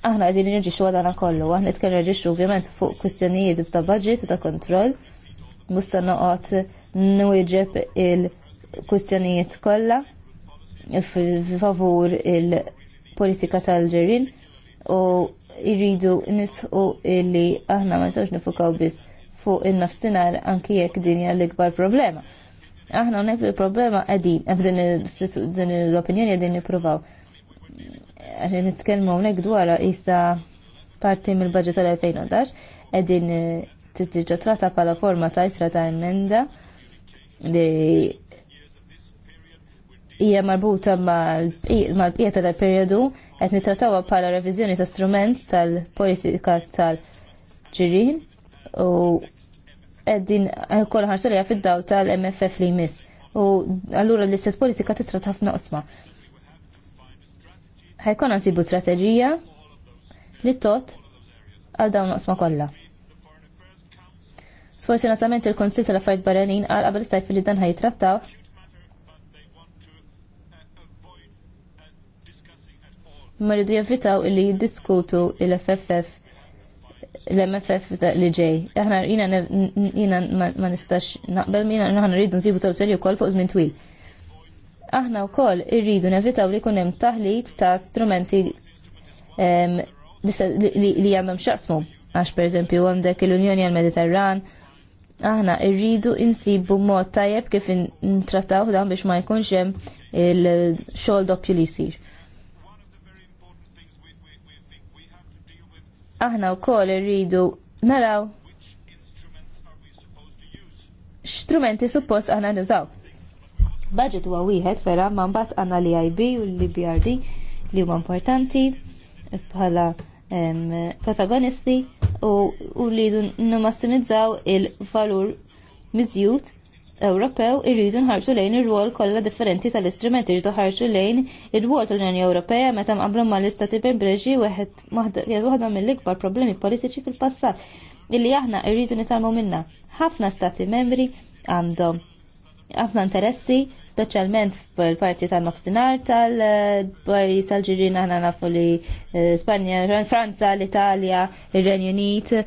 aħna għedin nirġiċu għadana kollu, aħna għedin nirġiċu vjament fuq kustjonijiet ta' budget u ta' kontroll, musta noqot nwieġeb il-kustjonijiet kolla favur il-politika tal-ġerin u irridu nisħu illi aħna ma nisħuġ nifukaw biss fuq il-nafsinar anki jekk dinja l-ikbar problema. Aħna unek il-problema għedin, għedin l-opinjoni għedin niprovaw għaxin nitkellmu hawnhekk dwar issa parti mill-budget tal-2011 qegħdin eh, tiġġa trata bħala forma ta' itra ta' emenda li hija marbuta mal-bqija tal-perjodu qed nitratawha bħala reviżjoni ta' strument tal-politika tal-ġirien u qegħdin kollha ħarsu fid-daw tal-MFF li jmiss. U allura l-istess politika titrata ħafna qosma ħajkon nsibu strateġija li tot għal dawn noqsma kollha. Sfortunatament il-Konsil tal-Affarijiet Barranin qal qabel istajf li dan ħajtrattaw Maridu javvitaw illi jiddiskutu il-FFF l-MFF li ġej. Aħna jina ma nistax naqbel, minna, aħna rridu nsibu soluzzjoni serju kol fuq żmien twil aħna wkoll irridu nevitaw li jkun hemm taħlit ta' strumenti li għandhom xaqsmu għax eżempju għandek l-Unjoni għal-Mediterran aħna irridu insibu mod tajjeb kif intrattaw dan biex ma jkunx hemm il-xogħol doppju li jsir. Aħna wkoll irridu naraw strumenti suppost aħna nużaw Budget huwa wieħed vera ma mbagħad għandna li IB u l BRD li huma importanti bħala protagonisti u li jridu nimmassimizzaw il-valur miżjud Ewropew irridu nħarġu lejn ir-rwol kollha differenti tal-istrumenti jridu ħarġu lejn ir-rwol tal-Unjoni Ewropea meta mqabblu mal-istati membreġi wieħed waħda mill-ikbar problemi politiċi fil-passat illi aħna rridu nitalmu minna. Ħafna stati membri għandhom ħafna interessi, speċjalment fil-parti tan-nofsinhar tal-pajjiż tal-ġirien aħna nafu li eh, Spanja, Franza, l-Italja, ir-Renju Unit, eh,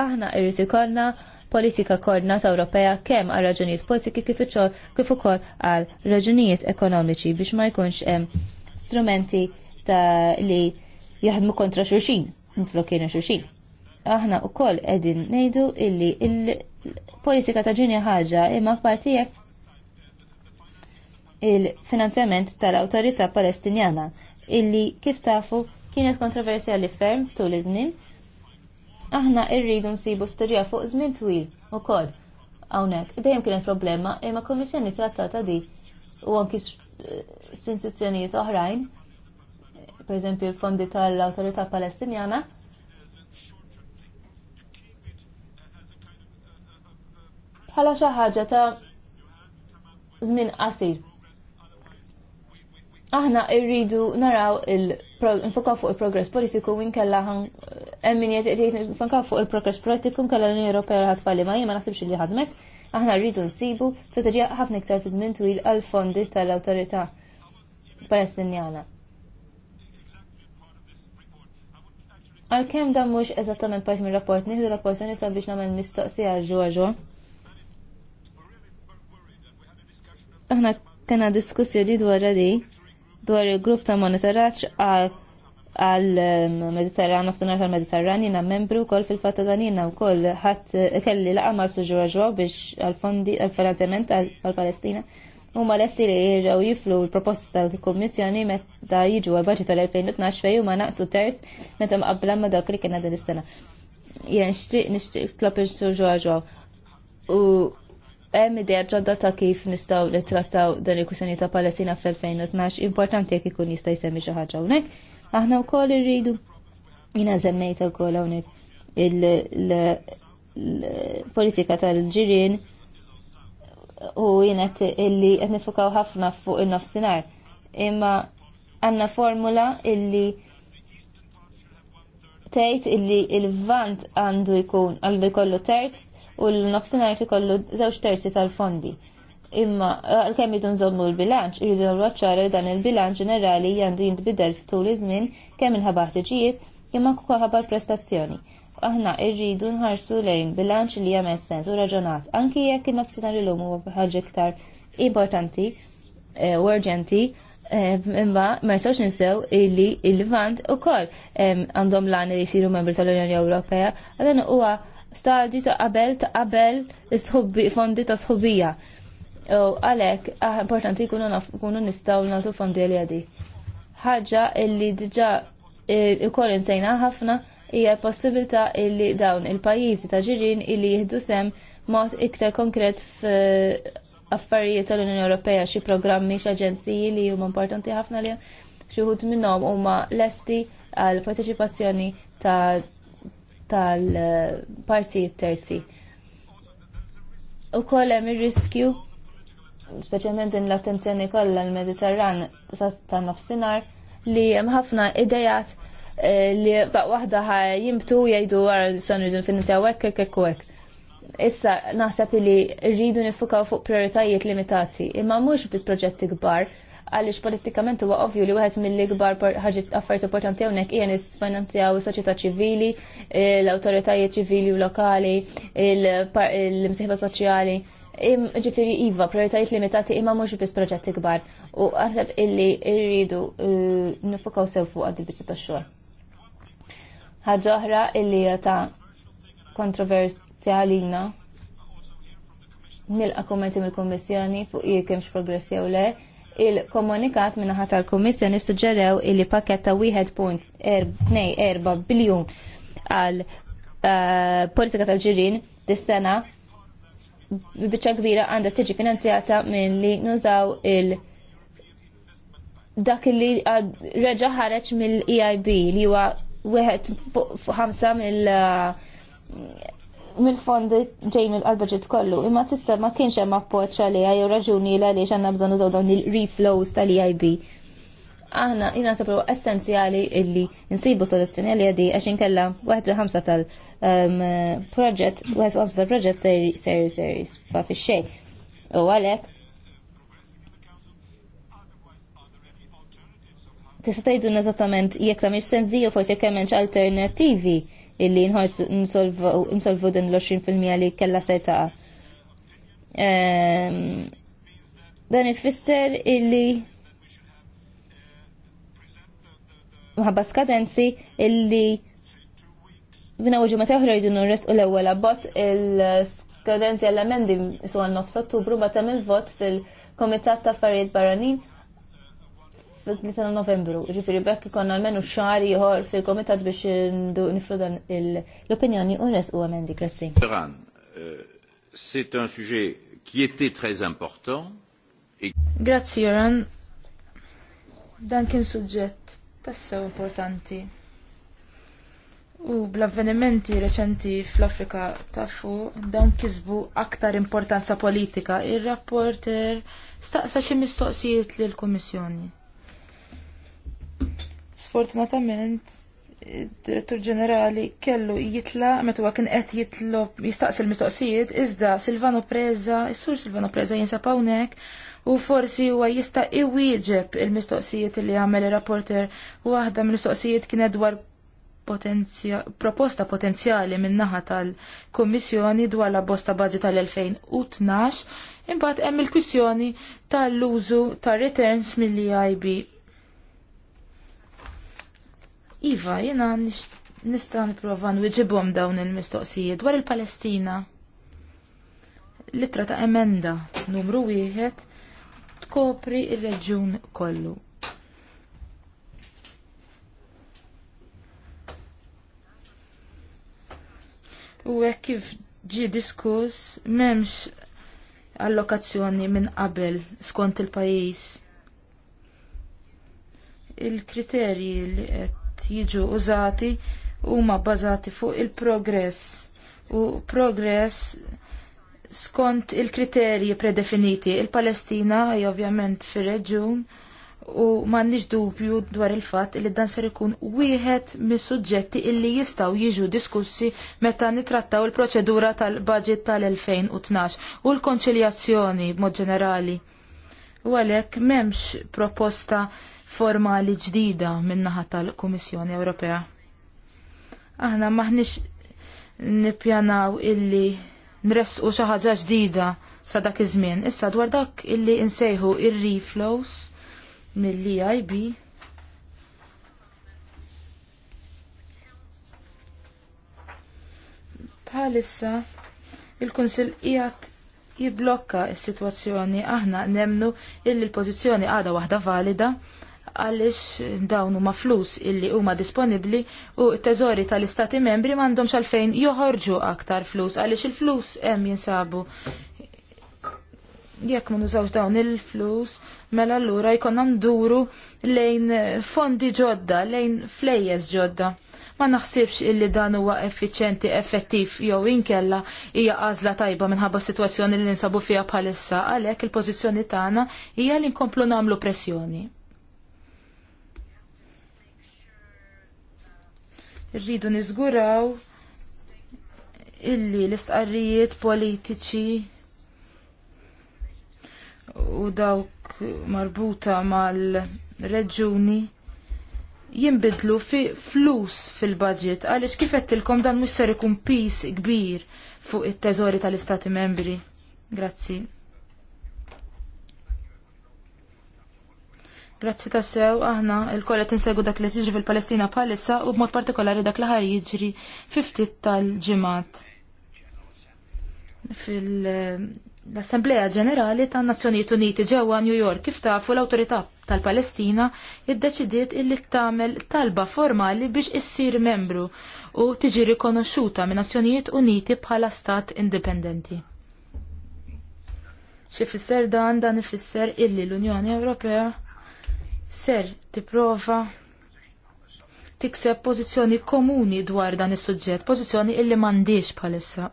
aħna irrid ikollna politika koordinata Ewropea kemm għal raġunijiet politiki kif kif ukoll għal raġunijiet ekonomiċi biex ma jkunx hemm strumenti ta' li jaħdmu kontra xulxin, mflokkiena xulxin aħna u koll edin nejdu illi il-politika ta' ġini ħaġa imma partijek il-finanzjament tal-autorita palestinjana illi kif tafu kienet kontroversja li ferm ftul iż-żmien. Aħna rridu nsibu staġija fuq żmien twil ukoll hawnhekk. Dejjem kienet problema imma kummissjoni trattata di u anki istituzzjonijiet oħrajn, pereżempju l-fondi tal-Awtorità Palestinjana, bħala xi ħaġa ta' żmien qasir. Aħna rridu naraw il nfokaw fuq il-progress politiku min kella hemm min jgħid nfokaw fuq il-progress politiku nkella l-Unjoni Ewropea falli ma jien ma naħsibx li ħadmet aħna rridu nsibu strateġija ħafna iktar fi żmien twil għal fondi tal-awtorità Palestinjana. Għalkemm dan mhux eżattament parti mir-rapport, nieħdu l-opportunità biex nagħmel mistoqsija ġewwa ġewwa. aħna kena diskussjoni dwar di dwar il-grupp ta' monitoraċ għal um, mediterran nofsinhar tal-Mediterran jina membru wkoll fil-fatta dan u wkoll ħadd kelli laqa' ma' suġġu biex għall-fondi għall-finanzjament għall-Palestina. Huma essi li jirraw jiflu l-proposta tal-Kummissjoni meta jiġu għal-baġit tal-2012 fejju ma naqsu terz meta mqabbla ma' dawk li kien din is-sena. Jien nixtieq nixtieq tlob il u hemm idea ġodda ta' kif nistgħu nittrattaw dan il-kwistjoni ta' Palestina fl-2012 importanti jekk ikun jista' jsemmi xi ħaġa hawnhekk. Aħna wkoll irridu jiena żemmejt ukoll hawnhekk il-politika tal-ġirien u jiena illi qed nifukaw ħafna fuq in-nofsinhar. Imma għandna formula illi tgħid illi il-vant għandu jkun għandu jkollu terz u l-nofsinhar tikollu żewġ terzi tal-fondi. Imma għalkemm jridu nżommu l-bilanċ, jridu nwaċċara dan il-bilanċ ġenerali għandu jindbidel f'tul iż-żmien kemm il-ħabba ħtiġijiet imma kuka ħabar prestazzjoni. Aħna irridu nħarsu lejn bilanċ li hemm sens u raġunat anki jekk in-nofsinhar illum huwa ħaġa iktar importanti e, u urġenti e, imma ma jistgħux ninsew illi il-Levant ukoll e, għandhom l-għan li jsiru membri tal-Unjoni Ewropea, għadan huwa stadi ta' qabel ta' qabel fondi ta' sħubija. U għalek, ah, importanti kunu nistaw natu fondi li għadi. ħaġa illi diġa il-kol insejna ħafna hija possibilità illi dawn il-pajjiżi ta' ġirin illi jihdu sem mod iktar konkret f'affarijiet tal-Unjoni Ewropea xi programmi x'aġenziji li huma importanti ħafna li xi wħud minnhom huma lesti għal parteċipazzjoni ta' tal-partijiet terzi. U hemm ir riskju speċjalment in l-attenzjoni kollha l-Mediterran ta' nofsinhar li hemm ħafna idejat eh, li ta' waħda jimbtu jgħidu għara l-sonridu finanzja hekk hekk u hekk. Issa naħseb li rridu nifukaw fuq prioritajiet limitati, imma mhux biss proġetti kbar, għaliex politikament huwa ovvju li wieħed mill-ikbar ħaġit affarijiet importanti hawnhekk hija nisfinanzjaw is-soċjetà ċivili, l-awtoritajiet ċivili u lokali, l-imsieħba soċjali. Ġifiri Iva, prioritajiet limitati imma mhux biss proġetti kbar u għaħseb illi rridu eh, nifokaw sew fuq għaddi bieċi biċċa tax-xogħol. Ħaġa oħra illi ta' kontroversjalina nilqa' kummenti mill-Kummissjoni fuq jekk hemmx progressi jew le Il-komunikat minnaħa tal kommissjoni suġġerew illi paketta 1.24 er- biljun għal eh, politika tal-ġirin dis-sena biċċa kbira għandha tiġi finanzjata minn li nużaw il- dak li reġa ħareġ mill-EIB li huwa wieħed ħamsa mill- mill-fondi ġejn il-budget kollu, imma sissa ma kienx hemm appoġġ għalija jew raġuni li għaliex għandna bżonn użaw dawn il-reflows tal-EIB. Aħna jina sabru essenzjali illi nsibu soluzzjoni għalli għadi għax inkella 1-5 tal-proġett, ehm, 1-5 tal-proġett seri seri fa' fi xej. U għalek, tista' tgħidu eżattament jekk ta' mhix sens di jew forsi jekk hemmx alternattivi illi nsolvu din l-20% li kella ser ehm, dan ifisser illi mħabba skadenzi illi bina uġu ma teħra jridu nurres u l-ewel abbot il-skadenzi għall-amendi su għal nofs ottubru ma tam il-vot fil-Komitat ta' Affarijiet Barranin fil-3 novembru. Ġifiri bekk l-menu xari jħor fil-komitat biex nifru dan l-opinjoni u res u għamendi. Grazzi. Euh, c'est un sujet qui était très important. Grazzi, Joran. Dan kien suġġett tassew importanti. U bl-avvenimenti reċenti fl-Afrika ta' fuq dawn kisbu aktar importanza politika. Ir-rapporter staqsa xi mistoqsijiet lill-Kummissjoni. Sfortunatament, direttur ġenerali kellu jitla meta għakin kien qed jitlob jistaqsi l-mistoqsijiet iżda Silvano Preza, jissur sur Silvano Preza jinsab hawnhekk u forsi huwa jista' iwieġeb il-mistoqsijiet li għamel ir-rapporter waħda mill-mistoqsijiet kien dwar potenzja, proposta potenzjali min-naħa tal-Kommissjoni dwar la bosta bazzi tal-2012 imbagħad hemm il-kwistjoni tal-użu tar-returns mill-EIB Iva, jena nista niprofa nwiġibhom dawn il-mistoqsijiet dwar il-Palestina. Litra ta' emenda numru wieħed tkopri ir-reġjun kollu. U hekk kif ġie diskuss m'hemmx allokazzjoni minn qabel skont il-pajjiż. Il-kriterji li qed jiġu użati huma bbażati fuq il-progress u progress skont il-kriterji predefiniti. Il-Palestina hija ovvjament fir-reġjun u m'għandniex dubju dwar il-fatt li dan ser ikun wieħed mis-suġġetti illi jistgħu jiġu diskussi meta nitrattaw il-proċedura tal-budget tal-2012 u l-konċiljazzjoni b'mod ġenerali. U għalhekk m'hemmx proposta formali ġdida min-naħa tal-Kummissjoni Ewropea. Aħna maħniex nippjanaw illi nresqu xi ħaġa ġdida sa dak iż-żmien. Issa dwar dak illi insejħu ir-reflows mill-EIB bħalissa il-Kunsil qiegħed jibblokka s-sitwazzjoni aħna nemnu illi l-pożizzjoni għadha waħda valida għaliex dawn huma flus illi huma disponibbli u t-teżori tal-istati membri mandom xalfejn joħorġu aktar flus għaliex il-flus hemm jinsabu. Jekk ma nużawx dawn il-flus, mela allura jkollna nduru lejn fondi ġodda, lejn flejjes ġodda. Ma naħsibx illi dan huwa effiċenti, effettiv jew inkella hija għażla tajba minħabba s-sitwazzjoni li ninsabu fiha bħalissa għalhekk il-pożizzjoni tagħna hija li nkomplu nagħmlu pressjoni. Rridu niżguraw illi l-istqarrijiet politiċi u dawk marbuta mal-reġuni jimbidlu fi flus fil-budget għaliex kif kom dan mhux ser ikun pis kbir fuq it-teżori tal-Istati Membri. Grazzi. Grazzi ta' sew, aħna il-kolla tinsegu dak li tiġri fil-Palestina palissa u b'mod partikolari dak li ħar jiġri fiftit tal-ġimat. Fil-Assembleja Ġenerali tan nazzjonijiet Uniti ġewwa New York kif tafu l-awtorità tal-Palestina iddeċidiet illi tagħmel talba formali biex issir membru u tiġi rikonoxxuta minn Nazzjonijiet Uniti bħala stat indipendenti xifisser dan dan ifisser illi l-Unjoni Ewropea ser tipprova tikseb pożizzjoni komuni dwar dan is-suġġett, pożizzjoni illi m'għandix bħalissa.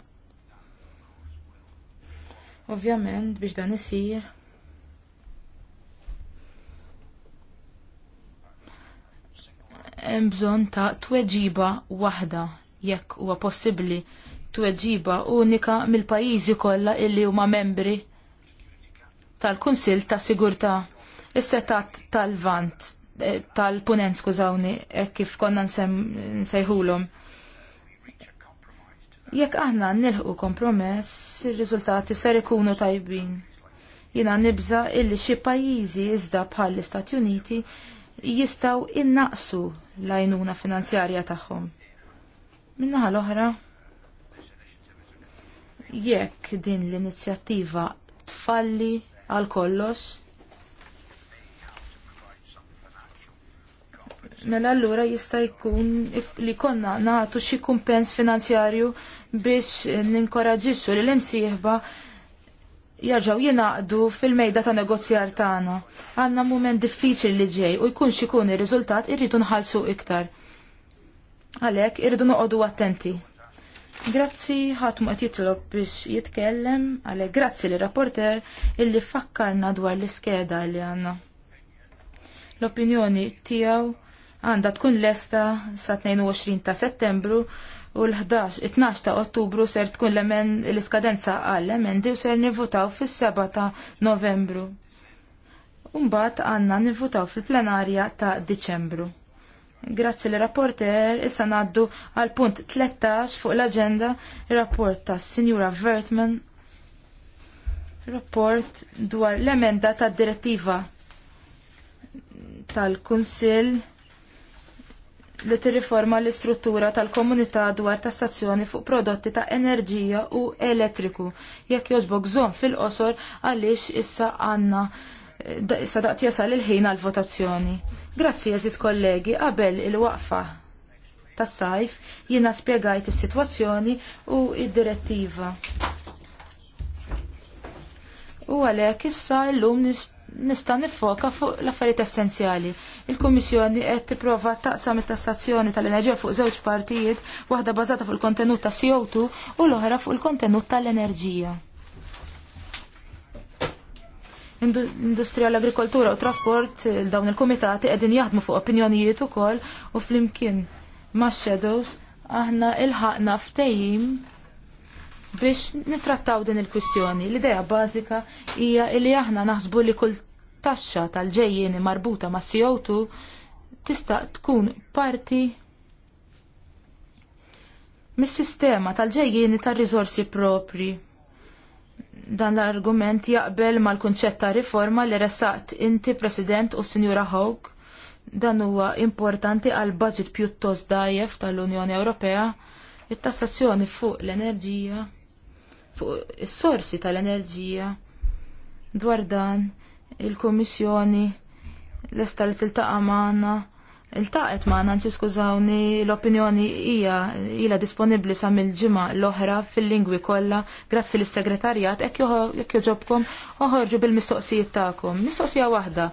Ovvjament biex dan isir. Hemm bżonn ta' tweġiba waħda jekk huwa possibbli tweġiba unika mill-pajjiżi kollha illi huma membri tal-Kunsill ta' Sigurtà is-setat tal-vant eh, tal-punent skużawni eh, kif konna nsejħulhom. Jekk aħna nilħu kompromess, ir-riżultati ser ikunu tajbin. Jiena nibża illi xi pajjiżi iżda bħal l-Istati Uniti jistgħu innaqsu l-għajnuna finanzjarja tagħhom. Minnaħa l-oħra, jekk din l-inizjattiva tfalli għal kollox, Mela allura jista' jkun li konna nagħtu xi kumpens finanzjarju biex ninkoraġixxu li l-imsieħba jarġaw jinaqdu fil-mejda ta' negozjar tagħna. Għandna mument diffiċli li ġej u jkun jkun ir-riżultat irridu nħallsu iktar. Għalhekk irridu noqogħdu attenti. Grazzi ħadd mu qed jitlob biex jitkellem, għalhekk grazzi li rapporter illi fakkarna dwar l-iskeda li għandna. L-opinjoni tiegħu għandha tkun lesta sa 22 ta' settembru u l-11, 12 ta' ottubru ser tkun l-iskadenza għall-emendi u ser nivutaw fis-7 ta' novembru. Umbat għanna nivutaw fil-plenarja ta' Diċembru. Grazzi l-rapporter, issa naddu għal punt 13 fuq l-agenda, rapport ta' Signora Vertman, rapport dwar l-emenda ta' direttiva tal-Kunsil li tirriforma l-istruttura tal-komunità dwar tassazzjoni fuq prodotti ta' enerġija u elettriku. Jekk jogħġbok żomm fil-qosor għaliex issa għandna issa daqt jasal il-ħin għal-votazzjoni. Grazzi jazis kollegi qabel il-waqfa tas-sajf jiena spjegajt is-sitwazzjoni u id-direttiva. U għalhekk issa llum nist nista' nifoka fuq l-affarijiet essenzjali. Il-Kummissjoni qed tipprova taqsam it-tassazzjoni tal-enerġija fuq żewġ partijiet, waħda bażata fuq il-kontenut ta' CO2 u l-oħra fuq il-kontenut tal-enerġija. Industrija l-agrikoltura u trasport dawn il-komitati qegħdin jaħdmu fuq opinjonijiet ukoll u flimkien ma' shadows aħna il-ħaqna ftehim biex nifrattaw din il-kwistjoni. L-idea bażika hija li aħna naħsbu li kull taxxa tal-ġejjien marbuta ma' CO2 tista' tkun parti mis-sistema tal-ġejjien tar-riżorsi propri. Dan l-argument jaqbel mal-kunċett ta' riforma li ressaqt inti President u Sinjura Hawk. Dan huwa importanti għal budget pjuttost dajjef tal-Unjoni Ewropea it-tassazzjoni fuq l-enerġija fuq is-sorsi tal-enerġija dwar dan il-Kummissjoni lesta li tiltaqa' magħna Iltaqet ma' nansi skużawni l-opinjoni hija ila disponibli sa' mill-ġimgħa l-oħra fil-lingwi kollha grazzi lis segretarjat hekk joġobkom oħorġu bil-mistoqsijiet tagħkom. Mistoqsija waħda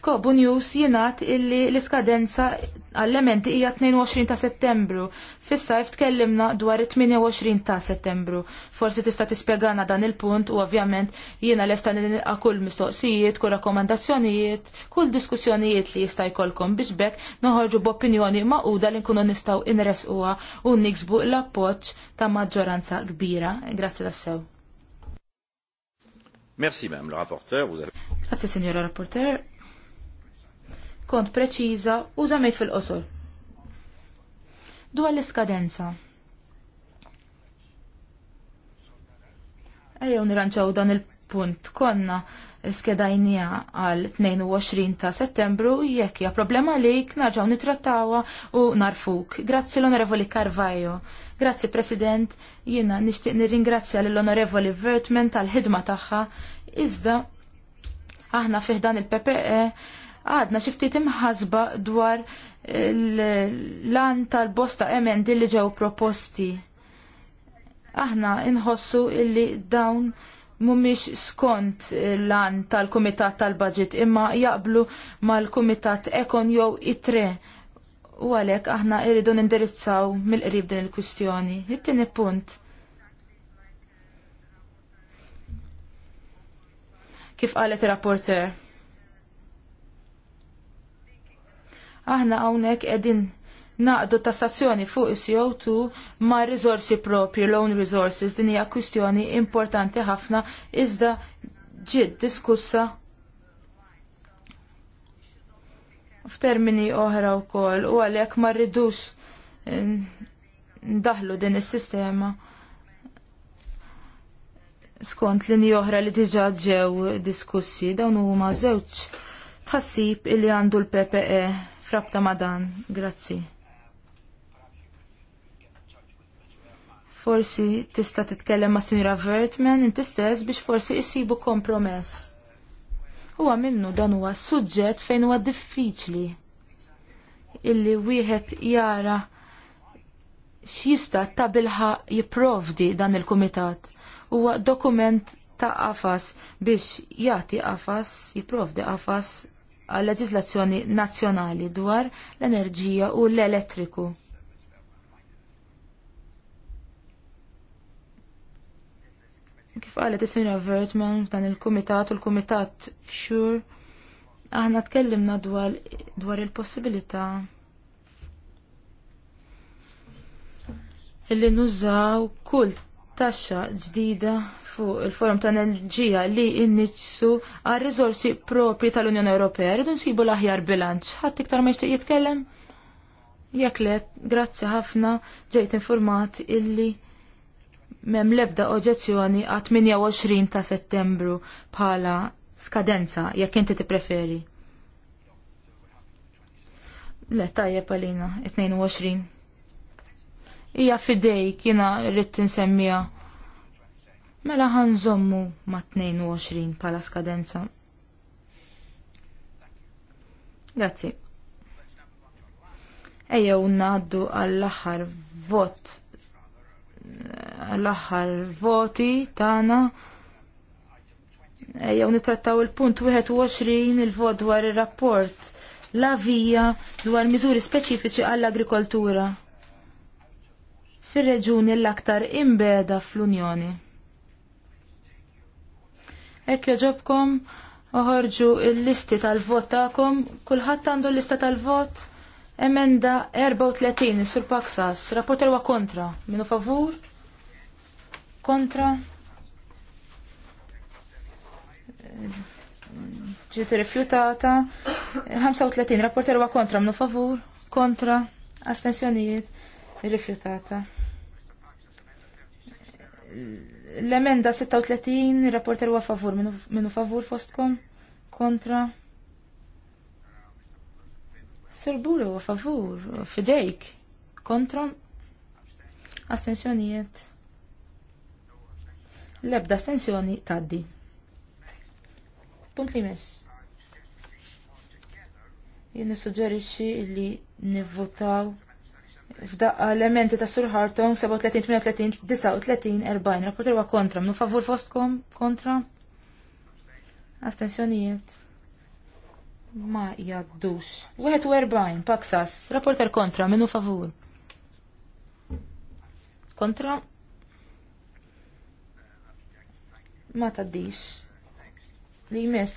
F'Kobu News jingħad illi l-iskadenza għall-elementi hija 22 ta' Settembru. Fis-sajf tkellimna dwar 28 ta' Settembru. Forsi tista' tispjegana dan il-punt u ovvjament jiena lesta nilqa' kull mistoqsijiet, kull rakkomandazzjonijiet, kull diskussjonijiet li jista' jkollkom biex bekk noħorġu b'opinjoni maquda li nkunu nistgħu inresquha u niksbu l-appoġġ ta' maġġoranza kbira. Grazzi tassew. Merci, Madame le rapporteur. Vous avez... Grazie, signora rapporteur kont preċiża u żamejt fil-qosor. Dwar l-iskadenza. Ejjew niranċaw dan il-punt konna skedajnija għal 22 ta' settembru jekk hija problema li narġaw nitrattawa u narfuk. Grazzi l-Onorevoli Carvajo. Grazzi President, jiena nixtieq nirringrazzja l-Onorevoli Vertman tal-ħidma tagħha. Iżda aħna fiħdan il-PPE għadna xiftit imħasba dwar eh, l-lan tal-bosta emendi li ġew proposti. Aħna inħossu illi dawn mumiex skont l-lan tal-Kumitat tal-Budget imma jaqblu mal-Kumitat Ekon jew itre u għalek aħna irridu nindirizzaw mill-qrib din il-kwistjoni. It-tieni punt. Kif qalet ir-rapporter? Aħna hawnhekk qegħdin naqdu tassazzjoni fuq is-CO2 ma' risorsi propri, loan resources, din hija kwistjoni importanti ħafna iżda ġiet diskussa f'termini oħra wkoll u għalhekk ma rridux eh, ndaħlu din is-sistema skont lini oħra li diġà ġew diskussi dawn huma żewġ tħassib illi għandu l-PPE frabta ma' dan. Grazzi. Forsi tista' titkellem ma' Sinjura Vertman inti stess biex forsi issibu kompromess. Huwa minnu dan huwa suġġett fejn huwa diffiċli illi wieħed jara x'jista' ta' bilħa jipprovdi dan il-kumitat. Huwa dokument ta' qafas biex jagħti qafas, jipprovdi qafas għal leġislazzjoni nazzjonali dwar l-enerġija u l-elettriku. Kif qalet is-Sinja Vertman dan il-Kumitat u l-Kumitat Xur, aħna tkellimna dwar, il-possibilità illi nużaw kult taxxa ġdida fuq il-forum ta' enerġija li inniċsu għal rizorsi propri tal-Unjoni Ewropea. Rridu nsibu l-aħjar bilanċ. Ħadd iktar ma jixtieq jitkellem? Jekk le, grazzi ħafna ġejt informat illi mem lebda oġezzjoni għat 28 ta' settembru bħala skadenza jekk inti tippreferi. Le tajjeb għalina, 22 hija fidejk jiena rrid insemmija. Mela zommu ma' 22 bħala skadenza. Grazzi. Ejja ngħaddu għall-aħħar vot l-aħħar voti tagħna jew nitrattaw il-punt 21 il-vot dwar ir-rapport la avija dwar miżuri speċifiċi għall-agrikoltura fir-reġuni l-aktar imbeda fl-Unjoni. Ekk joġobkom oħorġu l-listi tal-vot tagħkom, kulħadd għandu l-lista tal-vot emenda 34 sur Paksas, rapporter wa kontra, minu favur, kontra, ġiet rifjutata, 35 rapporter wa kontra, minu favur, kontra, astensjonijiet, rifjutata l-emenda 36, rapporter huwa favur, minu favur fostkom? Kontra? Sir Buri huwa favur, fidejk. Kontra? Astensjonijiet. Lebda astensjoni taddi. Punt li mess. Jien nissuġġerixxi li nivvotaw F'daqqa elementi ta' Sur Hartong 37, 38, 39, 40. Rapporter huwa kontra. Mnu favur fostkom kontra. Astensjonijiet. Ma jaddux. 41, Paksas. Rapporter kontra. Minu favur. Kontra. Ma taddix. Li jmiss.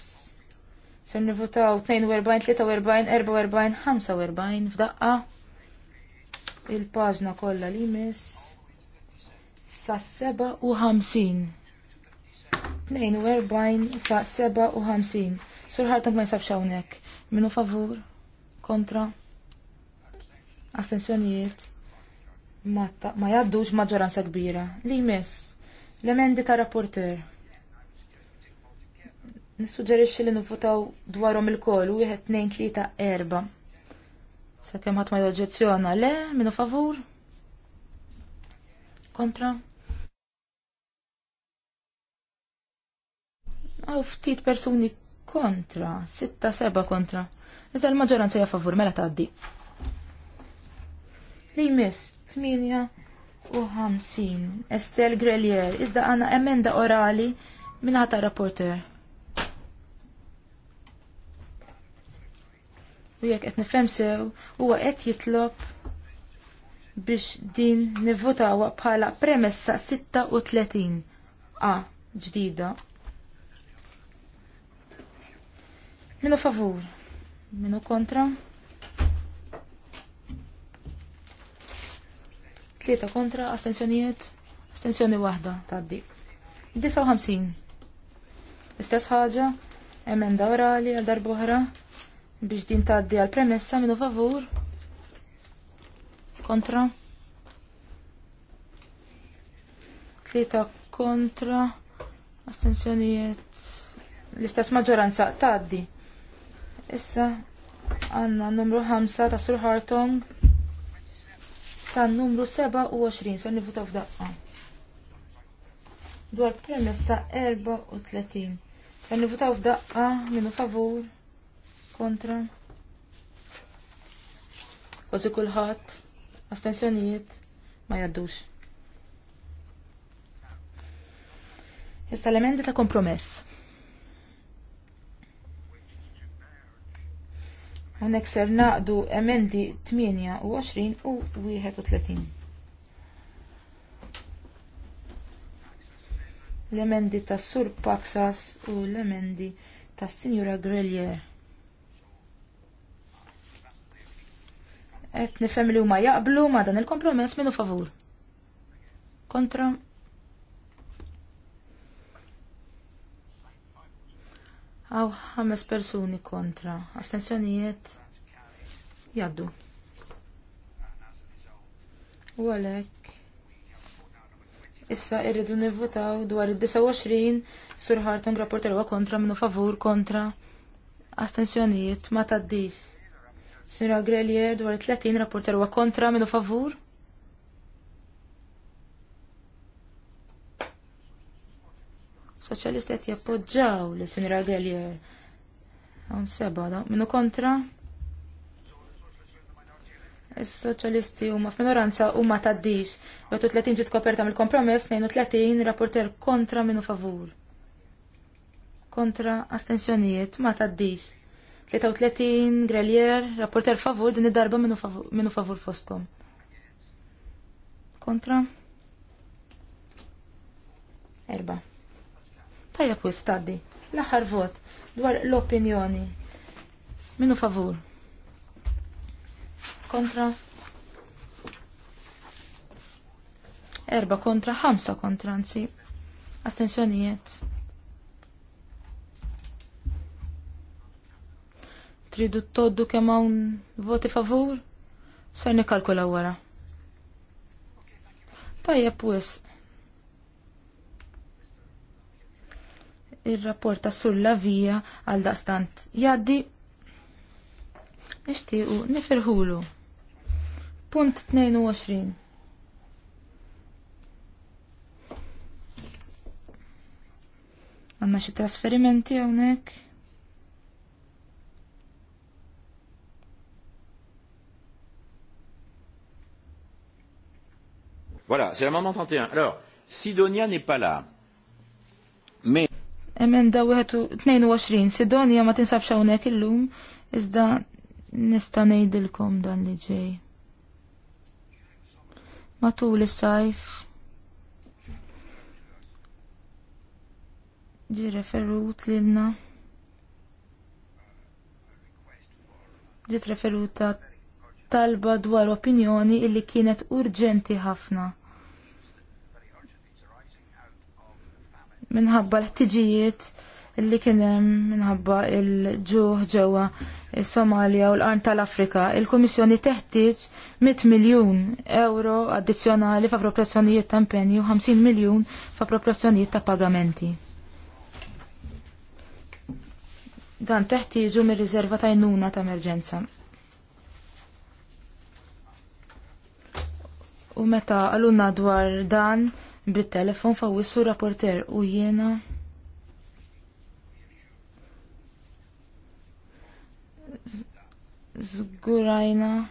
Ser nivutaw 42, 43, 44, 45 f'daqqa il-paġna kollha li jmiss sa' 57. 42 sa' 57. Sur ħartak ma jsabx hawnhekk. Minu favur, kontra, astensjonijiet, ma, jgħaddux maġġoranza kbira. Li jmiss, l-emendi ta' rapporter. Nissuġġerixxi li nivvotaw dwarhom il-kol wieħed 2 3 erba'. Sakemm ħadd ma joġġezzjona le, minu favur? Kontra? Għaw ftit persuni kontra, sitta seba kontra. Iżda l-maġġoranza hija favur, mela tgħaddi. Li jmiss, 58, Estel Grelier, iżda għandna emenda orali minn ħata rapporter. u jekk qed nifhem sew huwa qed jitlob biex din nivvutawha bħala premessa 36 a ġdida. Minu favur, minu kontra. Tlieta kontra, astensjonijiet, astensjoni waħda taddi. 59. Istess ħaġa, emenda orali għal darbohra. oħra biex din taddi għal premessa minu favur kontra tlieta kontra astensjonijiet l-istess maġġoranza taddi issa għanna numru 5 ta' Sur Hartong sa' numru 27 sa' nivuta f'daqqa dwar premessa 34 sa' nivutaw f'daqqa minu favur kontra Għazi kulħadd astensjonijiet ma jaddux. Issa l-emendi ta' kompromess. Għonek ser naqdu emendi 28 u 31. L-emendi ta' Sur Paxas u l-emendi ta' Signora Grelier. qed nifhem li huma jaqblu ma' dan il-kompromess minnu favur. Kontra. Aw ħames persuni kontra. Astenzjonijiet jaddu. U għalhekk. Issa irridu nivvotaw dwar id-29 Sur rapporterwa rapporter kontra minnu favur kontra astensjonijiet ma taddix. Sira Grelier dwar 30 rapporter huwa kontra minu favur. Soċjalisti qed jappoġġaw li Sinra Grelier. Hawn seba' da. Minu kontra? Is-soċjalisti huma f'minoranza huma taddix. Wetu 30 ġiet koperta mill-kompromess, 32 rapporter kontra minu favur. Kontra astensjonijiet ma taddix. 33 Grelier, rapporter favur din id-darba minu favur, favur fostkom. Kontra. Erba. Tajja kus staddi. L-aħħar vot dwar l-opinjoni. Minnu favur. Kontra. Erba kontra, ħamsa kontra, anzi. Astensjonijiet. Tridu toddu kemm hawn voti favur? Ser nikalkula wara. Tajjeb wis. Ir-rapport ta' sulla vija għal daqstant jaddi nixtiequ nifirħulu. Punt 22. Għanna xi trasferimenti hawnhekk. Voilà, c'est l'amendement 31. Alors, Sidonia n'est pas là. Mais... Emenda 22, Sidonia ma tinsabx hawnhekk illum, iżda nista' ngħidilkom dan li ġej. Matul is-sajf. Ġi referut lilna. Ġiet referuta talba dwar opinjoni illi kienet urġenti ħafna. minħabba l-ħtiġijiet li kienem minħabba il-ġuħ ġewwa Somalia u l-qarn tal-Afrika. Il-Kummissjoni teħtieġ 100 miljun euro addizzjonali fa' proporzjonijiet ta' impenju u 50 miljun fa' proporzjonijiet ta' pagamenti. Dan teħtieġu mir-riserva ta' jnuna ta' emerġenza. U meta għalunna dwar dan, bit-telefon fawissu rapporter u jiena zgurajna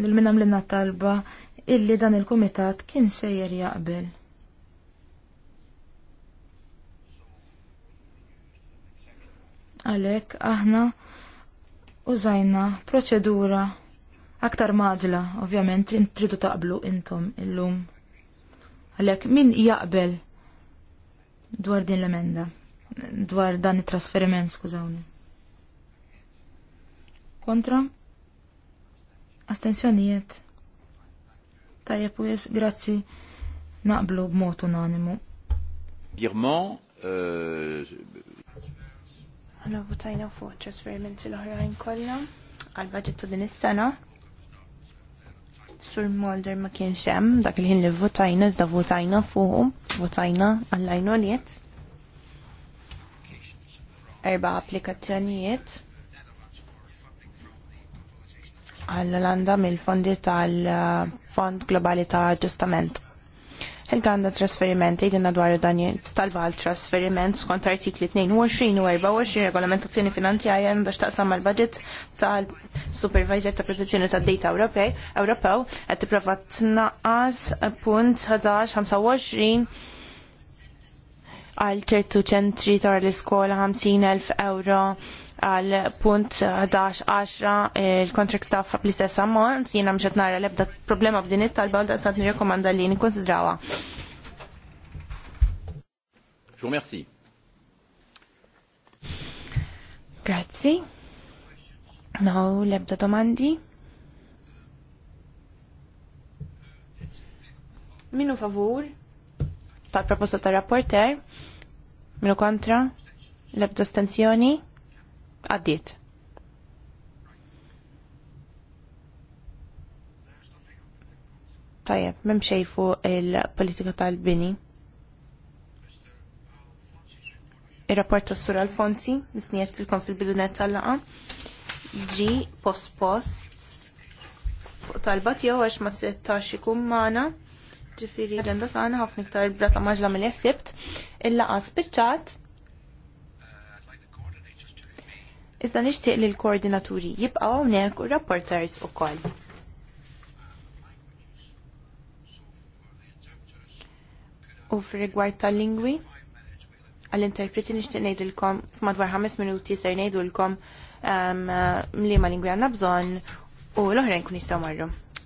l-minam l talba illi dan il-komitat kien sejjer jaqbel. Għalek aħna użajna proċedura aktar maġla, ovvjament, tridu taqblu intom illum. Għalhekk min jaqbel dwar din l-emenda, dwar dan it-trasferiment, skużawni. Kontra? Astenzjonijiet? Tajjeb u jes, grazzi, naqblu b'mod unanimu. Birman, uh, Għallu votajna fuq trasferimenti l-oħrajn kollha għal-budget din is-sena Sur Mulder ma kienx hemm dak il-ħin li votajna iżda votajna fuqu, votajna għall-għajnoliet. Erba' applikazzjonijiet għall landa mill-fondi tal-Fond eh, Globali ta' Ġustament. Helga għandha trasferiment, jidinna dwar dan talba għal trasferiment skont artikli 22 u 24 regolamentazzjoni finanzjarja għandha xtaqsam mal budget tal-Supervisor ta' Protezzjoni ta' Data Ewropej, Ewropew, għed tipprova tnaqqas punt 11-25 għal ċertu ċentri tar l-iskola 50.000 euro għal punt 11-10 eh, il-contract ta' bl-istess ammont, jina mxet nara lebda problema b'din it-talba għal daqsant nirrekomanda li nikonsidrawa. Grazzi. merci. Grazzi. Naw lebda domandi. Minu favur tal-proposta tal-rapporter? Minu kontra? Lebda stenzjoni? Għaddiet. Tajab, m'hemm xejfu il-politika tal-bini. Ir-rapport tas-Sur Alfonsi, nisniet ilkom fil-bidunet tal-laqa, ġi post-post fuq talba għax ma setax ikum maħna. Ġifieri l-aġenda tagħna ħafna il brata maġla mill jessibt il-laqa spiċċat Iżda nixtieq li l-koordinaturi jibqgħu hawnhekk u rapporters ukoll. U f'rigward tal-lingwi, għall-interpreti nixtieq ngħidilkom f'madwar ħames minuti ser ngħidulkom um, li ma lingwi għandna bżonn u l-oħrajn kun jistgħu marru.